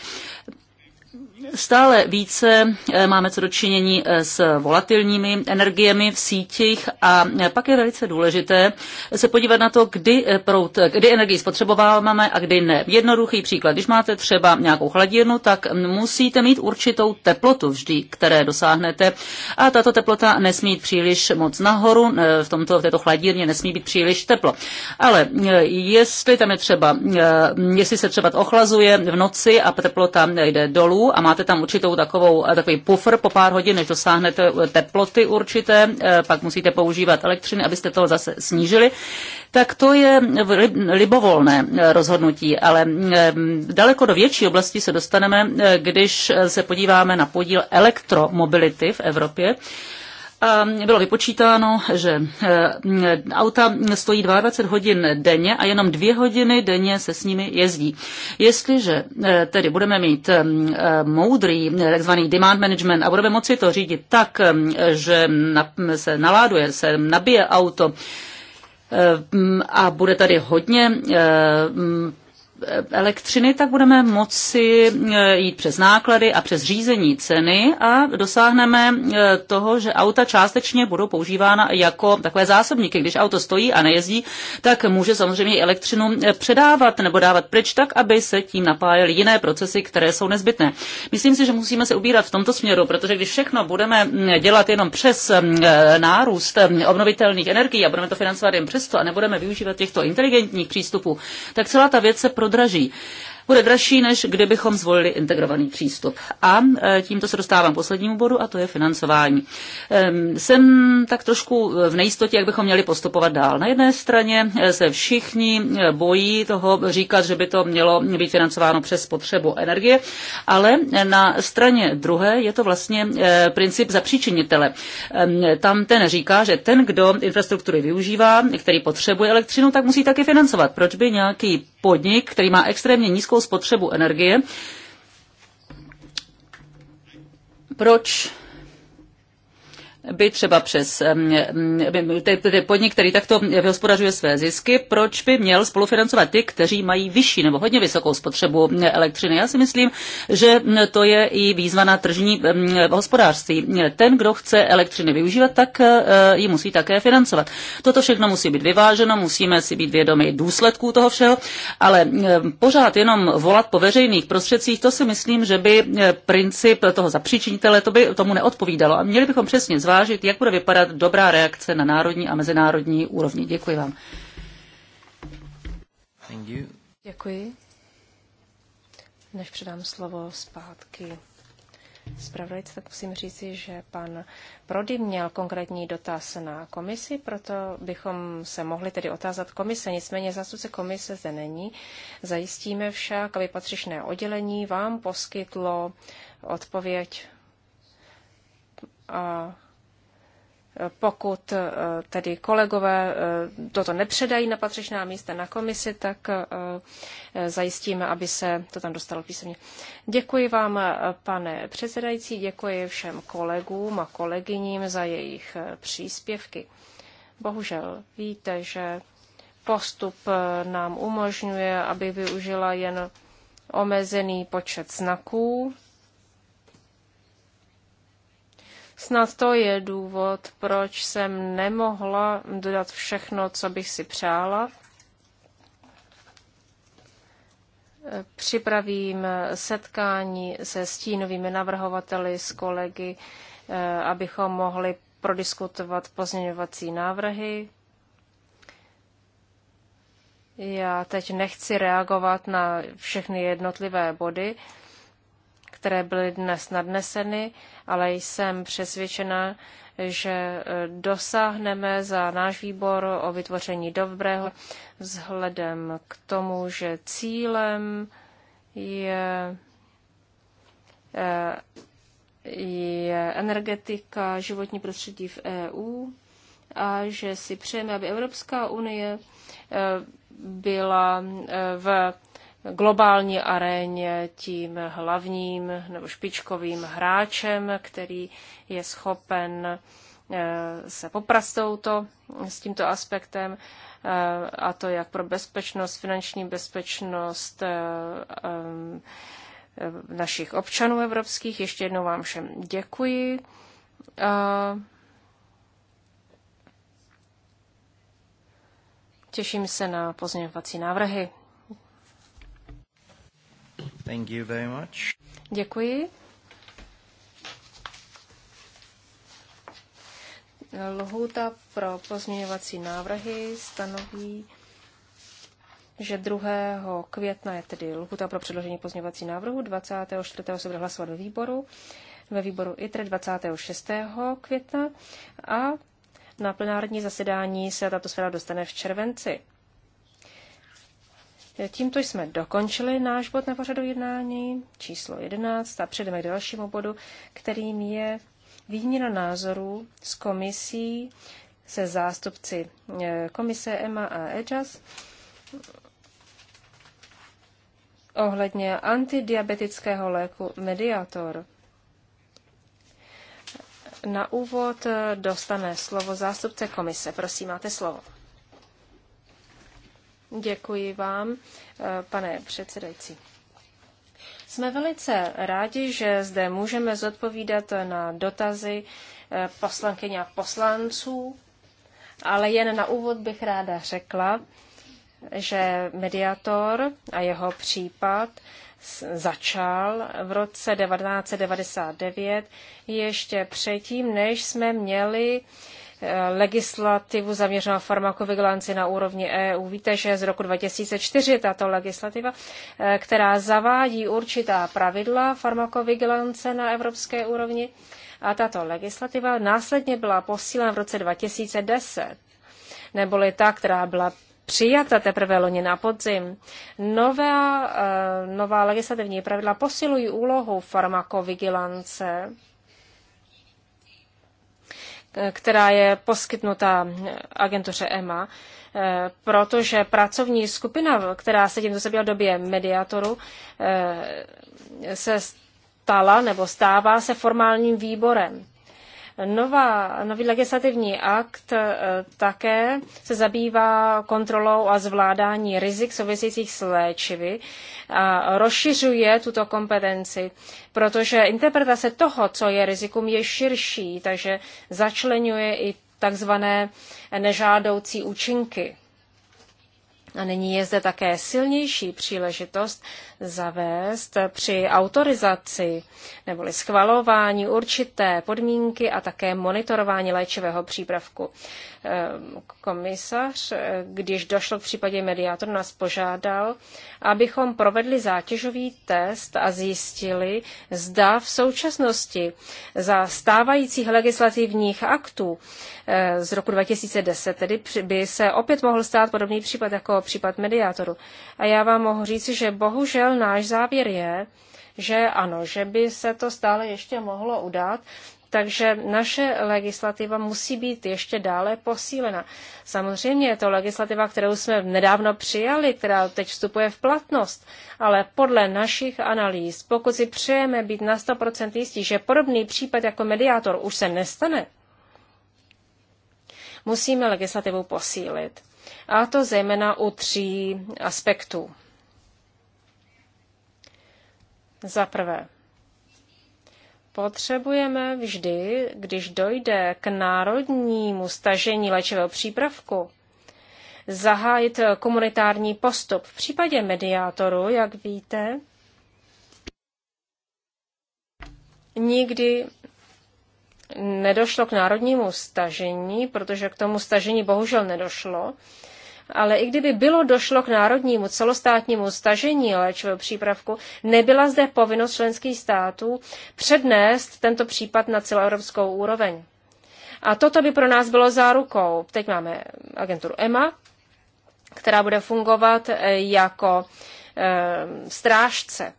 Stále více eh, máme co dočinění eh, s volatilními energiemi v sítích a eh, pak je velice důležité se podívat na to, kdy, prout, kdy energii spotřebováváme a kdy ne. Jednoduchý příklad, když máte třeba nějakou chladírnu, tak mm, musíte mít určitou teplotu vždy, které dosáhnete a tato teplota nesmí jít příliš moc nahoru, v, tomto, v této chladírně nesmí být příliš teplo. Ale jestli tam je třeba, jestli se třeba ochlazuje v noci a teplota jde dolů a máte máte tam určitou takovou, eh, takový puffer po pár hodin, než dosáhnete eh, teploty určité, eh, pak musíte používat elektřiny, abyste to zase snížili, tak to je libovolné rozhodnutí, ale mm, daleko do větší oblasti se dostaneme, když se podíváme na podíl elektromobility v Evropě a ehm, bylo vypočítáno, že eh, auta stojí 22 hodin denně a jenom dvě hodiny denně se s nimi jezdí. Jestliže eh, tedy budeme mít ehm, eh, moudrý takzvaný demand management a budeme moci to řídit tak, ehm, že se naláduje, se nabije auto, a bude tady hodně elektřiny, tak budeme moci e, jít přes náklady a přes řízení ceny a dosáhneme e, toho, že auta částečně budou používána jako takové zásobníky. Když auto stojí a nejezdí, tak může samozřejmě elektřinu e, předávat nebo dávat pryč tak, aby se tím napájely jiné procesy, které jsou nezbytné. Myslím si, že musíme se ubírat v tomto směru, protože když všechno budeme dělat jenom přes nárůst obnovitelných energií a budeme to financovat jen přesto a nebudeme využívat těchto inteligentních přístupů, tak celá ta věc se pro prodraží. Bude dražší, než kdybychom zvolili integrovaný přístup. A e, tímto se dostávám k poslednímu bodu, a to je financování. Jsem tak trošku v nejistotě, jak bychom měli postupovat dál. Na jedné straně e, se všichni e, bojí toho říkat, že by to mělo být financováno přes potřebu energie, ale na straně druhé je to vlastně princip zapříčinitele. Tam ten říká, že ten, kdo infrastruktury využívá, který potřebuje elektřinu, tak musí taky financovat. Proč by nějaký podnik, který má extrémně nízkou spotřebu energie, proč by třeba přes podnik, který takto vyhospodařuje své zisky, proč by měl spolufinancovat ty, kteří mají vyšší nebo hodně vysokou spotřebu elektřiny. Já si myslím, že to je i výzva na tržní hospodářství. Ten, kdo chce elektřiny využívat, tak eh, ji musí také financovat. Toto všechno musí být vyváženo, musíme si být vědomi důsledků toho všeho, ale pořád jenom volat po veřejných prostředcích, to si myslím, že by eh, princip toho zapříčinitele, to by tomu neodpovídalo. A měli bychom přesně zvážit, zvážit, jak bude vypadat dobrá reakce na národní a mezinárodní úrovni. Děkuji vám. Děkuji. Než předám slovo zpátky zpravodajce, tak musím říci, že pan Prody měl konkrétní dotaz na komisi, proto bychom se mohli tedy otázat komise. Nicméně zástupce komise zde není. Zajistíme však, aby patřičné oddělení vám poskytlo odpověď a pokud eh, tedy kolegové eh, toto nepředají na patřičná místa na komisi, tak eh, zajistíme, aby se to tam dostalo písemně. Děkuji vám, pane předsedající, děkuji všem kolegům a kolegyním za jejich příspěvky. Bohužel víte, že postup nám umožňuje, aby využila jen omezený počet znaků Snad to je důvod, proč jsem nemohla dodat všechno, co bych si přála. Připravím setkání se stínovými navrhovateli s kolegy, eh, abychom mohli prodiskutovat pozměňovací návrhy. Já teď nechci reagovat na všechny jednotlivé body, které byly dnes nadneseny, ale jsem přesvědčena, že e, dosáhneme za náš výbor o vytvoření dobrého vzhledem k tomu, že cílem je, e, je energetika, životní prostředí v EU a že si přejeme, aby Evropská unie e, byla v globální aréně tím hlavním nebo špičkovým hráčem, který je schopen eh, se poprat s, s tímto aspektem, eh, a to jak pro bezpečnost, finanční bezpečnost eh, našich občanů evropských. Ještě jednou vám všem děkuji. Těším se na pozměňovací návrhy. Thank you very much. Děkuji. Lhůta pro pozměňovací návrhy stanoví, že 2. května je tedy lhůta pro předložení pozměňovací návrhu, 24. se bude hlasovat ve výboru, ve výboru ITRE 26. května a na plenární zasedání se tato sféra dostane v červenci. Tímto jsme dokončili náš bod na pořadu jednání číslo 11 a přejdeme k dalšímu bodu, kterým je výměna názorů s komisí se zástupci eh, komise EMA a EJAS ohledně antidiabetického léku Mediator. Na úvod eh, dostane slovo zástupce komise. Prosím, máte slovo. Děkuji vám, eh, pane předsedající. Jsme velice rádi, že zde můžeme zodpovídat na dotazy eh, poslankyně a poslanců, ale jen na úvod bych ráda řekla, že mediátor a jeho případ začal v roce 1999, ještě předtím, než jsme měli legislativu zaměřenou farmakovigilanci na úrovni EU. Víte, že z roku 2004 je tato legislativa, eh, která zavádí určitá pravidla farmakovigilance na evropské úrovni a tato legislativa následně byla posílena v roce 2010, neboli ta, která byla přijata teprve loni na podzim. Nová, eh, nová legislativní pravidla posilují úlohu farmakovigilance která je poskytnuta agentuře EMA, eh, protože pracovní skupina, která se tímto v době mediatoru, eh, se stala nebo stává se formálním výborem. Nová, nový legislativní akt eh, také se zabývá kontrolou a zvládání rizik souvisejících s léčivy a rozšiřuje tuto kompetenci, protože interpretace toho, co je rizikum, je širší, takže začlenuje i takzvané nežádoucí účinky. A nyní je zde také silnější příležitost zavést při autorizaci neboli schvalování určité podmínky a také monitorování léčivého přípravku. Eh, komisař, eh, když došlo v případě mediátor, nás požádal, abychom provedli zátěžový test a zjistili, zda v současnosti za stávajících legislativních aktů eh, z roku 2010 tedy by se opět mohl stát podobný případ jako případ mediátoru. A já vám mohu říci, že bohužel náš závěr je, že ano, že by se to stále ještě mohlo udát, takže naše legislativa musí být ještě dále posílena. Samozřejmě je to legislativa, kterou jsme nedávno přijali, která teď vstupuje v platnost, ale podle našich analýz, pokud si přejeme být na 100% jistí, že podobný případ jako mediátor už se nestane, musíme legislativu posílit. A to zejména u tří aspektů. Za prvé, potřebujeme vždy, když dojde k národnímu stažení léčivého přípravku, zahájit komunitární postup. V případě mediátoru, jak víte, nikdy nedošlo k národnímu stažení, protože k tomu stažení bohužel nedošlo ale i kdyby bylo došlo k národnímu celostátnímu stažení léčivého přípravku, nebyla zde povinnost členských států přednést tento případ na celoevropskou úroveň. A toto by pro nás bylo zárukou. Teď máme agenturu EMA, která bude fungovat eh, jako eh, strážce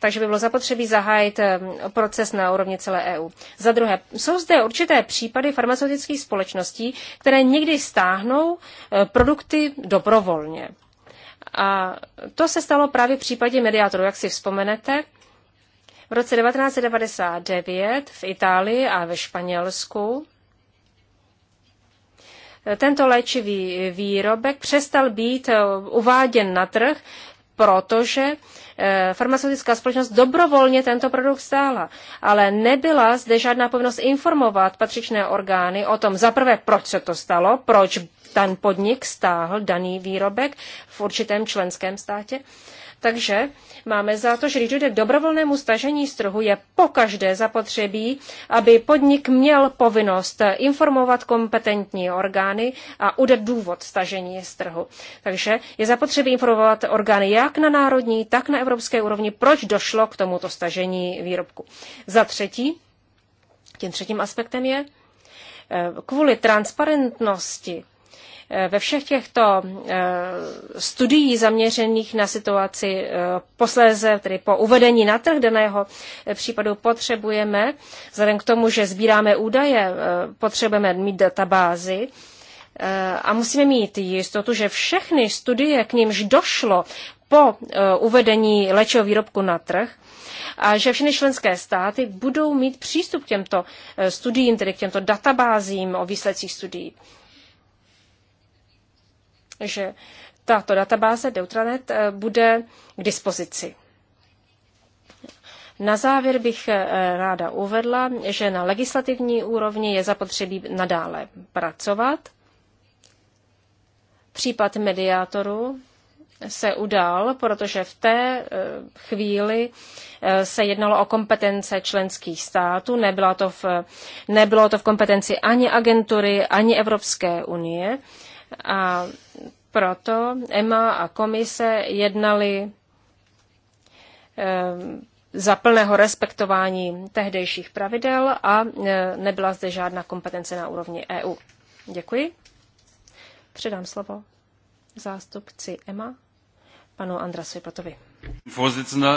takže by bylo zapotřebí zahájit eh, proces na úrovni celé EU. Za druhé, jsou zde určité případy farmaceutických společností, které někdy stáhnou eh, produkty dobrovolně. A to se stalo právě v případě mediátorů, jak si vzpomenete. V roce 1999 v Itálii a ve Španělsku eh, tento léčivý výrobek přestal být uváděn na trh, protože Eh, farmaceutická společnost dobrovolně tento produkt stála, ale nebyla zde žádná povinnost informovat patřičné orgány o tom, zaprvé, proč se to stalo, proč ten podnik stáhl daný výrobek v určitém členském státě takže máme za to, že když jde k dobrovolnému stažení z trhu, je pokaždé zapotřebí, aby podnik měl povinnost informovat kompetentní orgány a udat důvod stažení z trhu. Takže je zapotřebí informovat orgány jak na národní, tak na evropské úrovni, proč došlo k tomuto stažení výrobku. Za třetí, tím třetím aspektem je, eh, kvůli transparentnosti Eh, ve všech těchto eh, studií zaměřených na situaci eh, posléze, tedy po uvedení na trh daného případu, potřebujeme, vzhledem k tomu, že sbíráme údaje, potřebujeme mít databázy, a musíme mít jistotu, že všechny studie, k nímž došlo po uvedení léčivého výrobku na trh, a že všechny členské státy budou mít přístup k těmto studiím, tedy k těmto databázím o výsledcích studií že tato databáze Deutranet eh, bude k dispozici. Na závěr bych eh, ráda uvedla, že na legislativní úrovni je zapotřebí nadále pracovat. Případ mediátoru se udal, protože v té eh, chvíli se jednalo o kompetence členských států. Nebylo to v, nebylo to v kompetenci ani agentury, ani Evropské unie. A proto EMA a komise jednali ehm, za plného respektování tehdejších pravidel a e, nebyla zde žádná kompetence na úrovni EU. Děkuji. Předám slovo zástupci EMA, panu Andrasovi Patovi.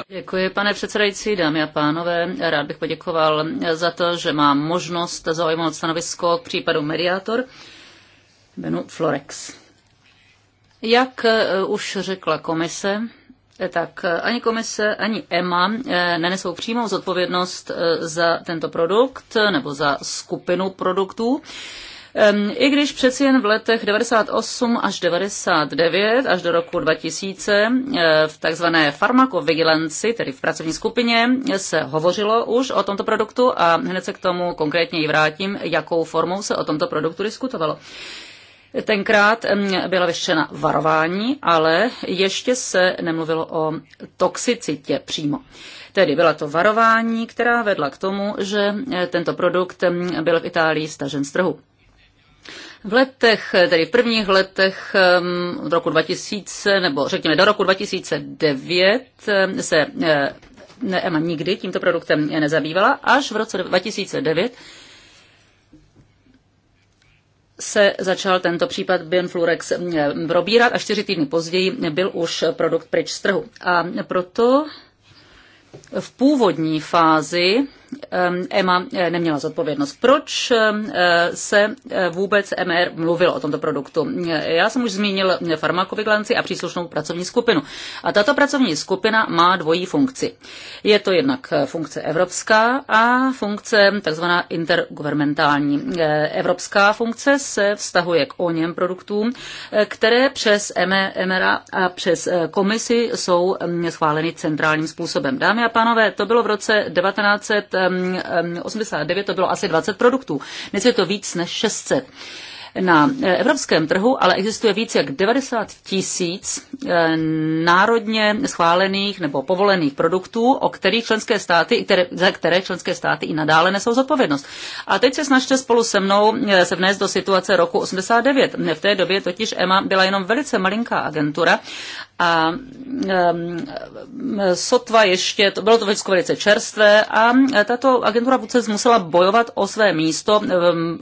Děkuji, pane předsedající, dámy a pánové. Rád bych poděkoval za to, že mám možnost zaujmout stanovisko k případu Mediator. Benu Florex. Jak eh, už řekla komise, eh, tak eh, ani komise, ani EMA nenesou přímou zodpovědnost za tento produkt nebo za skupinu produktů. Ehm, I když přeci jen v letech 98 až 99 až do roku 2000 v takzvané farmakovigilanci, tedy v pracovní skupině, se hovořilo už o tomto produktu a hned se k tomu konkrétně i vrátím, jakou formou se o tomto produktu diskutovalo. Tenkrát byla vyštěna varování, ale ještě se nemluvilo o toxicitě přímo. Tedy byla to varování, která vedla k tomu, že eh, tento produkt byl v Itálii stažen z trhu. V letech, tedy v prvních letech v roku 2000, nebo řekněme do roku 2009, se EMA eh, nikdy tímto produktem nezabývala, až v roce 2009 se začal tento případ Bionflurex eh, probírat a čtyři týdny později byl už produkt pryč z trhu. A proto v původní fázi EMA eh, neměla zodpovědnost. Proč eh, se eh, vůbec MR mluvilo o tomto produktu? Já jsem už zmínil farmakovigilanci a příslušnou pracovní skupinu. A tato pracovní skupina má dvojí funkci. Je to jednak funkce evropská a funkce takzvaná intergovernmentální. Evropská funkce se vztahuje k oněm produktům, které přes MRA a přes komisi jsou mm, schváleny centrálním způsobem. Dámy a pánové, to bylo v roce 19 1989 ehm, ehm, to bylo asi 20 produktů. Dnes je to víc než 600. Na eh, evropském trhu ale existuje více jak 90 tisíc eh, národně schválených nebo povolených produktů, o kterých členské státy, které, za které členské státy i nadále nesou zodpovědnost. A teď se snažte spolu se mnou eh, se vnést do situace roku 89. V té době totiž EMA byla jenom velice malinká agentura a sotva ještě, to bylo to vždycky velice čerstvé a tato agentura vůbec musela bojovat o své místo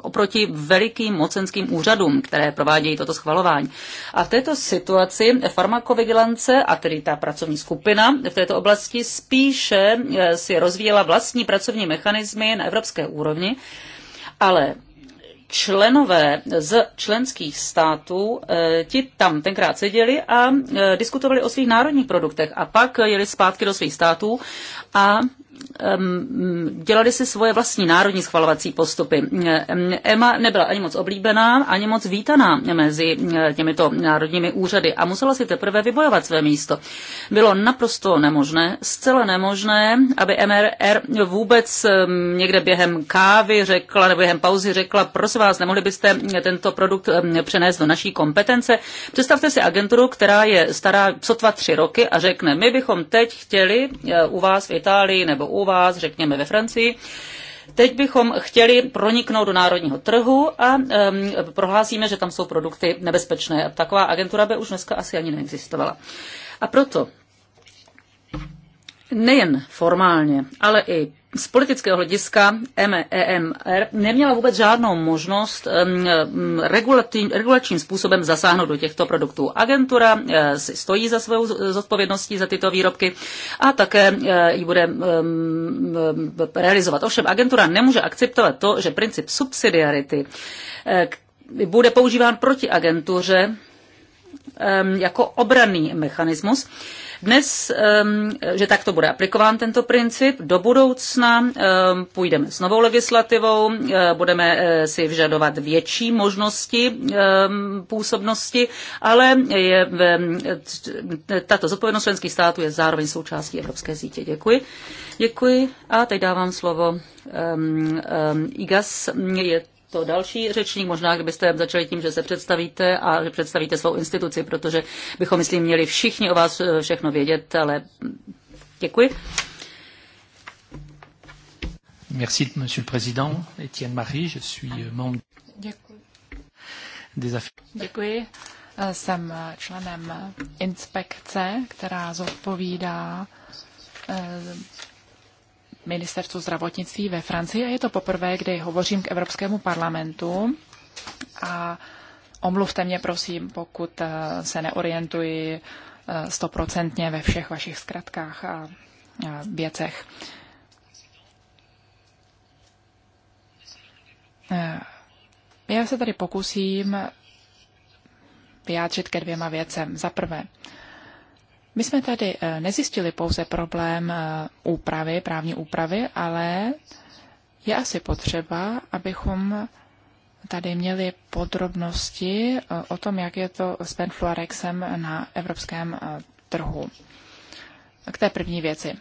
oproti velikým mocenským úřadům, které provádějí toto schvalování. A v této situaci farmakovigilance, a tedy ta pracovní skupina v této oblasti, spíše eh, si rozvíjela vlastní pracovní mechanismy na evropské úrovni, ale členové z členských států, eh, ti tam tenkrát seděli a eh, diskutovali o svých národních produktech a pak jeli zpátky do svých států a dělali si svoje vlastní národní schvalovací postupy. EMA nebyla ani moc oblíbená, ani moc vítaná mezi eh, těmito národními úřady a musela si teprve vybojovat své místo. Bylo naprosto nemožné, zcela nemožné, aby MRR vůbec někde během kávy řekla nebo během pauzy řekla, prosím vás, nemohli byste tento produkt přenést do naší kompetence. Představte si agenturu, která je stará sotva tři roky a řekne, my bychom teď chtěli eh, u vás v Itálii nebo u u vás, řekněme ve Francii, Teď bychom chtěli proniknout do národního trhu a um, prohlásíme, že tam jsou produkty nebezpečné. Taková agentura by už dneska asi ani neexistovala. A proto nejen formálně, ale i z politického hlediska EMR neměla vůbec žádnou možnost regulačním způsobem zasáhnout do těchto produktů. Agentura eh, si stojí za svou zodpovědností za tyto výrobky a také eh, ji bude realizovat. Ovšem agentura nemůže akceptovat to, že princip subsidiarity eh, bude používán proti agentuře jako obraný mechanismus dnes, ehm, že takto bude aplikován tento princip, do budoucna ehm, půjdeme s novou legislativou, eh, budeme eh, si vyžadovat větší možnosti ehm, působnosti, ale je, eh, tato zodpovědnost členských států je zároveň součástí Evropské sítě. Děkuji. Děkuji a teď dávám slovo um, um, IGAS. Je to další řečník, možná kdybyste začali tím, že se představíte a že představíte svou instituci, protože bychom, myslím, měli všichni o vás eh, všechno vědět, ale děkuji. Merci, monsieur le président. Etienne Marie, je suis euh, membre Děkuji. des Děkuji. Eh, jsem eh, členem inspekce, která zodpovídá ministerstvu zdravotnictví ve Francii a je to poprvé, kdy hovořím k Evropskému parlamentu a omluvte mě, prosím, pokud eh, se neorientuji eh, stoprocentně ve všech vašich zkratkách a věcech. Eh, já se tady pokusím vyjádřit ke dvěma věcem. Za prvé, my jsme tady eh, nezjistili pouze problém eh, úpravy, právní úpravy, ale je asi potřeba, abychom tady měli podrobnosti eh, o tom, jak je to s Benfluorexem na evropském trhu. K té první věci.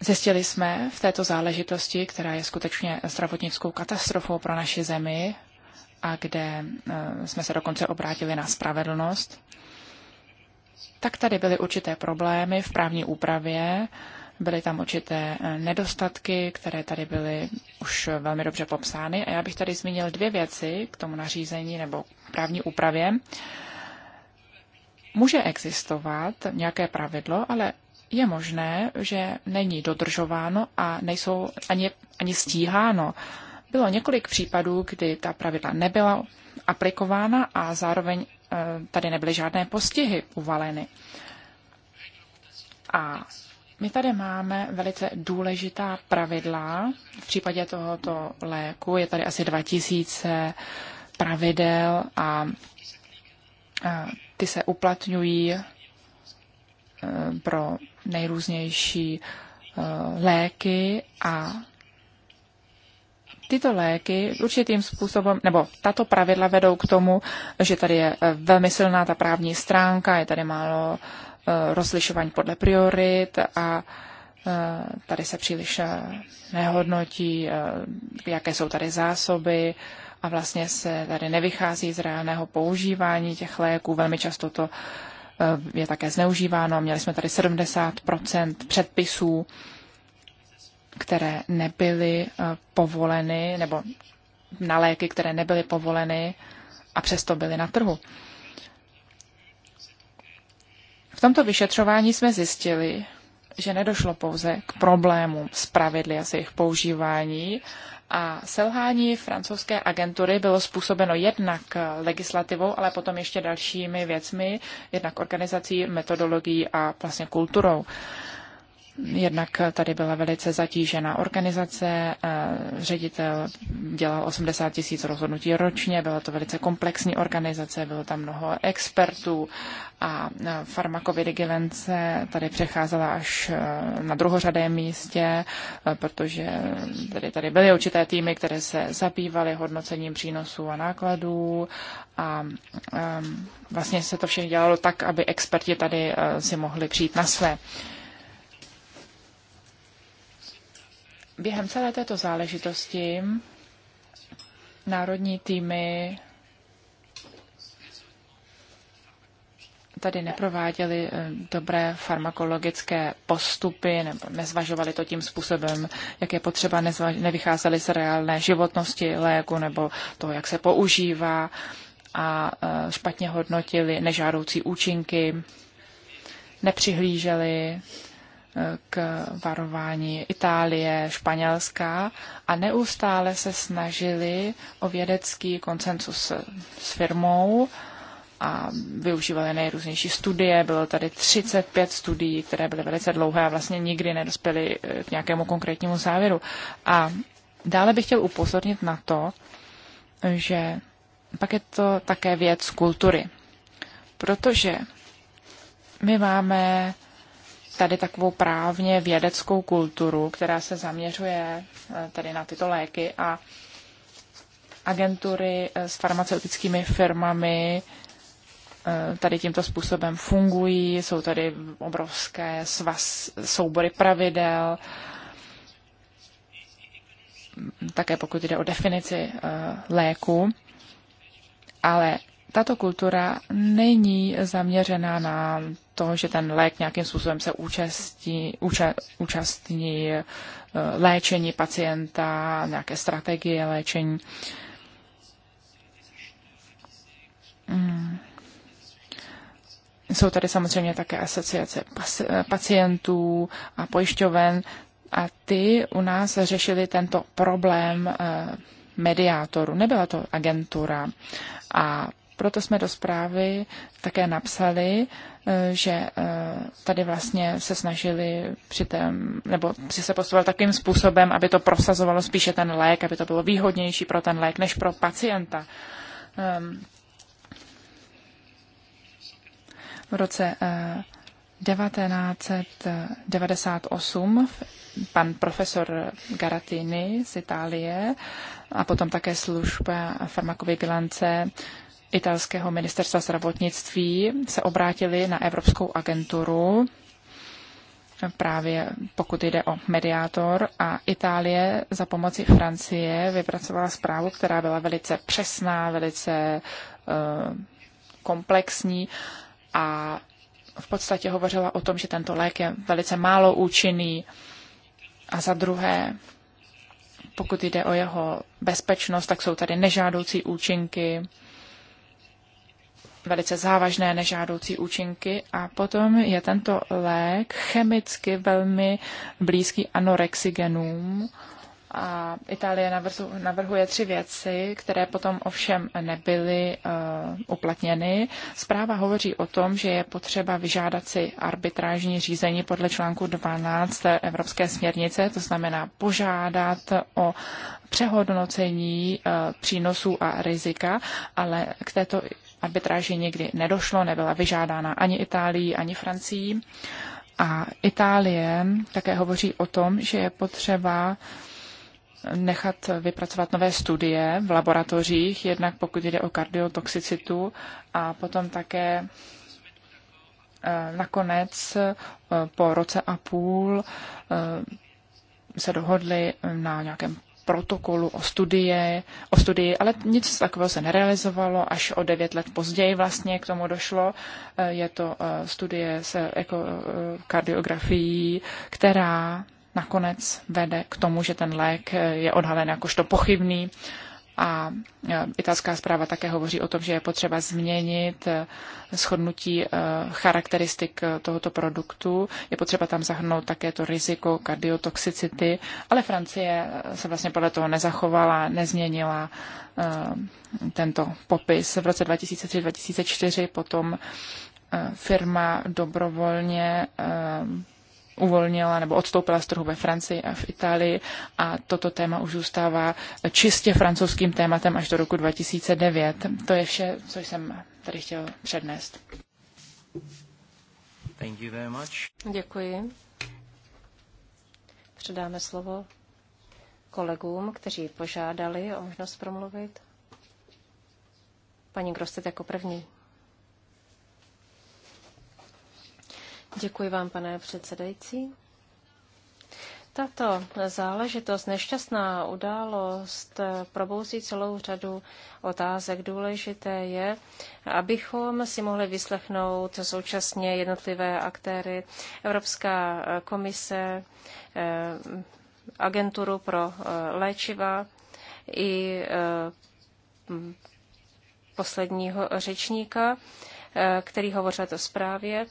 Zjistili jsme v této záležitosti, která je skutečně zdravotnickou katastrofou pro naši zemi a kde jsme se dokonce obrátili na spravedlnost, tak tady byly určité problémy v právní úpravě, byly tam určité eh, nedostatky, které tady byly už velmi dobře popsány. A já bych tady zmínil dvě věci k tomu nařízení nebo právní úpravě. Může existovat nějaké pravidlo, ale je možné, že není dodržováno a nejsou ani, ani stíháno. Bylo několik případů, kdy ta pravidla nebyla aplikována a zároveň Eh, tady nebyly žádné postihy uvaleny. A my tady máme velice důležitá pravidla. V případě tohoto léku je tady asi 2000 pravidel a ty se uplatňují eh, pro nejrůznější eh, léky a tyto léky určitým způsobem, nebo tato pravidla vedou k tomu, že tady je eh, velmi silná ta právní stránka, je tady málo eh, rozlišování podle priorit a eh, tady se příliš nehodnotí, jaké jsou tady zásoby a vlastně se tady nevychází z reálného používání těch léků. Velmi často to je také zneužíváno. Měli jsme tady 70 předpisů které nebyly eh, povoleny, nebo na léky, které nebyly povoleny a přesto byly na trhu. V tomto vyšetřování jsme zjistili, že nedošlo pouze k problémům s pravidly a s jejich používání, a selhání francouzské agentury bylo způsobeno jednak legislativou, ale potom ještě dalšími věcmi, jednak organizací, metodologií a vlastně kulturou. Jednak tady byla velice zatížená organizace, eh, ředitel dělal 80 tisíc rozhodnutí ročně, byla to velice komplexní organizace, bylo tam mnoho expertů a eh, farmakovigilance tady přecházela až eh, na druhořadé místě, protože tady, tady byly určité týmy, které se zabývaly hodnocením přínosů a nákladů a vlastně se to všechno dělalo tak, aby experti tady si mohli přijít na své. během celé této záležitosti národní týmy tady neprováděli eh, dobré farmakologické postupy, nebo nezvažovali to tím způsobem, jak je potřeba, nezvaž- nevycházeli z reálné životnosti léku nebo to, jak se používá a eh, špatně hodnotili nežádoucí účinky, nepřihlíželi k varování Itálie, Španělská a neustále se snažili o vědecký koncensus s firmou a využívali nejrůznější studie. Bylo tady 35 studií, které byly velice dlouhé a vlastně nikdy nedospěly eh, k nějakému konkrétnímu závěru. A dále bych chtěl upozornit na to, že pak je to také věc kultury. Protože my máme tady takovou právně vědeckou kulturu, která se zaměřuje eh, tady na tyto léky a agentury eh, s farmaceutickými firmami eh, tady tímto způsobem fungují, jsou tady obrovské svaz, soubory pravidel, také pokud jde o definici léku, ale tato kultura není zaměřená na to, že ten lék nějakým způsobem se účastí, úča, účastní eh, léčení pacienta, nějaké strategie léčení. Mm. Jsou tady samozřejmě také asociace pacientů a pojišťoven a ty u nás řešili tento problém eh, mediátoru. Nebyla to agentura a proto jsme do zprávy také napsali, eh, že eh, tady vlastně se snažili při tém, nebo si se postavil takým způsobem, aby to prosazovalo spíše ten lék, aby to bylo výhodnější pro ten lék než pro pacienta. Ehm, v roce 1998 eh, pan profesor Garatini z Itálie a potom také služba bilance italského ministerstva zdravotnictví se obrátili na Evropskou agenturu, právě pokud jde o mediátor a Itálie za pomoci Francie vypracovala zprávu, která byla velice přesná, velice eh, komplexní a v podstatě hovořila o tom, že tento lék je velice málo účinný a za druhé, pokud jde o jeho bezpečnost, tak jsou tady nežádoucí účinky velice závažné nežádoucí účinky a potom je tento lék chemicky velmi blízký anorexigenům. A Itálie navrhuje tři věci, které potom ovšem nebyly uh, uplatněny. Zpráva hovoří o tom, že je potřeba vyžádat si arbitrážní řízení podle článku 12 Evropské směrnice, to znamená požádat o přehodnocení uh, přínosů a rizika, ale k této arbitráži nikdy nedošlo, nebyla vyžádána ani Itálií, ani Francií. A Itálie také hovoří o tom, že je potřeba nechat vypracovat nové studie v laboratořích, jednak pokud jde o kardiotoxicitu a potom také eh, nakonec eh, po roce a půl eh, se dohodli na nějakém protokolu o, studie, o studii, ale nic takového se nerealizovalo, až o devět let později vlastně k tomu došlo. Eh, je to eh, studie s jako kardiografií, která nakonec vede k tomu, že ten lék je odhalen jakožto pochybný a e, italská zpráva také hovoří o tom, že je potřeba změnit e, shodnutí e, charakteristik tohoto produktu. Je potřeba tam zahrnout také to riziko kardiotoxicity, ale Francie se vlastně podle toho nezachovala, nezměnila tento popis. V roce 2003-2004 potom firma dobrovolně uvolnila nebo odstoupila z trhu ve Francii a v Itálii a toto téma už zůstává čistě francouzským tématem až do roku 2009. To je vše, co jsem tady chtěl přednést. Thank you very much. Děkuji. Předáme slovo kolegům, kteří požádali o možnost promluvit. Paní Grostet jako první. Děkuji vám, pane předsedající. Tato záležitost, nešťastná událost, probouzí celou řadu otázek. Důležité je, abychom si mohli vyslechnout současně jednotlivé aktéry, Evropská komise, eh, agenturu pro eh, léčiva i eh, posledního řečníka, který hovořil o zprávě.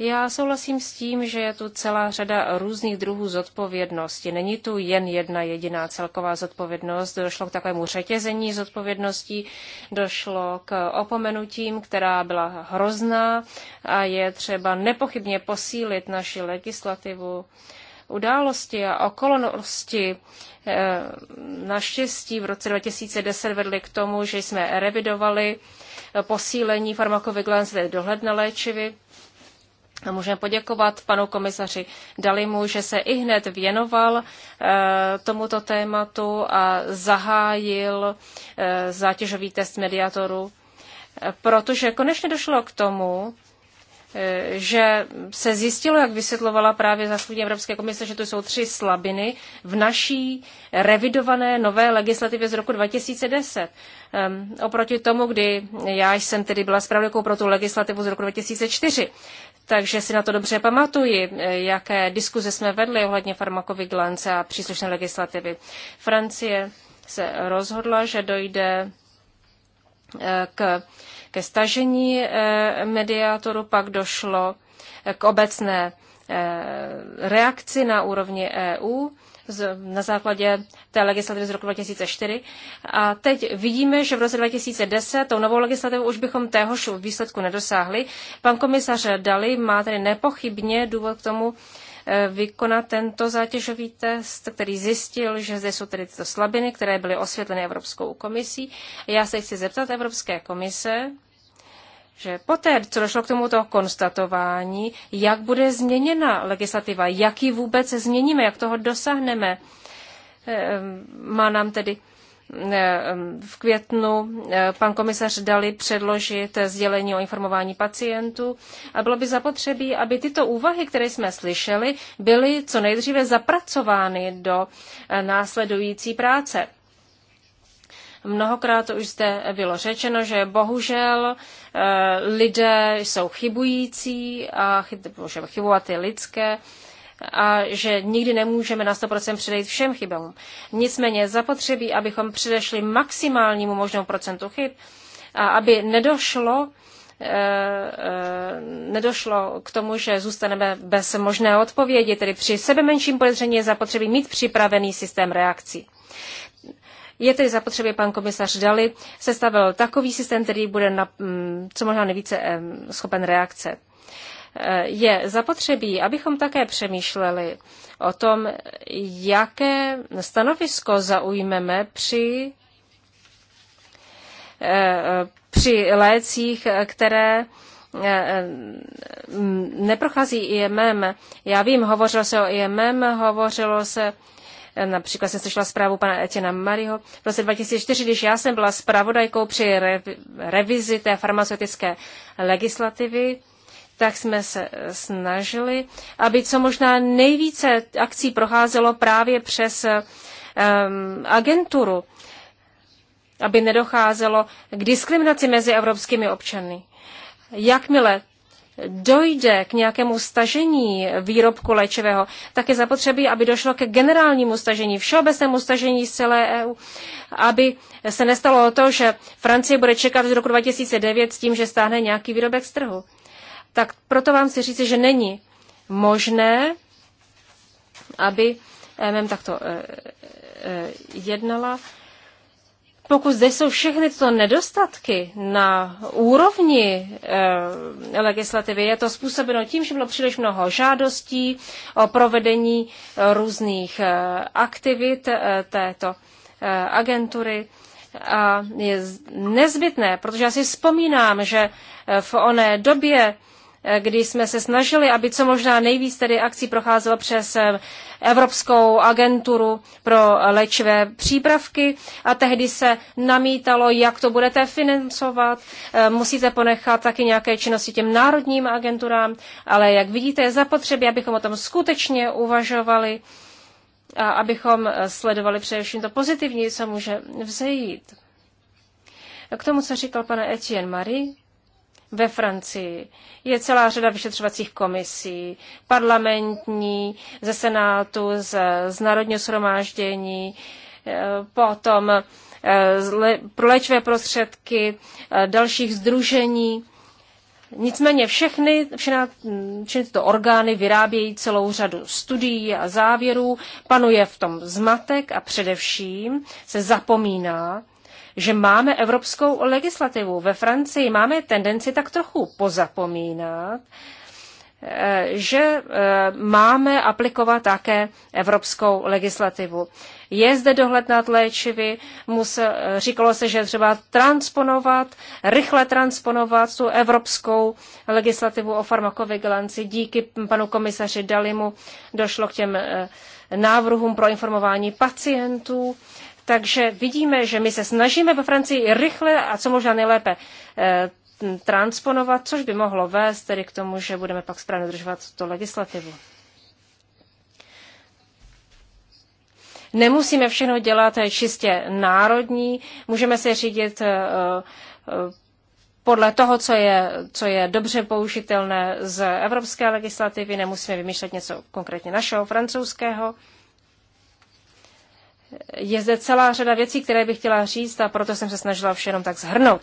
Já souhlasím s tím, že je tu celá řada různých druhů zodpovědnosti. Není tu jen jedna jediná celková zodpovědnost. Došlo k takovému řetězení zodpovědností, došlo k opomenutím, která byla hrozná a je třeba nepochybně posílit naši legislativu události a okolnosti eh, naštěstí v roce 2010 vedly k tomu, že jsme revidovali posílení farmakovigilance dohled na léčivy a můžeme poděkovat panu komisaři Dalimu, že se i hned věnoval e, tomuto tématu a zahájil e, zátěžový test mediatoru, eh, protože konečně došlo k tomu, e, že se zjistilo, jak vysvětlovala právě zaslední Evropské komise, že tu jsou tři slabiny v naší revidované nové legislativě z roku 2010. Um, ehm, oproti tomu, kdy já jsem tedy byla zpravodajkou pro tu legislativu z roku 2004 takže si na to dobře pamatuji, eh, jaké diskuze jsme vedli ohledně farmakovigilance a příslušné legislativy. Francie se rozhodla, že dojde eh, k, ke stažení eh, mediátoru, pak došlo k obecné reakci na úrovni EU na základě té legislativy z roku 2004. A teď vidíme, že v roce 2010 tou novou legislativou už bychom téhož výsledku nedosáhli. Pan komisař Dali má tedy nepochybně důvod k tomu, eh, vykonat tento zátěžový test, který zjistil, že zde jsou tedy tyto slabiny, které byly osvětleny Evropskou komisí. Já se chci zeptat Evropské komise, že poté, co došlo k tomuto konstatování, jak bude změněna legislativa, jak ji vůbec změníme, jak toho dosáhneme. Eh, má nám tedy eh, v květnu eh, pan komisař Dali předložit sdělení o informování pacientů a bylo by zapotřebí, aby tyto úvahy, které jsme slyšeli, byly co nejdříve zapracovány do následující práce. Mnohokrát to už zde bylo řečeno, že bohužel eh, lidé jsou chybující a můžeme chybovat je lidské a že nikdy nemůžeme na 100% předejít všem chybám. Nicméně zapotřebí, abychom předešli maximálnímu možnou procentu chyb a aby nedošlo eh, eh, nedošlo k tomu, že zůstaneme bez možné odpovědi, tedy při sebe menším podezření je zapotřebí mít připravený systém reakcí. Je tedy zapotřebí, pan komisař Dali sestavil takový systém, který bude na, mm, co možná nejvíce schopen reakce. Eh, je zapotřebí, abychom také přemýšleli o tom, jaké stanovisko zaujmeme při eh, při lécích, které eh, mm, neprochází IMM. Já vím, hovořilo se o IMM, hovořilo se Například jsem slyšela zprávu pana Etěna Mariho v roce 2004, když já jsem byla zpravodajkou při revizi té farmaceutické legislativy, tak jsme se snažili, aby co možná nejvíce akcí procházelo právě přes um, agenturu, aby nedocházelo k diskriminaci mezi evropskými občany. Jakmile dojde k nějakému stažení výrobku léčivého, tak je zapotřebí, aby došlo ke generálnímu stažení, všeobecnému stažení z celé EU, aby se nestalo o to, že Francie bude čekat z roku 2009 s tím, že stáhne nějaký výrobek z trhu. Tak proto vám chci říci, že není možné, aby MEM takto eh, eh, jednala pokud zde jsou všechny tyto nedostatky na úrovni e, legislativy, je to způsobeno tím, že bylo příliš mnoho žádostí o provedení různých e, aktivit e, této e, agentury. A je nezbytné, protože já si vzpomínám, že v oné době kdy jsme se snažili, aby co možná nejvíc tedy akcí procházelo přes eh, Evropskou agenturu pro léčivé přípravky a tehdy se namítalo, jak to budete financovat. Eh, musíte ponechat taky nějaké činnosti těm národním agenturám, ale jak vidíte, je zapotřebí, abychom o tom skutečně uvažovali a abychom eh, sledovali především to pozitivní, co může vzejít. K tomu, co říkal pane Etienne Marie, ve Francii. Je celá řada vyšetřovacích komisí, parlamentní, ze Senátu, z, z Národního shromáždění, eh, potom eh, pro léčivé prostředky, eh, dalších združení. Nicméně všechny, všechny tyto orgány vyrábějí celou řadu studií a závěrů, panuje v tom zmatek a především se zapomíná, že máme evropskou legislativu. Ve Francii máme tendenci tak trochu pozapomínat, eh, že eh, máme aplikovat také evropskou legislativu. Je zde dohled nad léčivy, musel, eh, říkalo se, že třeba transponovat, rychle transponovat tu evropskou legislativu o farmakovigilanci. Díky panu komisaři Dalimu došlo k těm návrhům pro informování pacientů takže vidíme, že my se snažíme ve Francii rychle a co možná nejlépe eh, transponovat, což by mohlo vést tedy k tomu, že budeme pak správně dodržovat tuto legislativu. Nemusíme všechno dělat čistě národní, můžeme se řídit eh, eh, podle toho, co je, co je dobře použitelné z evropské legislativy, nemusíme vymýšlet něco konkrétně našeho, francouzského je zde celá řada věcí, které bych chtěla říct a proto jsem se snažila vše jenom tak zhrnout.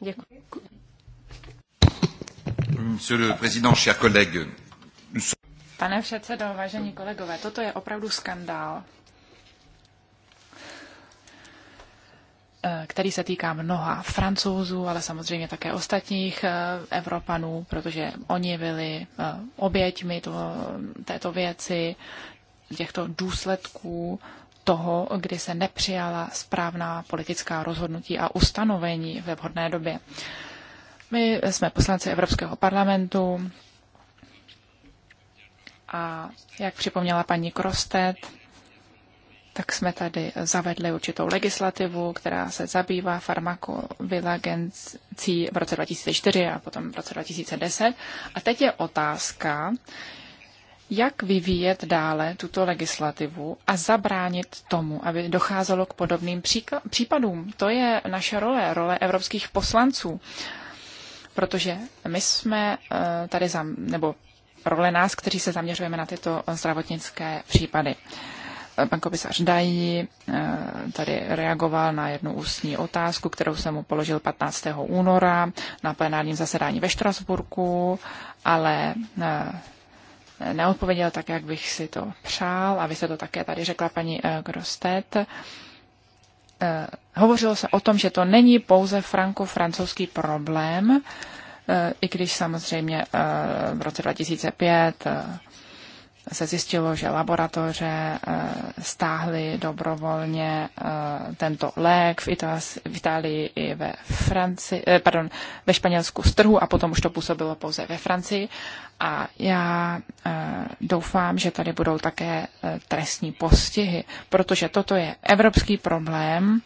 Děkuji. Pane předsedo, vážení kolegové, toto je opravdu skandál, eh, který se týká mnoha francouzů, ale samozřejmě také ostatních eh, Evropanů, protože oni byli eh, oběťmi to, této věci, těchto důsledků toho, kdy se nepřijala správná politická rozhodnutí a ustanovení ve vhodné době. My jsme poslanci Evropského parlamentu a jak připomněla paní Krostet, tak jsme tady zavedli určitou legislativu, která se zabývá farmakovilagencí v roce 2004 a potom v roce 2010. A teď je otázka, jak vyvíjet dále tuto legislativu a zabránit tomu, aby docházelo k podobným případům. To je naše role, role evropských poslanců, protože my jsme eh, tady, za, nebo role nás, kteří se zaměřujeme na tyto zdravotnické případy. Eh, pan komisař Dají eh, tady reagoval na jednu ústní otázku, kterou jsem mu položil 15. února na plenárním zasedání ve Štrasburku, ale neodpověděl tak, jak bych si to přál, a vy se to také tady řekla paní eh, Grostet. Eh, hovořilo se o tom, že to není pouze franko-francouzský problém, eh, i když samozřejmě v roce 2005 se zjistilo, že laboratoře eh, stáhly dobrovolně eh, tento lék v, v Itálii i ve, Franci, eh, pardon, ve Španělsku z trhu a potom už to působilo pouze ve Francii. A já doufám, že tady budou také trestní postihy, protože toto je evropský problém,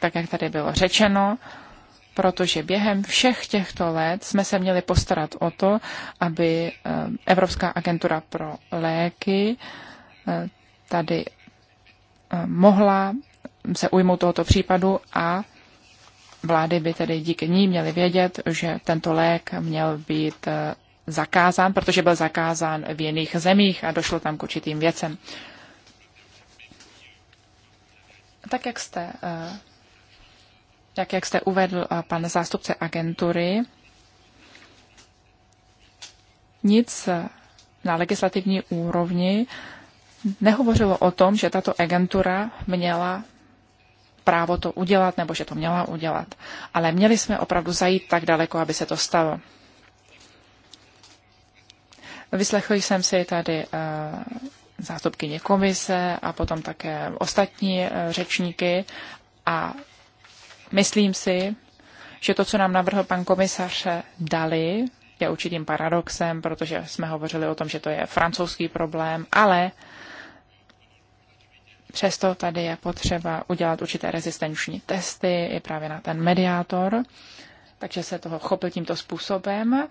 tak jak tady bylo řečeno, protože během všech těchto let jsme se měli postarat o to, aby eh, Evropská agentura pro léky eh, tady eh, mohla se ujmout tohoto případu a vlády by tedy díky ní měly vědět, že tento lék měl být zakázán, protože byl zakázán v jiných zemích a došlo tam k určitým věcem. Tak jak jste tak jak jste uvedl pan zástupce agentury, nic na legislativní úrovni nehovořilo o tom, že tato agentura měla právo to udělat, nebo že to měla udělat. Ale měli jsme opravdu zajít tak daleko, aby se to stalo. Vyslechl jsem si tady eh, zástupkyně komise a potom také ostatní eh, řečníky a Myslím si, že to, co nám navrhl pan komisař Dali, je určitým paradoxem, protože jsme hovořili o tom, že to je francouzský problém, ale přesto tady je potřeba udělat určité rezistenční testy i právě na ten mediátor, takže se toho chopil tímto způsobem.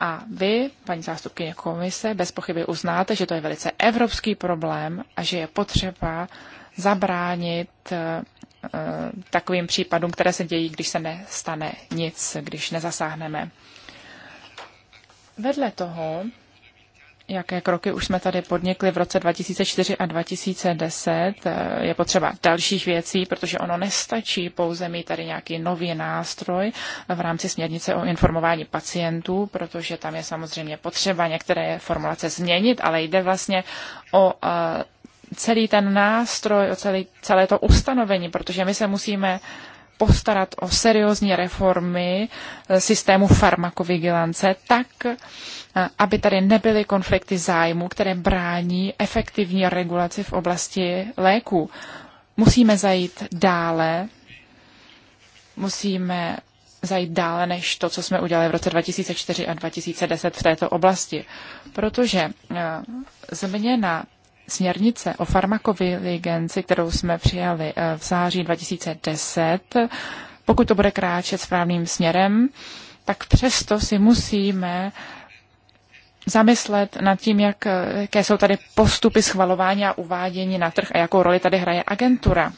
A vy, paní zástupkyně komise, bez pochyby uznáte, že to je velice evropský problém a že je potřeba zabránit Eh, takovým případům, které se dějí, když se nestane nic, když nezasáhneme. Vedle toho, jaké kroky už jsme tady podnikli v roce 2004 a 2010, eh, je potřeba dalších věcí, protože ono nestačí pouze mít tady nějaký nový nástroj v rámci směrnice o informování pacientů, protože tam je samozřejmě potřeba některé formulace změnit, ale jde vlastně o eh, celý ten nástroj, o celý, celé to ustanovení, protože my se musíme postarat o seriózní reformy eh, systému farmakovigilance tak, eh, aby tady nebyly konflikty zájmu, které brání efektivní regulaci v oblasti léků. Musíme zajít dále, musíme zajít dále než to, co jsme udělali v roce 2004 a 2010 v této oblasti. Protože eh, změna směrnice o farmakovigilenci, kterou jsme přijali eh, v září 2010, pokud to bude kráčet správným směrem, tak přesto si musíme zamyslet nad tím, jak, eh, jaké jsou tady postupy schvalování a uvádění na trh a jakou roli tady hraje agentura.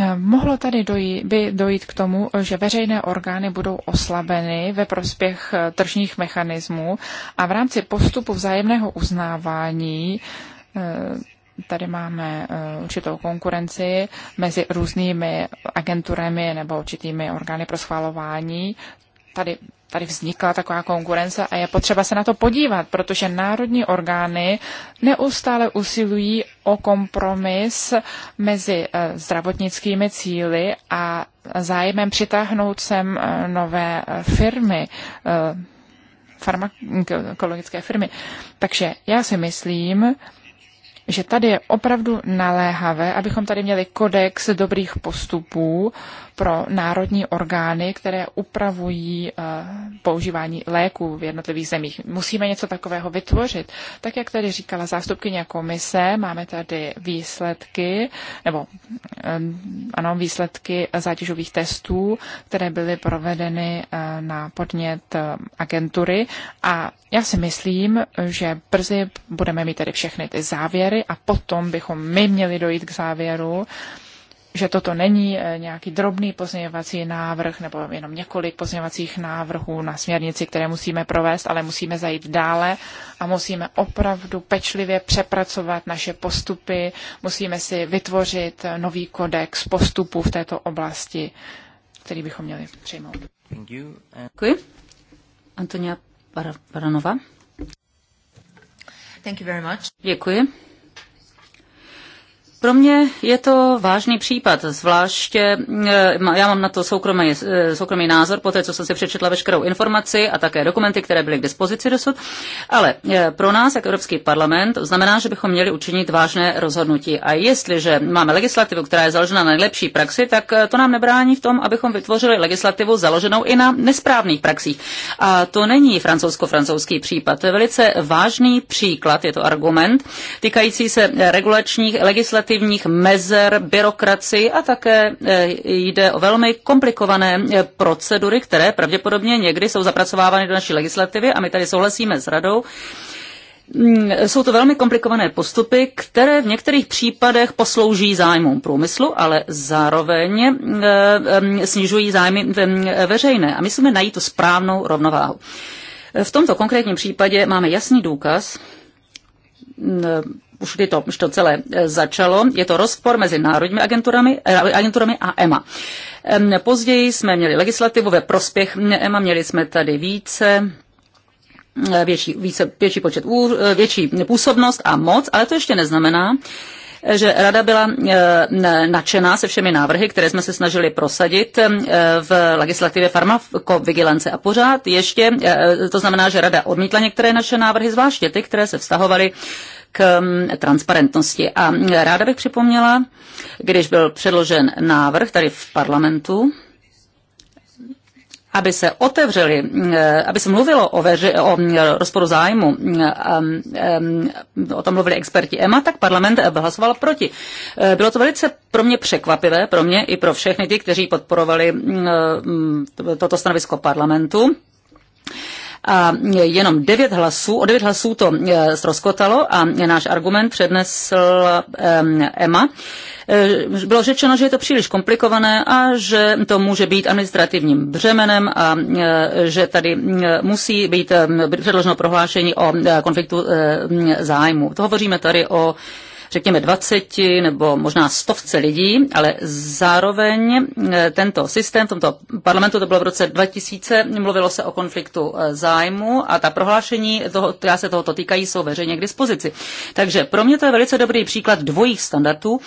Eh, mohlo tady dojít, by dojít k tomu, že veřejné orgány budou oslabeny ve prospěch eh, tržních mechanismů a v rámci postupu vzájemného uznávání eh, tady máme určitou konkurenci mezi různými agenturemi nebo určitými orgány pro schvalování. Tady tady vznikla taková konkurence a je potřeba se na to podívat, protože národní orgány neustále usilují o kompromis mezi eh, zdravotnickými cíly a zájmem přitáhnout sem eh, nové eh, firmy, farmakologické firmy. Takže já si myslím, že tady je opravdu naléhavé, abychom tady měli kodex dobrých postupů, pro národní orgány, které upravují eh, používání léků v jednotlivých zemích. Musíme něco takového vytvořit. Tak, jak tady říkala zástupkyně komise, máme tady výsledky, nebo eh, ano, výsledky zátěžových testů, které byly provedeny eh, na podnět agentury a já si myslím, že brzy budeme mít tady všechny ty závěry a potom bychom my měli dojít k závěru, že toto není eh, nějaký drobný pozměňovací návrh nebo jenom několik pozměňovacích návrhů na směrnici, které musíme provést, ale musíme zajít dále a musíme opravdu pečlivě přepracovat naše postupy, musíme si vytvořit eh, nový kodex postupů v této oblasti, který bychom měli přijmout. Děkuji. Antonia Paranova. Thank you very much. Děkuji. Pro mě je to vážný případ, zvláště eh, já mám na to soukromý, eh, soukromý názor, po té, co jsem si přečetla veškerou informaci a také dokumenty, které byly k dispozici dosud, ale eh, pro nás, jako Evropský parlament, znamená, že bychom měli učinit vážné rozhodnutí. A jestliže máme legislativu, která je založena na nejlepší praxi, tak to nám nebrání v tom, abychom vytvořili legislativu založenou i na nesprávných praxích. A to není francouzsko-francouzský případ, to je velice vážný příklad, je to argument týkající se regulačních legislativ administrativních mezer, byrokracii a také eh, jde o velmi komplikované eh, procedury, které pravděpodobně někdy jsou zapracovávány do naší legislativy a my tady souhlasíme s radou. Mm, jsou to velmi komplikované postupy, které v některých případech poslouží zájmům průmyslu, ale zároveň eh, snižují zájmy veřejné. A my musíme najít tu správnou rovnováhu. V tomto konkrétním případě máme jasný důkaz mm, už kdy to, už to celé eh, začalo, je to rozpor mezi národními agenturami, eh, agenturami a e EMA. Později jsme měli legislativu ve prospěch mm, EMA, měli jsme tady více eh, větší, více, větší počet větší působnost a moc, ale to ještě neznamená, že rada byla nadšená se všemi návrhy, které jsme se snažili prosadit v legislativě farmakovigilance a pořád ještě, to znamená, že rada odmítla některé naše návrhy, zvláště ty, které se vztahovaly k mm, transparentnosti. A ráda bych připomněla, když byl předložen návrh tady v parlamentu, aby se otevřeli, mm, aby se mluvilo o, veři, o mm, rozporu zájmu, o tom mluvili experti EMA, tak parlament eh, hlasoval proti. Eh, bylo to velice pro mě překvapivé, pro mě i pro všechny ty, kteří podporovali eh, toto stanovisko parlamentu a jenom devět hlasů, o devět hlasů to eh, zroskotalo a náš argument přednesl Emma. Eh, bylo řečeno, že je to příliš komplikované a že to může být administrativním břemenem a eh, že tady musí být předloženo prohlášení o konfliktu zájmu. To hovoříme tady o řekněme 20 nebo možná stovce lidí, ale zároveň eh, tento systém v tomto parlamentu, to bylo v roce 2000, mluvilo se o konfliktu eh, zájmu a ta prohlášení, toho, která se tohoto týkají, jsou veřejně k dispozici. Takže pro mě to je velice dobrý příklad dvojích standardů,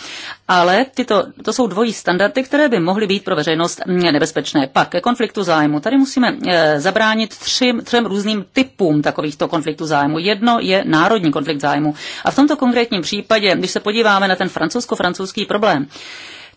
ale tyto, to jsou dvojí standardy, které by mohly být pro veřejnost mm, nebezpečné. Pak ke konfliktu zájmu. Tady musíme eh, zabránit třem, třem různým typům takovýchto konfliktů zájmu. Jedno je národní konflikt zájmu. A v tomto konkrétním případě historie. Když se podíváme na ten francouzsko-francouzský problém,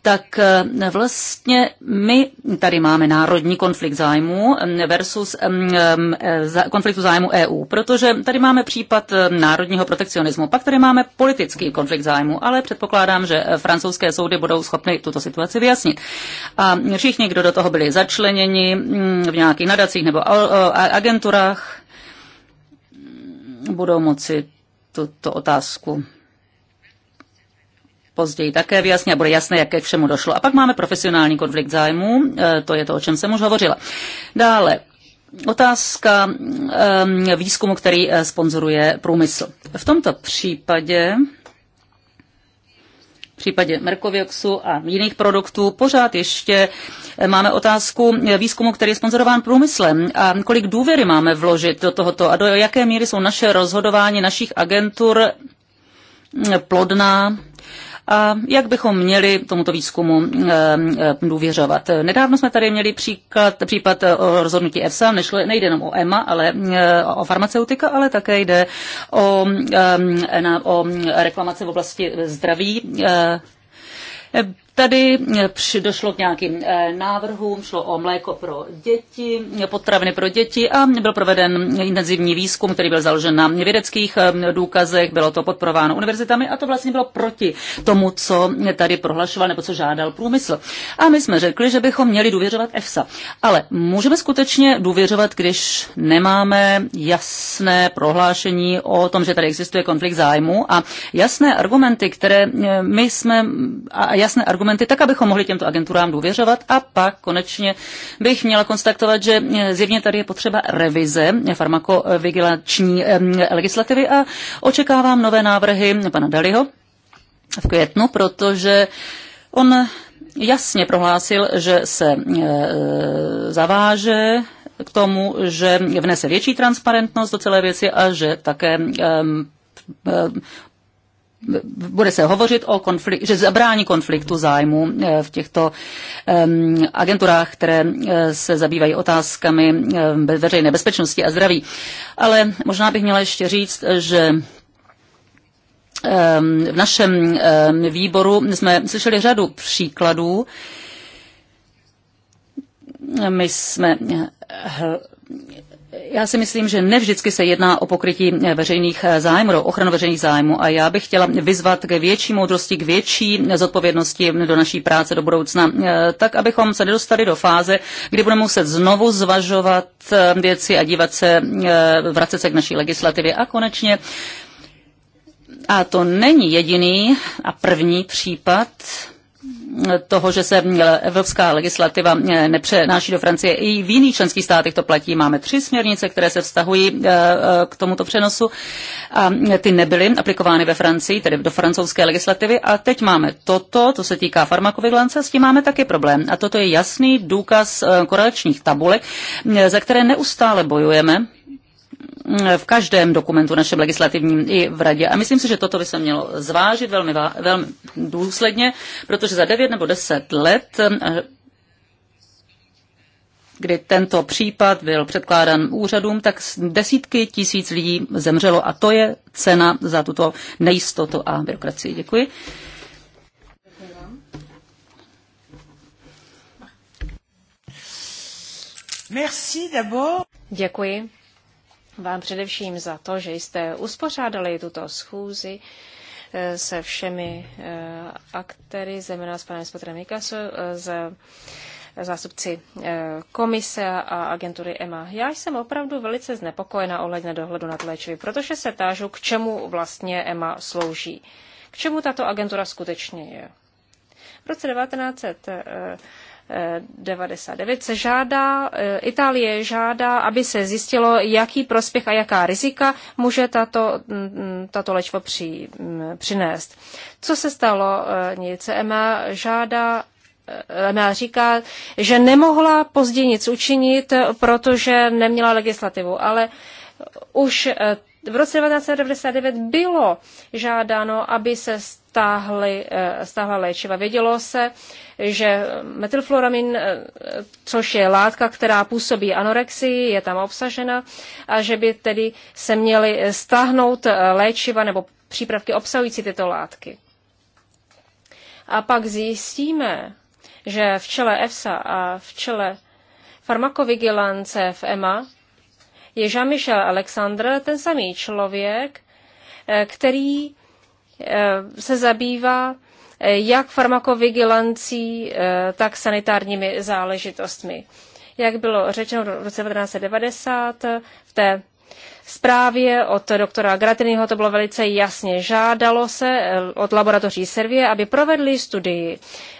tak eh, vlastně my tady máme národní konflikt zájmu mm, versus mm, mm, eh, konfliktu zájmu e EU, protože tady máme případ eh, národního protekcionismu, pak tady máme politický konflikt zájmu, ale předpokládám, že francouzské soudy budou schopny tuto situaci vyjasnit. A všichni, kdo do toho byli začleněni v nějakých nadacích nebo agenturách, budou moci tuto otázku později také vyjasní a bude jasné, jaké k všemu došlo. A pak máme profesionální konflikt zájmů, e, to je to, o čem jsem už hovořila. Dále, otázka výzkumu, který e, sponzoruje průmysl. V tomto případě v případě Merkovioxu a jiných produktů pořád ještě e, máme otázku výzkumu, který je sponzorován průmyslem a kolik důvěry máme vložit do tohoto a do jaké míry jsou naše rozhodování našich agentur plodná a jak bychom měli tomuto výzkumu eh, eh, důvěřovat. Nedávno jsme tady měli příklad, případ eh, o rozhodnutí EFSA, nešlo, nejde jenom o EMA, ale o farmaceutika, ale také jde o, o reklamaci v oblasti zdraví. Tady eh, došlo k nějakým eh, návrhům, šlo o mléko pro děti, potraviny pro děti a byl proveden intenzivní výzkum, který byl založen na vědeckých eh, důkazech, bylo to podporováno univerzitami a to vlastně bylo proti tomu, co tady prohlašoval nebo co žádal průmysl. A my jsme řekli, že bychom měli důvěřovat EFSA. Ale můžeme skutečně důvěřovat, když nemáme jasné prohlášení o tom, že tady existuje konflikt zájmu a jasné argumenty, které my jsme a jasné argumenty, argumenty, tak abychom mohli těmto agenturám důvěřovat. A pak konečně bych měla konstatovat, že zjevně tady je potřeba revize farmakovigilační legislativy a očekávám nové návrhy pana Daliho v květnu, protože on jasně prohlásil, že se e, zaváže k tomu, že vnese větší transparentnost do celé věci a že také bude se hovořit o konfliktu, že zabrání konfliktu zájmu eh, v těchto ehm, agenturách, které eh, se zabývají otázkami ehm, veřejné bezpečnosti a zdraví. Ale možná bych měla ještě říct, že ehm, v našem výboru jsme slyšeli řadu příkladů. My jsme eh, já si myslím, že nevždycky se jedná o pokrytí eh, veřejných eh, zájmů, o ochranu veřejných zájmů a já bych chtěla vyzvat k větší moudrosti, k větší eh, zodpovědnosti do naší práce do budoucna, tak abychom se nedostali do fáze, kdy budeme muset znovu zvažovat věci a dívat se, vracet se k naší legislativě a konečně a to není jediný a první případ toho, že se eh, evropská legislativa eh, nepřenáší do Francie. I v jiných členských státech to platí. Máme tři směrnice, které se vztahují eh, k tomuto přenosu a ty nebyly aplikovány ve Francii, tedy do francouzské legislativy. A teď máme toto, to se týká farmakovigilance, s tím máme taky problém. A toto je jasný důkaz korelačních tabulek, za které neustále bojujeme v každém dokumentu našem legislativním i v radě. A myslím si, že toto by se mělo zvážit velmi, velmi důsledně, protože za 9 nebo 10 let eh, kdy tento případ byl předkládán úřadům, tak desítky tisíc lidí zemřelo a to je cena za tuto nejistotu a byrokracii. Děkuji. Merci d'abord. Děkuji vám především za to, že jste uspořádali tuto schůzi eh, se všemi eh, aktéry, zejména s panem Spotrem Mikasu, z eh, zástupci komise a agentury EMA. Já jsem opravdu velice znepokojena ohledně dohledu nad léčivy, protože se tážu, k čemu vlastně EMA slouží. K čemu tato agentura skutečně je? V roce 1900 99 se žádá, eh, Itálie žádá, aby se zjistilo, jaký prospěch a jaká rizika může tato, mm, mm, tato léčba při, mm, přinést. Co se stalo? Eh, nic. EMA žádá EMA eh, říká, že nemohla později nic učinit, protože neměla legislativu, ale už v roce 1999 bylo žádáno, aby se stáhly, eh, stáhla léčiva. Vědělo se, že metylfloramin, eh, což je látka, která působí anorexii, je tam obsažena a že by tedy se měly stáhnout eh, léčiva nebo přípravky obsahující tyto látky. A pak zjistíme, že v čele EFSA a v čele farmakovigilance v EMA je Jean-Michel Alexandre, ten samý člověk, eh, který eh, se zabývá eh, jak farmakovigilancí, tak sanitárními záležitostmi. Jak bylo řečeno v roce 1990 v té zprávě od doktora Gratinyho, to bylo velice jasně. Žádalo se od laboratoří Servie, aby provedli studii,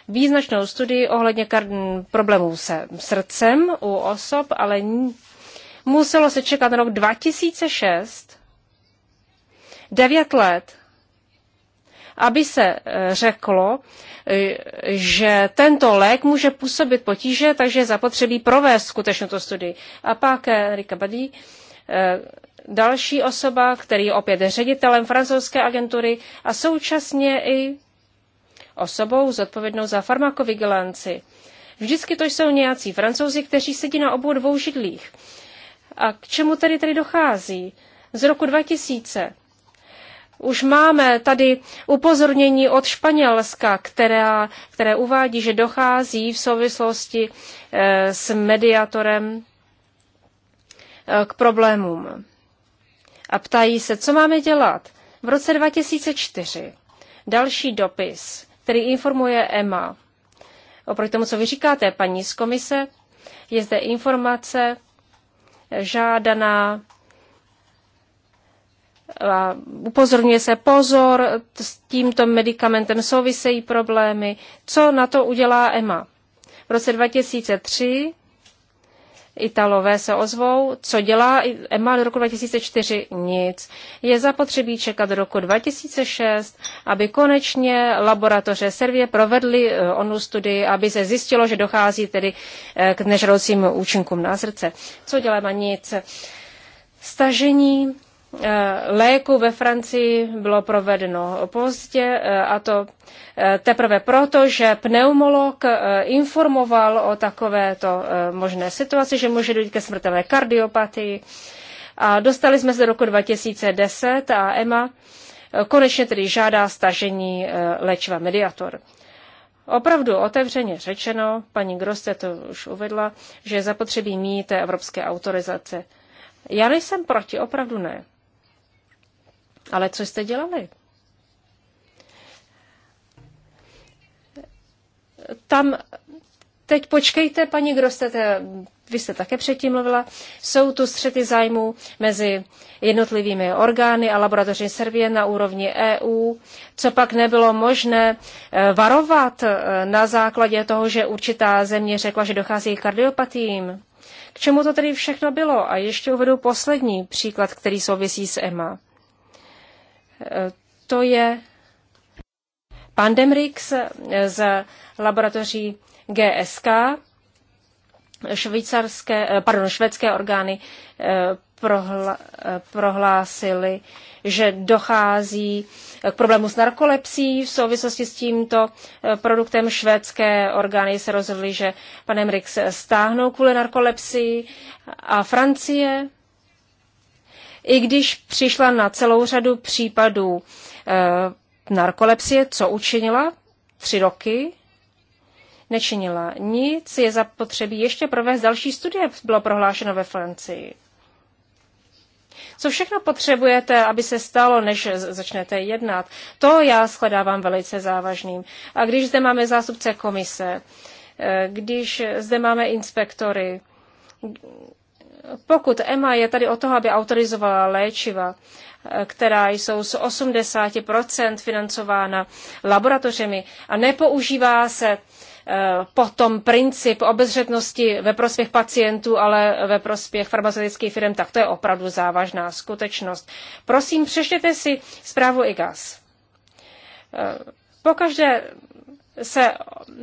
význačnou studii ohledně problémů se srdcem u osob, ale muselo se čekat na rok 2006, devět let, aby se eh, řeklo, eh, že tento lék může působit potíže, takže zapotřebí provést skutečnou to studii. A pak eh, Erika Badí, další osoba, který je opět ředitelem francouzské agentury a současně i osobou zodpovědnou za farmakovigilanci. Vždycky to jsou nějací francouzi, kteří sedí na obou dvou židlích. A k čemu tedy tedy dochází? Z roku 2000 už máme tady upozornění od Španělska, která, které uvádí, že dochází v souvislosti eh, s mediatorem eh, k problémům. A ptají se, co máme dělat. V roce 2004 další dopis, který informuje EMA. Oproti tomu, co vy říkáte, paní z komise, je zde informace žádaná. A upozorňuje se pozor, s tímto medicamentem souvisejí problémy. Co na to udělá EMA? V roce 2003 Italové se ozvou, co dělá EMA do roku 2004? Nic. Je zapotřebí čekat do roku 2006, aby konečně laboratoře Servie provedly eh, onu studii, aby se zjistilo, že dochází tedy eh, k nežadoucím účinkům na srdce. Co děláme? Nic. Stažení Eh, léku ve Francii bylo provedeno pozdě eh, a to eh, teprve proto, že pneumolog informoval o takovéto možné situaci, že může dojít ke smrtelné kardiopatii. A dostali jsme se do roku 2010 a EMA konečně tedy žádá stažení léčiva Mediator. Opravdu otevřeně řečeno, paní Groste to už uvedla, že je zapotřebí mít té evropské autorizace. Já nejsem proti, opravdu ne. Ale co jste dělali? Tam teď počkejte, paní Grostete, vy jste také předtím mluvila, jsou tu střety zájmů mezi jednotlivými orgány a laboratoři Servie na úrovni EU, co pak nebylo možné eh, varovat eh, na základě toho, že určitá země řekla, že dochází k kardiopatím. K čemu to tedy všechno bylo? A ještě uvedu poslední příklad, který souvisí s EMA. To je pan Demrix z laboratoří GSK, švýcarské, eh, pardon, švédské orgány eh, prohla, eh, prohlásili, že dochází k problému s narkolepsí v souvislosti s tímto produktem. Švédské orgány se rozhodly, že panem Rix stáhnou kvůli narkolepsii a Francie i když přišla na celou řadu případů e, narkolepsie, co učinila? Tři roky nečinila nic, je zapotřebí ještě provést další studie, bylo prohlášeno ve Francii. Co všechno potřebujete, aby se stalo, než začnete jednat? To já shledávám velice závažným. A když zde máme zástupce komise, eh, když zde máme inspektory, pokud EMA je tady o toho, aby autorizovala léčiva, která jsou z 80% financována laboratořemi a nepoužívá se e, potom princip obezřetnosti ve prospěch pacientů, ale ve prospěch farmaceutických firm, tak to je opravdu závažná skutečnost. Prosím, přečtěte si zprávu IGAS. E, pokaždé se,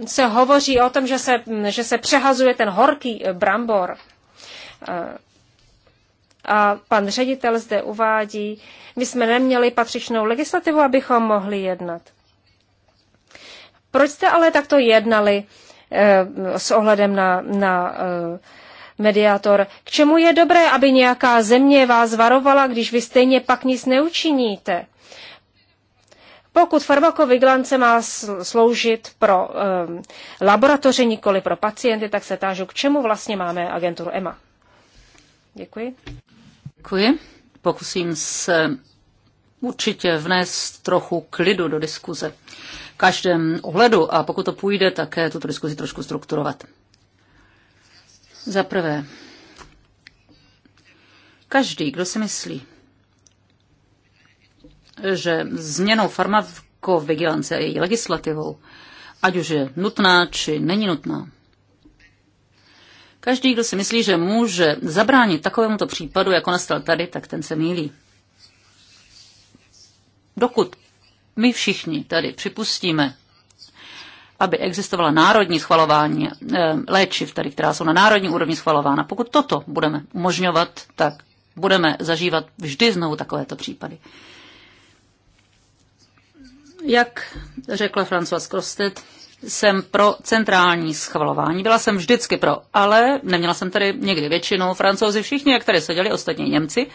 se hovoří o tom, že se, že se přehazuje ten horký brambor a pan ředitel zde uvádí, my jsme neměli patřičnou legislativu, abychom mohli jednat. Proč jste ale takto jednali eh, s ohledem na, na eh, mediátor? K čemu je dobré, aby nějaká země vás varovala, když vy stejně pak nic neučiníte? Pokud farmakovigilance má sloužit pro um, laboratoře, nikoli pro pacienty, tak se tážu, k čemu vlastně máme agenturu EMA. Děkuji. Děkuji. Pokusím se určitě vnést trochu klidu do diskuze. V každém ohledu a pokud to půjde, také tuto diskuzi trošku strukturovat. Za prvé, každý, kdo si myslí, že změnou farmakovigilance a její legislativou, ať už je nutná či není nutná, Každý, kdo si myslí, že může zabránit takovémuto případu, jako nastal tady, tak ten se mílí. Dokud my všichni tady připustíme, aby existovala národní schvalování eh, léčiv, tady, která jsou na národní úrovni schvalována, pokud toto budeme umožňovat, tak budeme zažívat vždy znovu takovéto případy. Jak řekla François Krostet, jsem pro centrální schvalování. Byla jsem vždycky pro, ale neměla jsem tady někdy většinu. Francouzi všichni, jak tady seděli, ostatní Němci,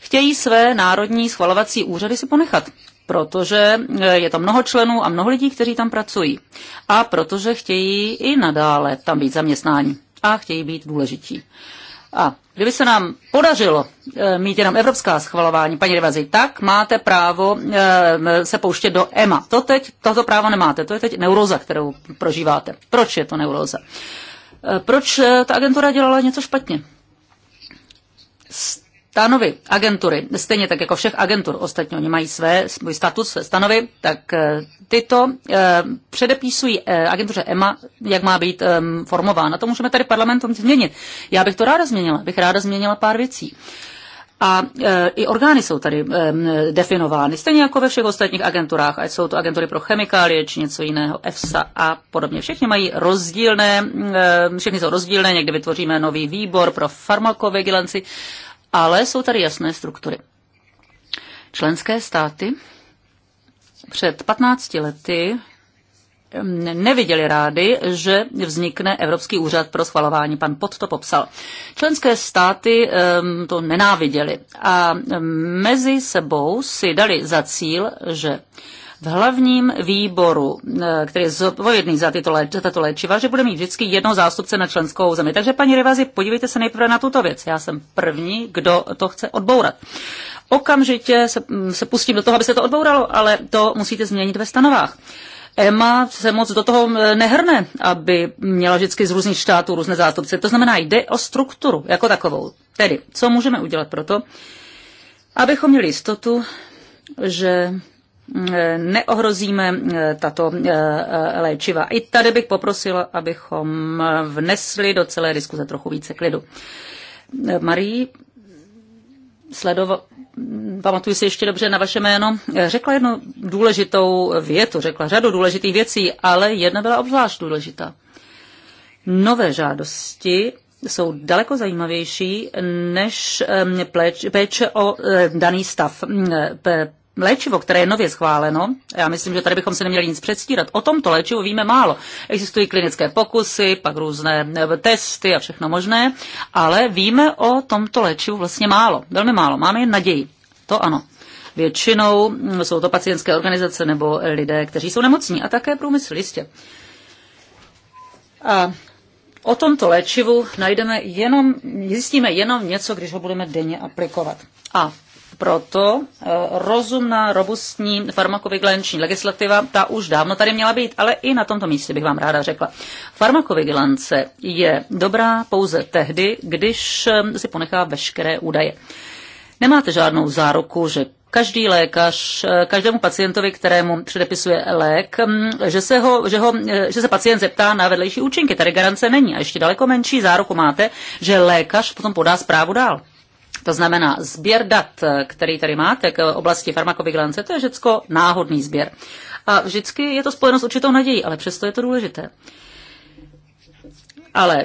chtějí své národní schvalovací úřady si ponechat protože eh, je tam mnoho členů a mnoho lidí, kteří tam pracují. A protože chtějí i nadále tam být zaměstnání a chtějí být důležití. A Kdyby se nám podařilo eh, mít jenom evropská schvalování, paní Revazi, tak máte právo eh, se pouštět do EMA. To teď, toto právo nemáte, to je teď neuroza, kterou prožíváte. Proč je to neuroza? Eh, proč ta agentura dělala něco špatně? stanovy agentury, stejně tak jako všech agentur, ostatně oni mají své, svůj status, své stanovy, tak eh, tyto eh, předepisují eh, agentuře EMA, jak má být ehm, formována. To můžeme tady parlamentem změnit. Já bych to ráda změnila, bych ráda změnila pár věcí. A e, i orgány jsou tady e, definovány, stejně jako ve všech ostatních agenturách, ať jsou to agentury pro chemikálie či něco jiného, EFSA a podobně. Všechny mají rozdílné, mm, e, všechny jsou rozdílné, někdy vytvoříme nový výbor pro farmakovigilanci ale jsou tady jasné struktury. Členské státy před 15 lety mm, neviděli rády, že vznikne Evropský úřad pro schvalování. Pan Pod to popsal. Členské státy um, to nenáviděli a mm, mezi sebou si dali za cíl, že v hlavním výboru, eh, který je zodpovědný za tyto, léč, tato léčiva, že bude mít vždycky jedno zástupce na členskou zemi. Takže paní Rivazi, podívejte se nejprve na tuto věc. Já jsem první, kdo to chce odbourat. Okamžitě se, mm, se pustím do toho, aby se to odbouralo, ale to musíte změnit ve stanovách. EMA se moc do toho eh, nehrne, aby měla vždycky z různých států různé zástupce. To znamená, jde o strukturu jako takovou. Tedy, co můžeme udělat pro to, abychom měli jistotu, že neohrozíme eh, tato eh, eh, léčiva. I tady bych poprosila, abychom vnesli do celé diskuze trochu více klidu. Marie, sledoval, pamatuju si ještě dobře na vaše jméno, řekla jednu důležitou větu, řekla řadu důležitých věcí, ale jedna byla obzvlášť důležitá. Nové žádosti jsou daleko zajímavější než ehm, péče o daný stav léčivo, které je nově schváleno, já myslím, že tady bychom se neměli nic předstírat, o tomto léčivu víme málo. Existují klinické pokusy, pak různé eh, testy a všechno možné, ale víme o tomto léčivu vlastně málo, velmi málo. Máme jen naději, to ano. Většinou mm, jsou to pacientské organizace nebo lidé, kteří jsou nemocní a také průmysl, jistě. A o tomto léčivu najdeme jenom, zjistíme jenom něco, když ho budeme denně aplikovat. A proto eh, rozumná, robustní farmakovigilanční legislativa, ta už dávno tady měla být, ale i na tomto místě bych vám ráda řekla. Farmakovigilance je dobrá pouze tehdy, když eh, si ponechá veškeré údaje. Nemáte žádnou záruku, že každý lékař, eh, každému pacientovi, kterému předepisuje lék, mm, že se, ho, že ho, že se pacient zeptá na vedlejší účinky. Tady garance není a ještě daleko menší záruku máte, že lékař potom podá zprávu dál. To znamená, sběr dat, který tady máte k oblasti farmakovigilance, to je všecko náhodný sběr. A vždycky je to spojeno s určitou nadějí, ale přesto je to důležité. Ale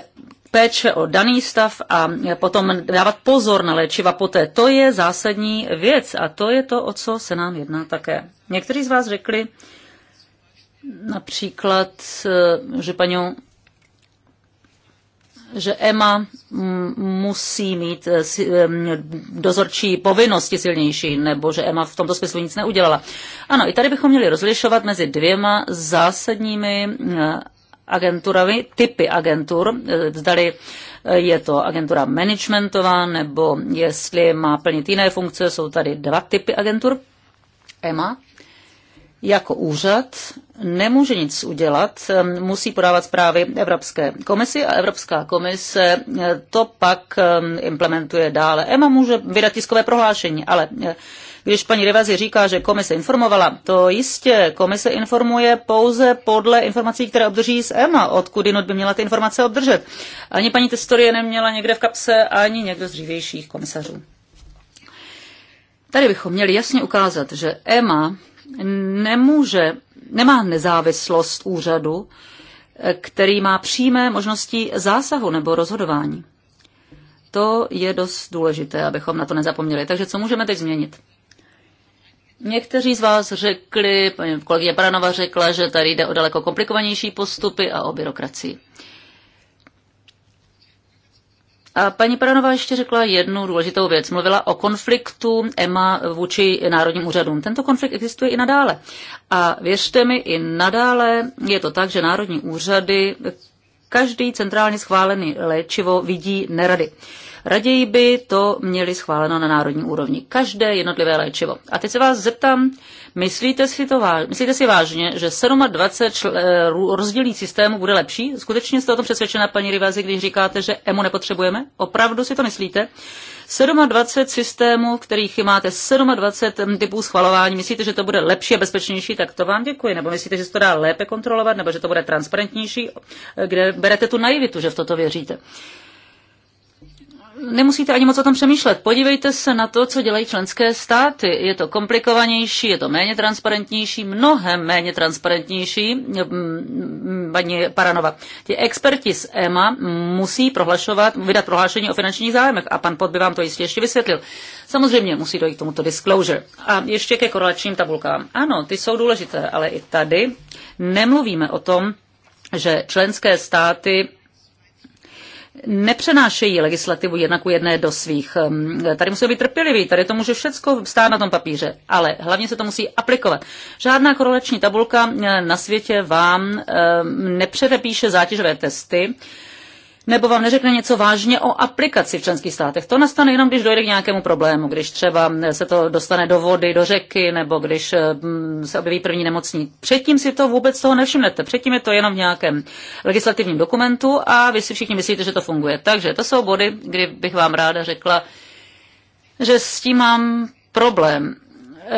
péče o daný stav a potom dávat pozor na léčiva poté, to je zásadní věc a to je to, o co se nám jedná také. Někteří z vás řekli například, že paní že EMA mm, musí mít eh, dozorčí povinnosti silnější, nebo že EMA v tomto smyslu nic neudělala. Ano, i tady bychom měli rozlišovat mezi dvěma zásadními eh, agenturami, typy agentur, eh, zdali je to agentura managementová, nebo jestli má plnit jiné funkce, jsou tady dva typy agentur. EMA jako úřad nemůže nic udělat, musí podávat zprávy Evropské komisi a Evropská komise eh, to pak implementuje dále. EMA může vydat tiskové prohlášení, ale eh, když paní Rivazi říká, že komise informovala, to jistě komise informuje pouze podle informací, které obdrží z EMA, odkud jinot by měla ty informace obdržet. Ani paní Testorie neměla někde v kapse, ani někdo z dřívějších komisařů. Tady bychom měli jasně ukázat, že EMA nemůže, nemá nezávislost úřadu, který má přímé možnosti zásahu nebo rozhodování. To je dost důležité, abychom na to nezapomněli. Takže co můžeme teď změnit? Někteří z vás řekli, kolegyně Paranova řekla, že tady jde o daleko komplikovanější postupy a o byrokracii paní Paranová ještě řekla jednu důležitou věc. Mluvila o konfliktu EMA vůči národním úřadům. Tento konflikt existuje i nadále. A věřte mi, i nadále je to tak, že národní úřady každý centrálně schválený léčivo vidí nerady. Uh, Raději by to měli schváleno na národní úrovni. Každé jednotlivé léčivo. A teď se vás zeptám, myslíte si, to vážně, myslíte si vážně, že 27 čl- eh, rozdělných systémů bude lepší? Skutečně jste o tom přesvědčena, paní Rivazi, když říkáte, že EMU nepotřebujeme? Opravdu si to myslíte? 27 systémů, v kterých máte 27 mm, typů schvalování, myslíte, že to bude lepší a bezpečnější, tak to vám děkuji. Nebo myslíte, že se to dá lépe kontrolovat, nebo že to bude transparentnější, kde berete tu naivitu, že v toto věříte nemusíte ani moc o tom přemýšlet. Podívejte se na to, co dělají členské státy. Je to komplikovanější, je to méně transparentnější, mnohem méně transparentnější, mm, paní Paranova. Ti experti z EMA musí prohlašovat, vydat prohlášení o finančních zájmech a pan Pod by vám to jistě ještě vysvětlil. Samozřejmě musí dojít k tomuto disclosure. A ještě ke korelačním tabulkám. Ano, ty jsou důležité, ale i tady nemluvíme o tom, že členské státy nepřenášejí legislativu jedna ku jedné do svých. Tady musí být trpělivý, tady to může všechno stát na tom papíře, ale hlavně se to musí aplikovat. Žádná koroleční tabulka eh, na světě vám nepředepíše zátěžové testy, nebo vám neřekne něco vážně o aplikaci v členských státech. To nastane jenom, když dojde k nějakému problému, když třeba se to dostane do vody, do řeky, nebo když mm, se objeví první nemocní. Předtím si to vůbec toho nevšimnete. Předtím je to jenom v nějakém legislativním dokumentu a vy si všichni myslíte, že to funguje. Takže to jsou body, kdy bych vám ráda řekla, že s tím mám problém.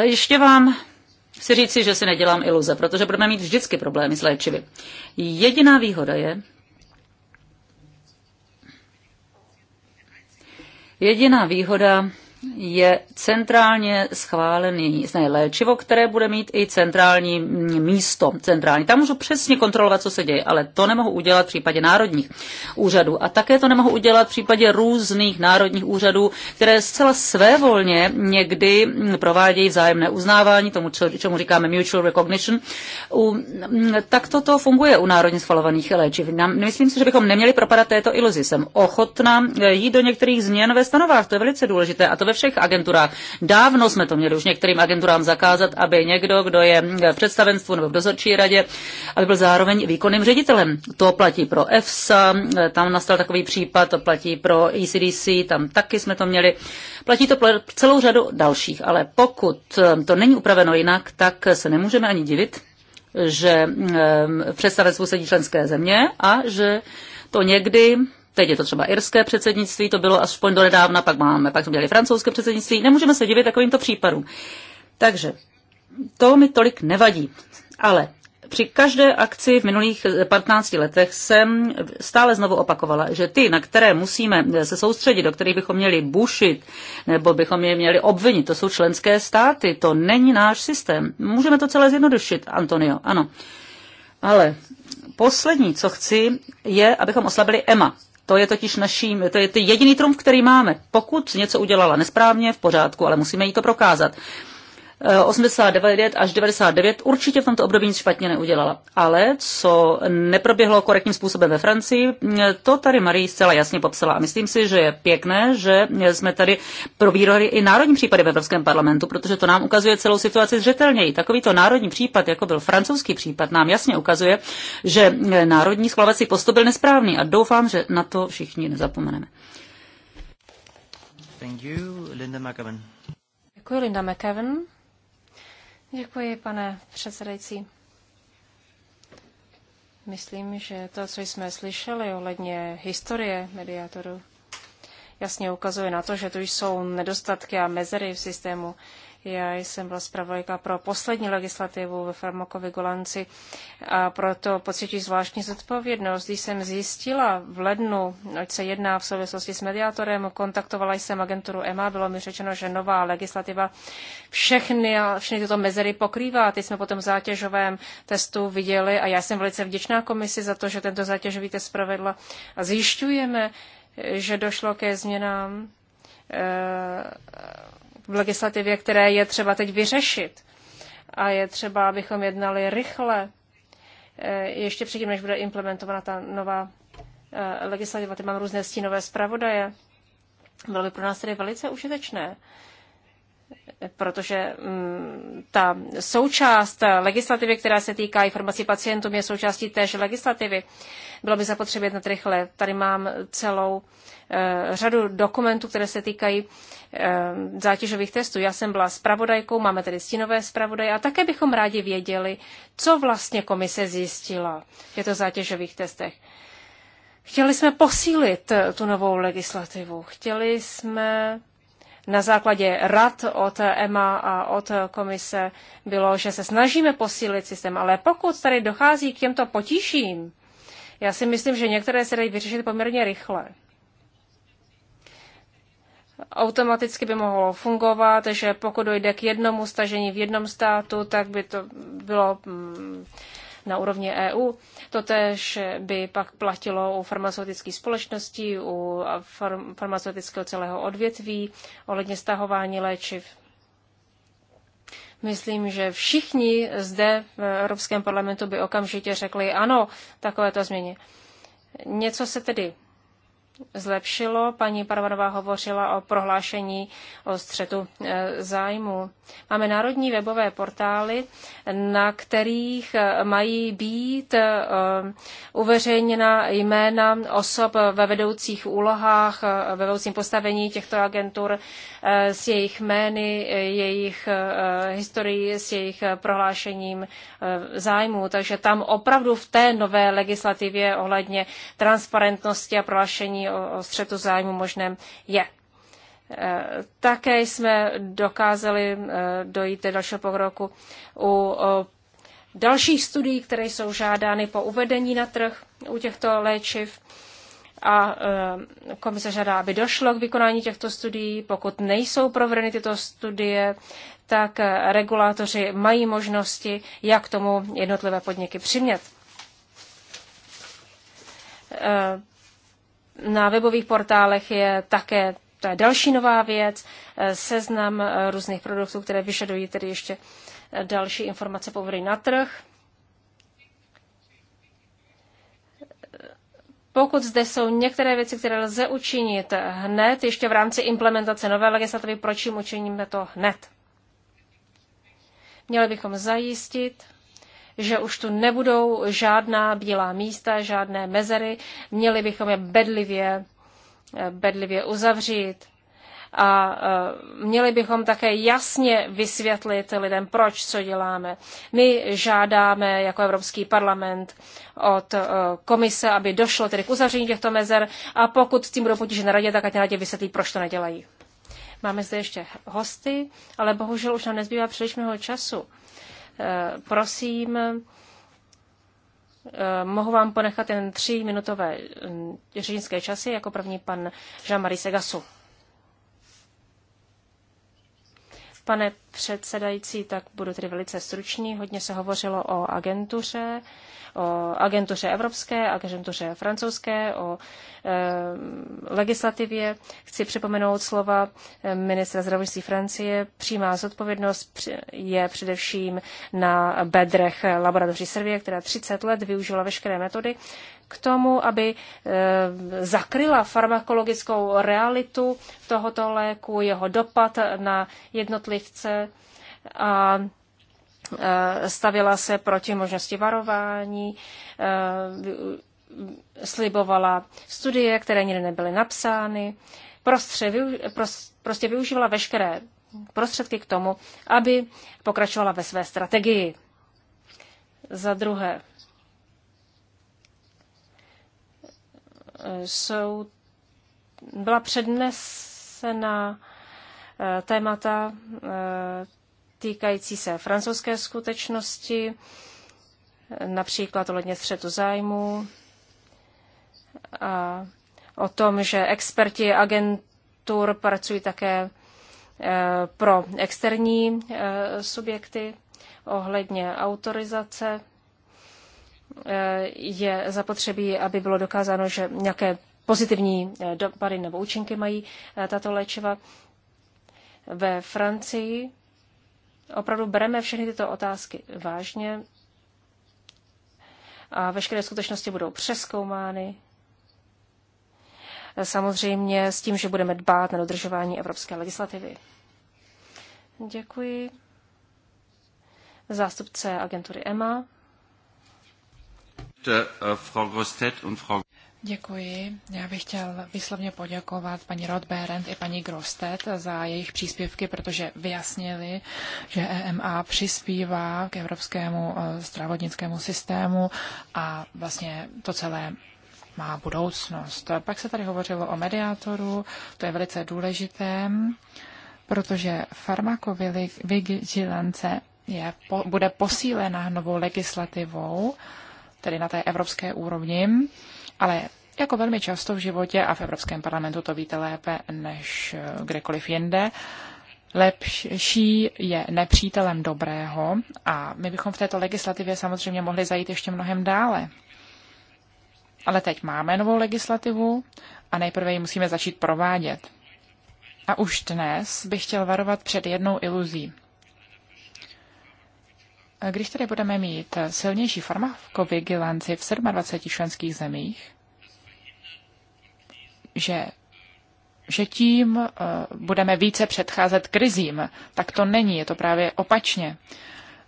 Ještě vám si říci, že si nedělám iluze, protože budeme mít vždycky problémy s léčivy. Jediná výhoda je, Jediná výhoda je centrálně schválený ne, léčivo, které bude mít i centrální místo. Centrální. Tam můžu přesně kontrolovat, co se děje, ale to nemohu udělat v případě národních úřadů. A také to nemohu udělat v případě různých národních úřadů, které zcela svévolně někdy provádějí vzájemné uznávání, tomu, čemu říkáme mutual recognition. U, tak toto funguje u národně schvalovaných léčiv. Myslím si, že bychom neměli propadat této iluzi. Jsem ochotná jít do některých změn ve stanovách, to je velice důležité. A to ve všech agenturách. Dávno jsme to měli už některým agenturám zakázat, aby někdo, kdo je v představenstvu nebo v dozorčí radě, aby byl zároveň výkonným ředitelem. To platí pro EFSA, tam nastal takový případ, to platí pro ECDC, tam taky jsme to měli. Platí to pro celou řadu dalších, ale pokud eh, to není upraveno jinak, tak se nemůžeme ani divit, že eh, v představenstvu sedí členské země a že to někdy Teď je to třeba irské předsednictví, to bylo aspoň do nedávna, pak máme, pak jsme měli francouzské předsednictví. Nemůžeme se divit takovýmto případům. Takže to mi tolik nevadí. Ale při každé akci v minulých 15 letech jsem stále znovu opakovala, že ty, na které musíme se soustředit, do kterých bychom měli bušit nebo bychom je měli obvinit, to jsou členské státy, to není náš systém. Můžeme to celé zjednodušit, Antonio, ano. Ale poslední, co chci, je, abychom oslabili EMA. To je totiž naším, to je jediný trumf, který máme. Pokud něco udělala nesprávně, v pořádku, ale musíme jí to prokázat. 89 eh, až 99 určitě v tomto období nic špatně neudělala. Ale co neproběhlo korektním způsobem ve Francii, eh, to tady Marie zcela jasně popsala. A myslím si, že je pěkné, že jsme tady probírali i národní případy v Evropském parlamentu, protože to nám ukazuje celou situaci zřetelněji. Takovýto národní případ, jako byl francouzský případ, nám jasně ukazuje, že eh, národní schvalovací postup byl nesprávný a doufám, že na to všichni nezapomeneme. Thank you, Linda McEwen. Děkuji, Linda McEwen. Děkuji, pane předsedající. Myslím, že to, co jsme slyšeli ohledně historie mediátorů, jasně ukazuje na to, že tu jsou nedostatky a mezery v systému já jsem byla zpravodajka pro poslední legislativu ve farmakovigilanci a proto pocituji zvláštní zodpovědnost. Když jsem zjistila v lednu, ať se jedná v souvislosti s mediátorem, kontaktovala jsem agenturu EMA, bylo mi řečeno, že nová legislativa všechny, všechny tyto mezery pokrývá. Teď jsme potom zátěžovém testu viděli a já jsem velice vděčná komisi za to, že tento zátěžový test provedla a zjišťujeme, že došlo ke změnám eh, v legislativě, které je třeba teď vyřešit. A je třeba, abychom jednali rychle, eh, ještě předtím, než bude implementována ta nová eh, legislativa. Ty mám různé stínové zpravodaje. Bylo by pro nás tedy velice užitečné, protože mm, ta součást legislativy, která se týká informací pacientům, je součástí též legislativy bylo by zapotřebí jednat rychle. Tady mám celou eh, řadu dokumentů, které se týkají eh, zátěžových testů. Já jsem byla spravodajkou, máme tedy stínové spravodaje a také bychom rádi věděli, co vlastně komise zjistila v těchto zátěžových testech. Chtěli jsme posílit eh, tu novou legislativu. Chtěli jsme na základě rad od EMA a od komise bylo, že se snažíme posílit systém, ale pokud tady dochází k těmto potížím, já si myslím, že některé se dají vyřešit poměrně rychle. Automaticky by mohlo fungovat, že pokud dojde k jednomu stažení v jednom státu, tak by to bylo mm, na úrovni EU. Totež by pak platilo u farmaceutických společností, u farmaceutického celého odvětví ohledně stahování léčiv. Myslím, že všichni zde v Evropském parlamentu by okamžitě řekli ano takovéto změně. Něco se tedy zlepšilo. Paní Parvanová hovořila o prohlášení o střetu e, zájmu. Máme národní webové portály, na kterých e, mají být e, uveřejněna jména osob ve vedoucích úlohách, ve vedoucím postavení těchto agentur s jejich jmény, jejich historií, s jejich prohlášením zájmu. Takže tam opravdu v té nové legislativě ohledně transparentnosti a prohlášení o, o střetu zájmu možném je. E, také jsme dokázali e, dojít do dalšího pokroku u dalších studií, které jsou žádány po uvedení na trh u těchto léčiv. A e, komise žádá, aby došlo k vykonání těchto studií. Pokud nejsou provedeny tyto studie, tak regulátoři mají možnosti, jak tomu jednotlivé podniky přimět na webových portálech je také, to je další nová věc, eh, seznam eh, různých produktů, které vyžadují tedy ještě eh, další informace po na trh. Pokud zde jsou některé věci, které lze učinit hned, ještě v rámci implementace nové legislativy, proč jim učiníme to hned? Měli bychom zajistit, že už tu nebudou žádná bílá místa, žádné mezery. Měli bychom je bedlivě, eh, bedlivě uzavřít. A eh, měli bychom také jasně vysvětlit lidem, proč co děláme. My žádáme jako Evropský parlament od eh, komise, aby došlo tedy k uzavření těchto mezer a pokud s tím budou potíže na radě, tak ať na radě vysvětlí, proč to nedělají. Máme zde ještě hosty, ale bohužel už nám nezbývá příliš mnoho času. Eh, prosím, eh, mohu vám ponechat jen tři minutové eh, řečnické časy, jako první pan Jean-Marie Segasu. Pane předsedající, tak budu tedy velice stručný. Hodně se hovořilo o agentuře o agentuře evropské, agentuře francouzské, o e, legislativě. Chci připomenout slova eh, ministra zdravotnictví Francie. Přímá zodpovědnost je především na bedrech laboratoří Servie, která 30 let využila veškeré metody k tomu, aby eh, zakryla farmakologickou realitu tohoto léku, jeho dopad na jednotlivce a Eh, stavila se proti možnosti varování, eh, slibovala studie, které nikdy nebyly napsány, prostře, prostě využívala veškeré prostředky k tomu, aby pokračovala ve své strategii. Za druhé, eh, jsou, byla přednesena témata týkající se francouzské skutečnosti, například ohledně střetu zájmu a o tom, že experti agentur pracují také eh, pro externí eh, subjekty ohledně autorizace. Eh, je zapotřebí, aby bylo dokázáno, že nějaké pozitivní dopady nebo účinky mají tato léčiva. Ve Francii opravdu bereme všechny tyto otázky vážně a veškeré skutečnosti budou přeskoumány. Samozřejmě s tím, že budeme dbát na dodržování evropské legislativy. Děkuji. Zástupce agentury EMA. Frau Grostet und Frau Děkuji. Já bych chtěl výslovně poděkovat paní Rodberend i paní Grostet za jejich příspěvky, protože vyjasnili, že EMA přispívá k evropskému e, zdravotnickému systému a vlastně to celé má budoucnost. Pak se tady hovořilo o mediátoru, to je velice důležité, protože farmakovigilance je, po, bude posílena novou legislativou, tedy na té evropské úrovni. Ale jako velmi často v životě a v Evropském parlamentu to víte lépe než eh, kdekoliv jinde, lepší je nepřítelem dobrého a my bychom v této legislativě samozřejmě mohli zajít ještě mnohem dále. Ale teď máme novou legislativu a nejprve ji musíme začít provádět. A už dnes bych chtěl varovat před jednou iluzí. Když tady budeme mít silnější farmakovigilanci v 27 členských zemích, že, že tím eh, budeme více předcházet krizím, tak to není, je to právě opačně.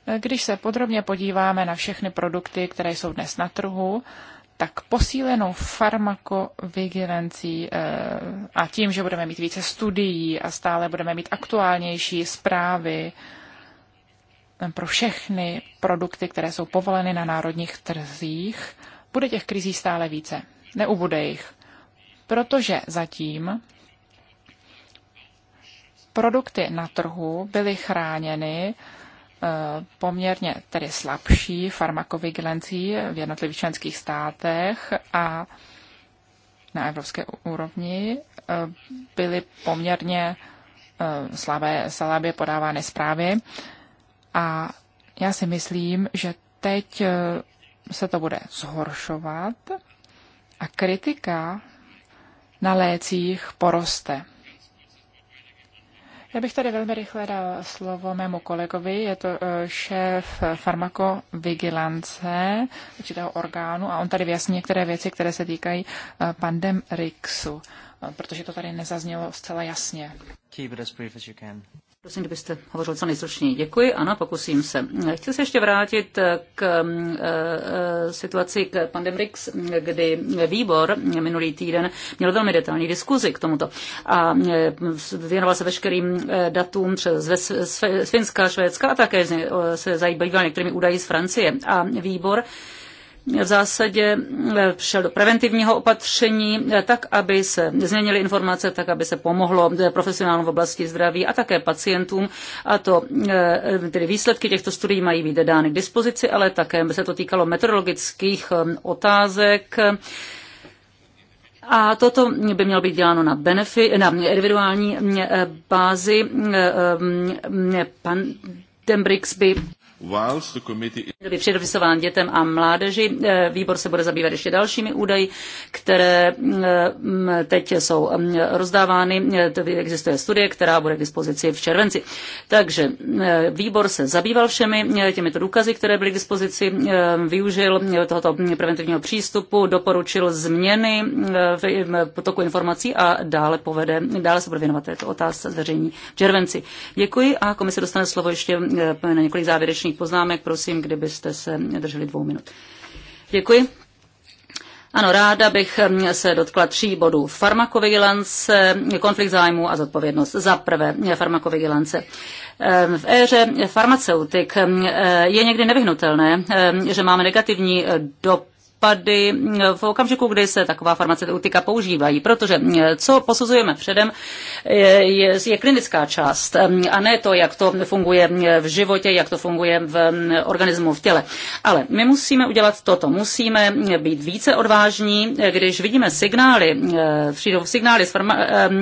Eh, když se podrobně podíváme na všechny produkty, které jsou dnes na trhu, tak posílenou farmakovigilancí eh, a tím, že budeme mít více studií a stále budeme mít aktuálnější zprávy pro všechny produkty, které jsou povoleny na národních trzích, bude těch krizí stále více. Neubude jich. Protože zatím produkty na trhu byly chráněny eh, poměrně tedy slabší farmakovigilancí v jednotlivých členských státech a na evropské úrovni eh, byly poměrně eh, slabé, slabě podávány zprávy a já si myslím, že teď eh, se to bude zhoršovat a kritika na lécích poroste. Já bych tady velmi rychle dal slovo mému kolegovi, je to eh, šéf farmakovigilance určitého orgánu a on tady vyjasní některé věci, které se týkají eh, pandem Rixu, protože to tady nezaznělo zcela jasně. Keep it as brief as you can. Prosím, kdybyste hovořil co nejstručněji. Děkuji, ano, pokusím se. Chci se ještě vrátit k eh, eh, situaci k Pandemrix, kdy výbor minulý týden měl velmi detailní diskuzi k tomuto a eh, věnoval se veškerým datům přes Finska, Švédska a také se zajíbal některými údaji z Francie. A výbor v zásadě eh, šel do preventivního opatření, eh, tak, aby se změnily informace, tak, aby se pomohlo eh, profesionálům v oblasti zdraví a také pacientům. A to tedy výsledky těchto studií mají být dány k dispozici, ale také by se to týkalo meteorologických otázek. A toto by mělo být děláno na, benefi, na individuální bázi. Pan Dembrix by byl by předepisován dětem a mládeži. Eh, výbor se bude zabývat ještě dalšími údaji, které mm, eh, teď jsou mm, rozdávány. Eh, existuje studie, která bude k dispozici v červenci. Takže mm, výbor se zabýval všemi těmito důkazy, které byly k dispozici, využil tohoto preventivního přístupu, doporučil změny v potoku informací a dále, povede, dále se bude věnovat této otázce zveřejní v červenci. Děkuji a komise dostane slovo ještě na několik závěrečných závěrečných poznámek, prosím, kdybyste se drželi dvou minut. Děkuji. Ano, ráda bych mm, se dotkla tří bodů. Farmakovigilance, konflikt zájmu a zodpovědnost. Za prvé, farmakovigilance. Ehm, v éře farmaceutik ehm, je někdy nevyhnutelné, ehm, že máme negativní eh, dopad případy mm, v okamžiku, kdy se taková farmaceutika používají, protože mm, co posuzujeme předem, je, je klinická část mm, a ne to, jak to funguje v životě, jak to funguje v organismu, v těle. Ale my musíme udělat toto, musíme být více odvážní, když vidíme signály, přijdou signály,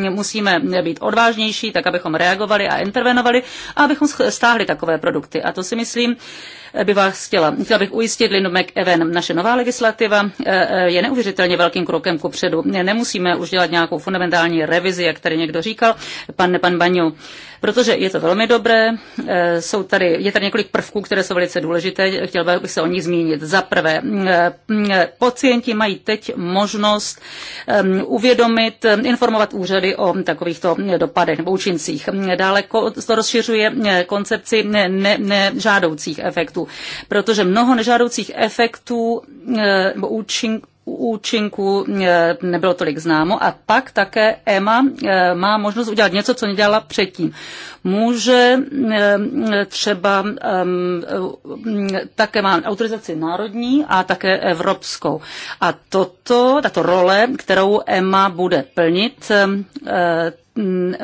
musíme být odvážnější, tak abychom reagovali a intervenovali a abychom stáhli takové produkty. A to si myslím, Eh, by vás chtěla. Chtěla bych ujistit Lindu McEwen, naše nová legislativa eh, eh, je neuvěřitelně velkým krokem kupředu. Nemusíme už dělat nějakou fundamentální revizi, jak tady někdo říkal, pan, pan Baňu protože je to velmi dobré. Eh, jsou tady, je tady několik prvků, které jsou velice důležité, chtěl bych se o nich zmínit. Za prvé, eh, mm, eh, pacienti mají teď možnost ehm, uvědomit, informovat úřady o takovýchto dopadech nebo účincích. Mm, dále to rozšiřuje koncepci ne, nežádoucích efektů, protože mnoho nežádoucích efektů nebo účinků účinku e, nebylo tolik známo. A pak také EMA e, má možnost udělat něco, co nedělala předtím může eh, třeba eh, také má autorizaci národní a také evropskou. A toto, tato role, kterou EMA bude plnit, eh,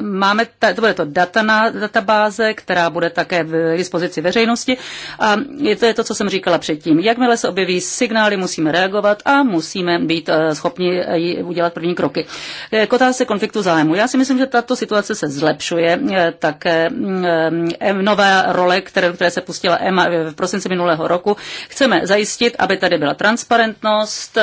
máme, to bude to data na databáze, která bude také v dispozici veřejnosti a je to, je to, co jsem říkala předtím. Jakmile se objeví signály, musíme reagovat a musíme být schopni udělat první kroky. kotá se konfliktu zájmu. Já si myslím, že tato situace se zlepšuje, tak Eh, eh, nové role, které, které se pustila EMA eh, v prosinci minulého roku. Chceme zajistit, aby tady byla transparentnost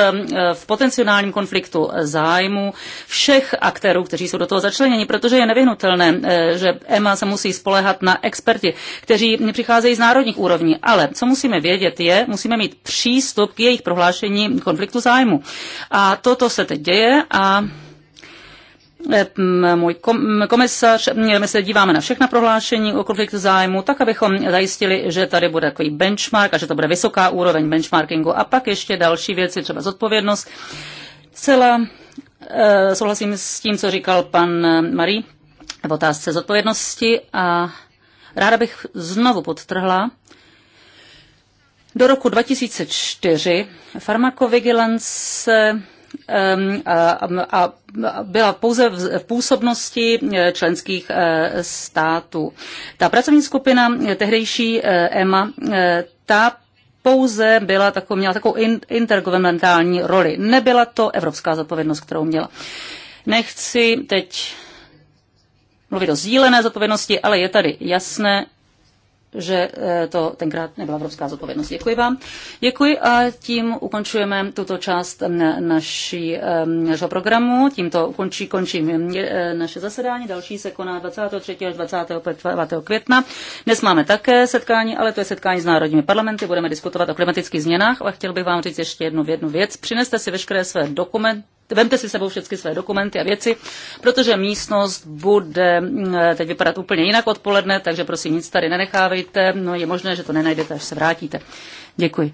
v potenciálním konfliktu zájmu všech aktérů, kteří jsou do toho začleněni, protože je nevyhnutelné, že EMA se musí spolehat na experti, kteří přicházejí z národních úrovní. Ale co musíme vědět je, musíme mít přístup k jejich prohlášení konfliktu zájmu. A toto se teď děje a Eh, můj komisař, eh, my se díváme na všechna prohlášení o konfliktu zájmu, tak abychom zajistili, že tady bude takový benchmark a že to bude vysoká úroveň benchmarkingu. A pak ještě další věci, třeba zodpovědnost. Celá eh, souhlasím s tím, co říkal pan Marí v otázce zodpovědnosti a ráda bych znovu podtrhla, do roku 2004 farmakovigilance Ehm, a byla pouze v působnosti eh, členských eh, států. Ta pracovní skupina eh, tehdejší EMA, e ta pouze byla takovou, měla takovou intergovernmentální roli. Nebyla to evropská zodpovědnost, kterou měla. Nechci teď mluvit o sdílené zodpovědnosti, ale je tady jasné, že eh, to tenkrát nebyla evropská zodpovědnost. Děkuji vám. Děkuji a tím ukončujeme tuto část naší, eh, našeho programu. Tímto končí, končím eh, naše zasedání. Další se koná 23. až 25. května. Dnes máme také setkání, ale to je setkání s národními parlamenty. Budeme diskutovat o klimatických změnách, ale chtěl bych vám říct ještě jednu, jednu věc. Přineste si veškeré své dokumenty vemte si sebou všechny své dokumenty a věci, protože místnost bude mm, teď vypadat úplně jinak odpoledne, takže prosím nic tady nenechávejte. No, je možné, že to nenajdete, až se vrátíte. Děkuji.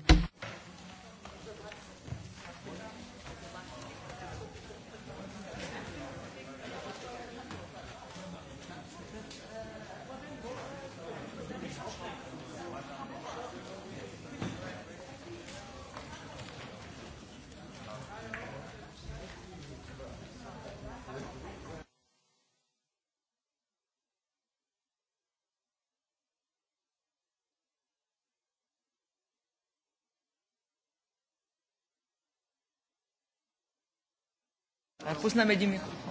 Eh, Pusneme di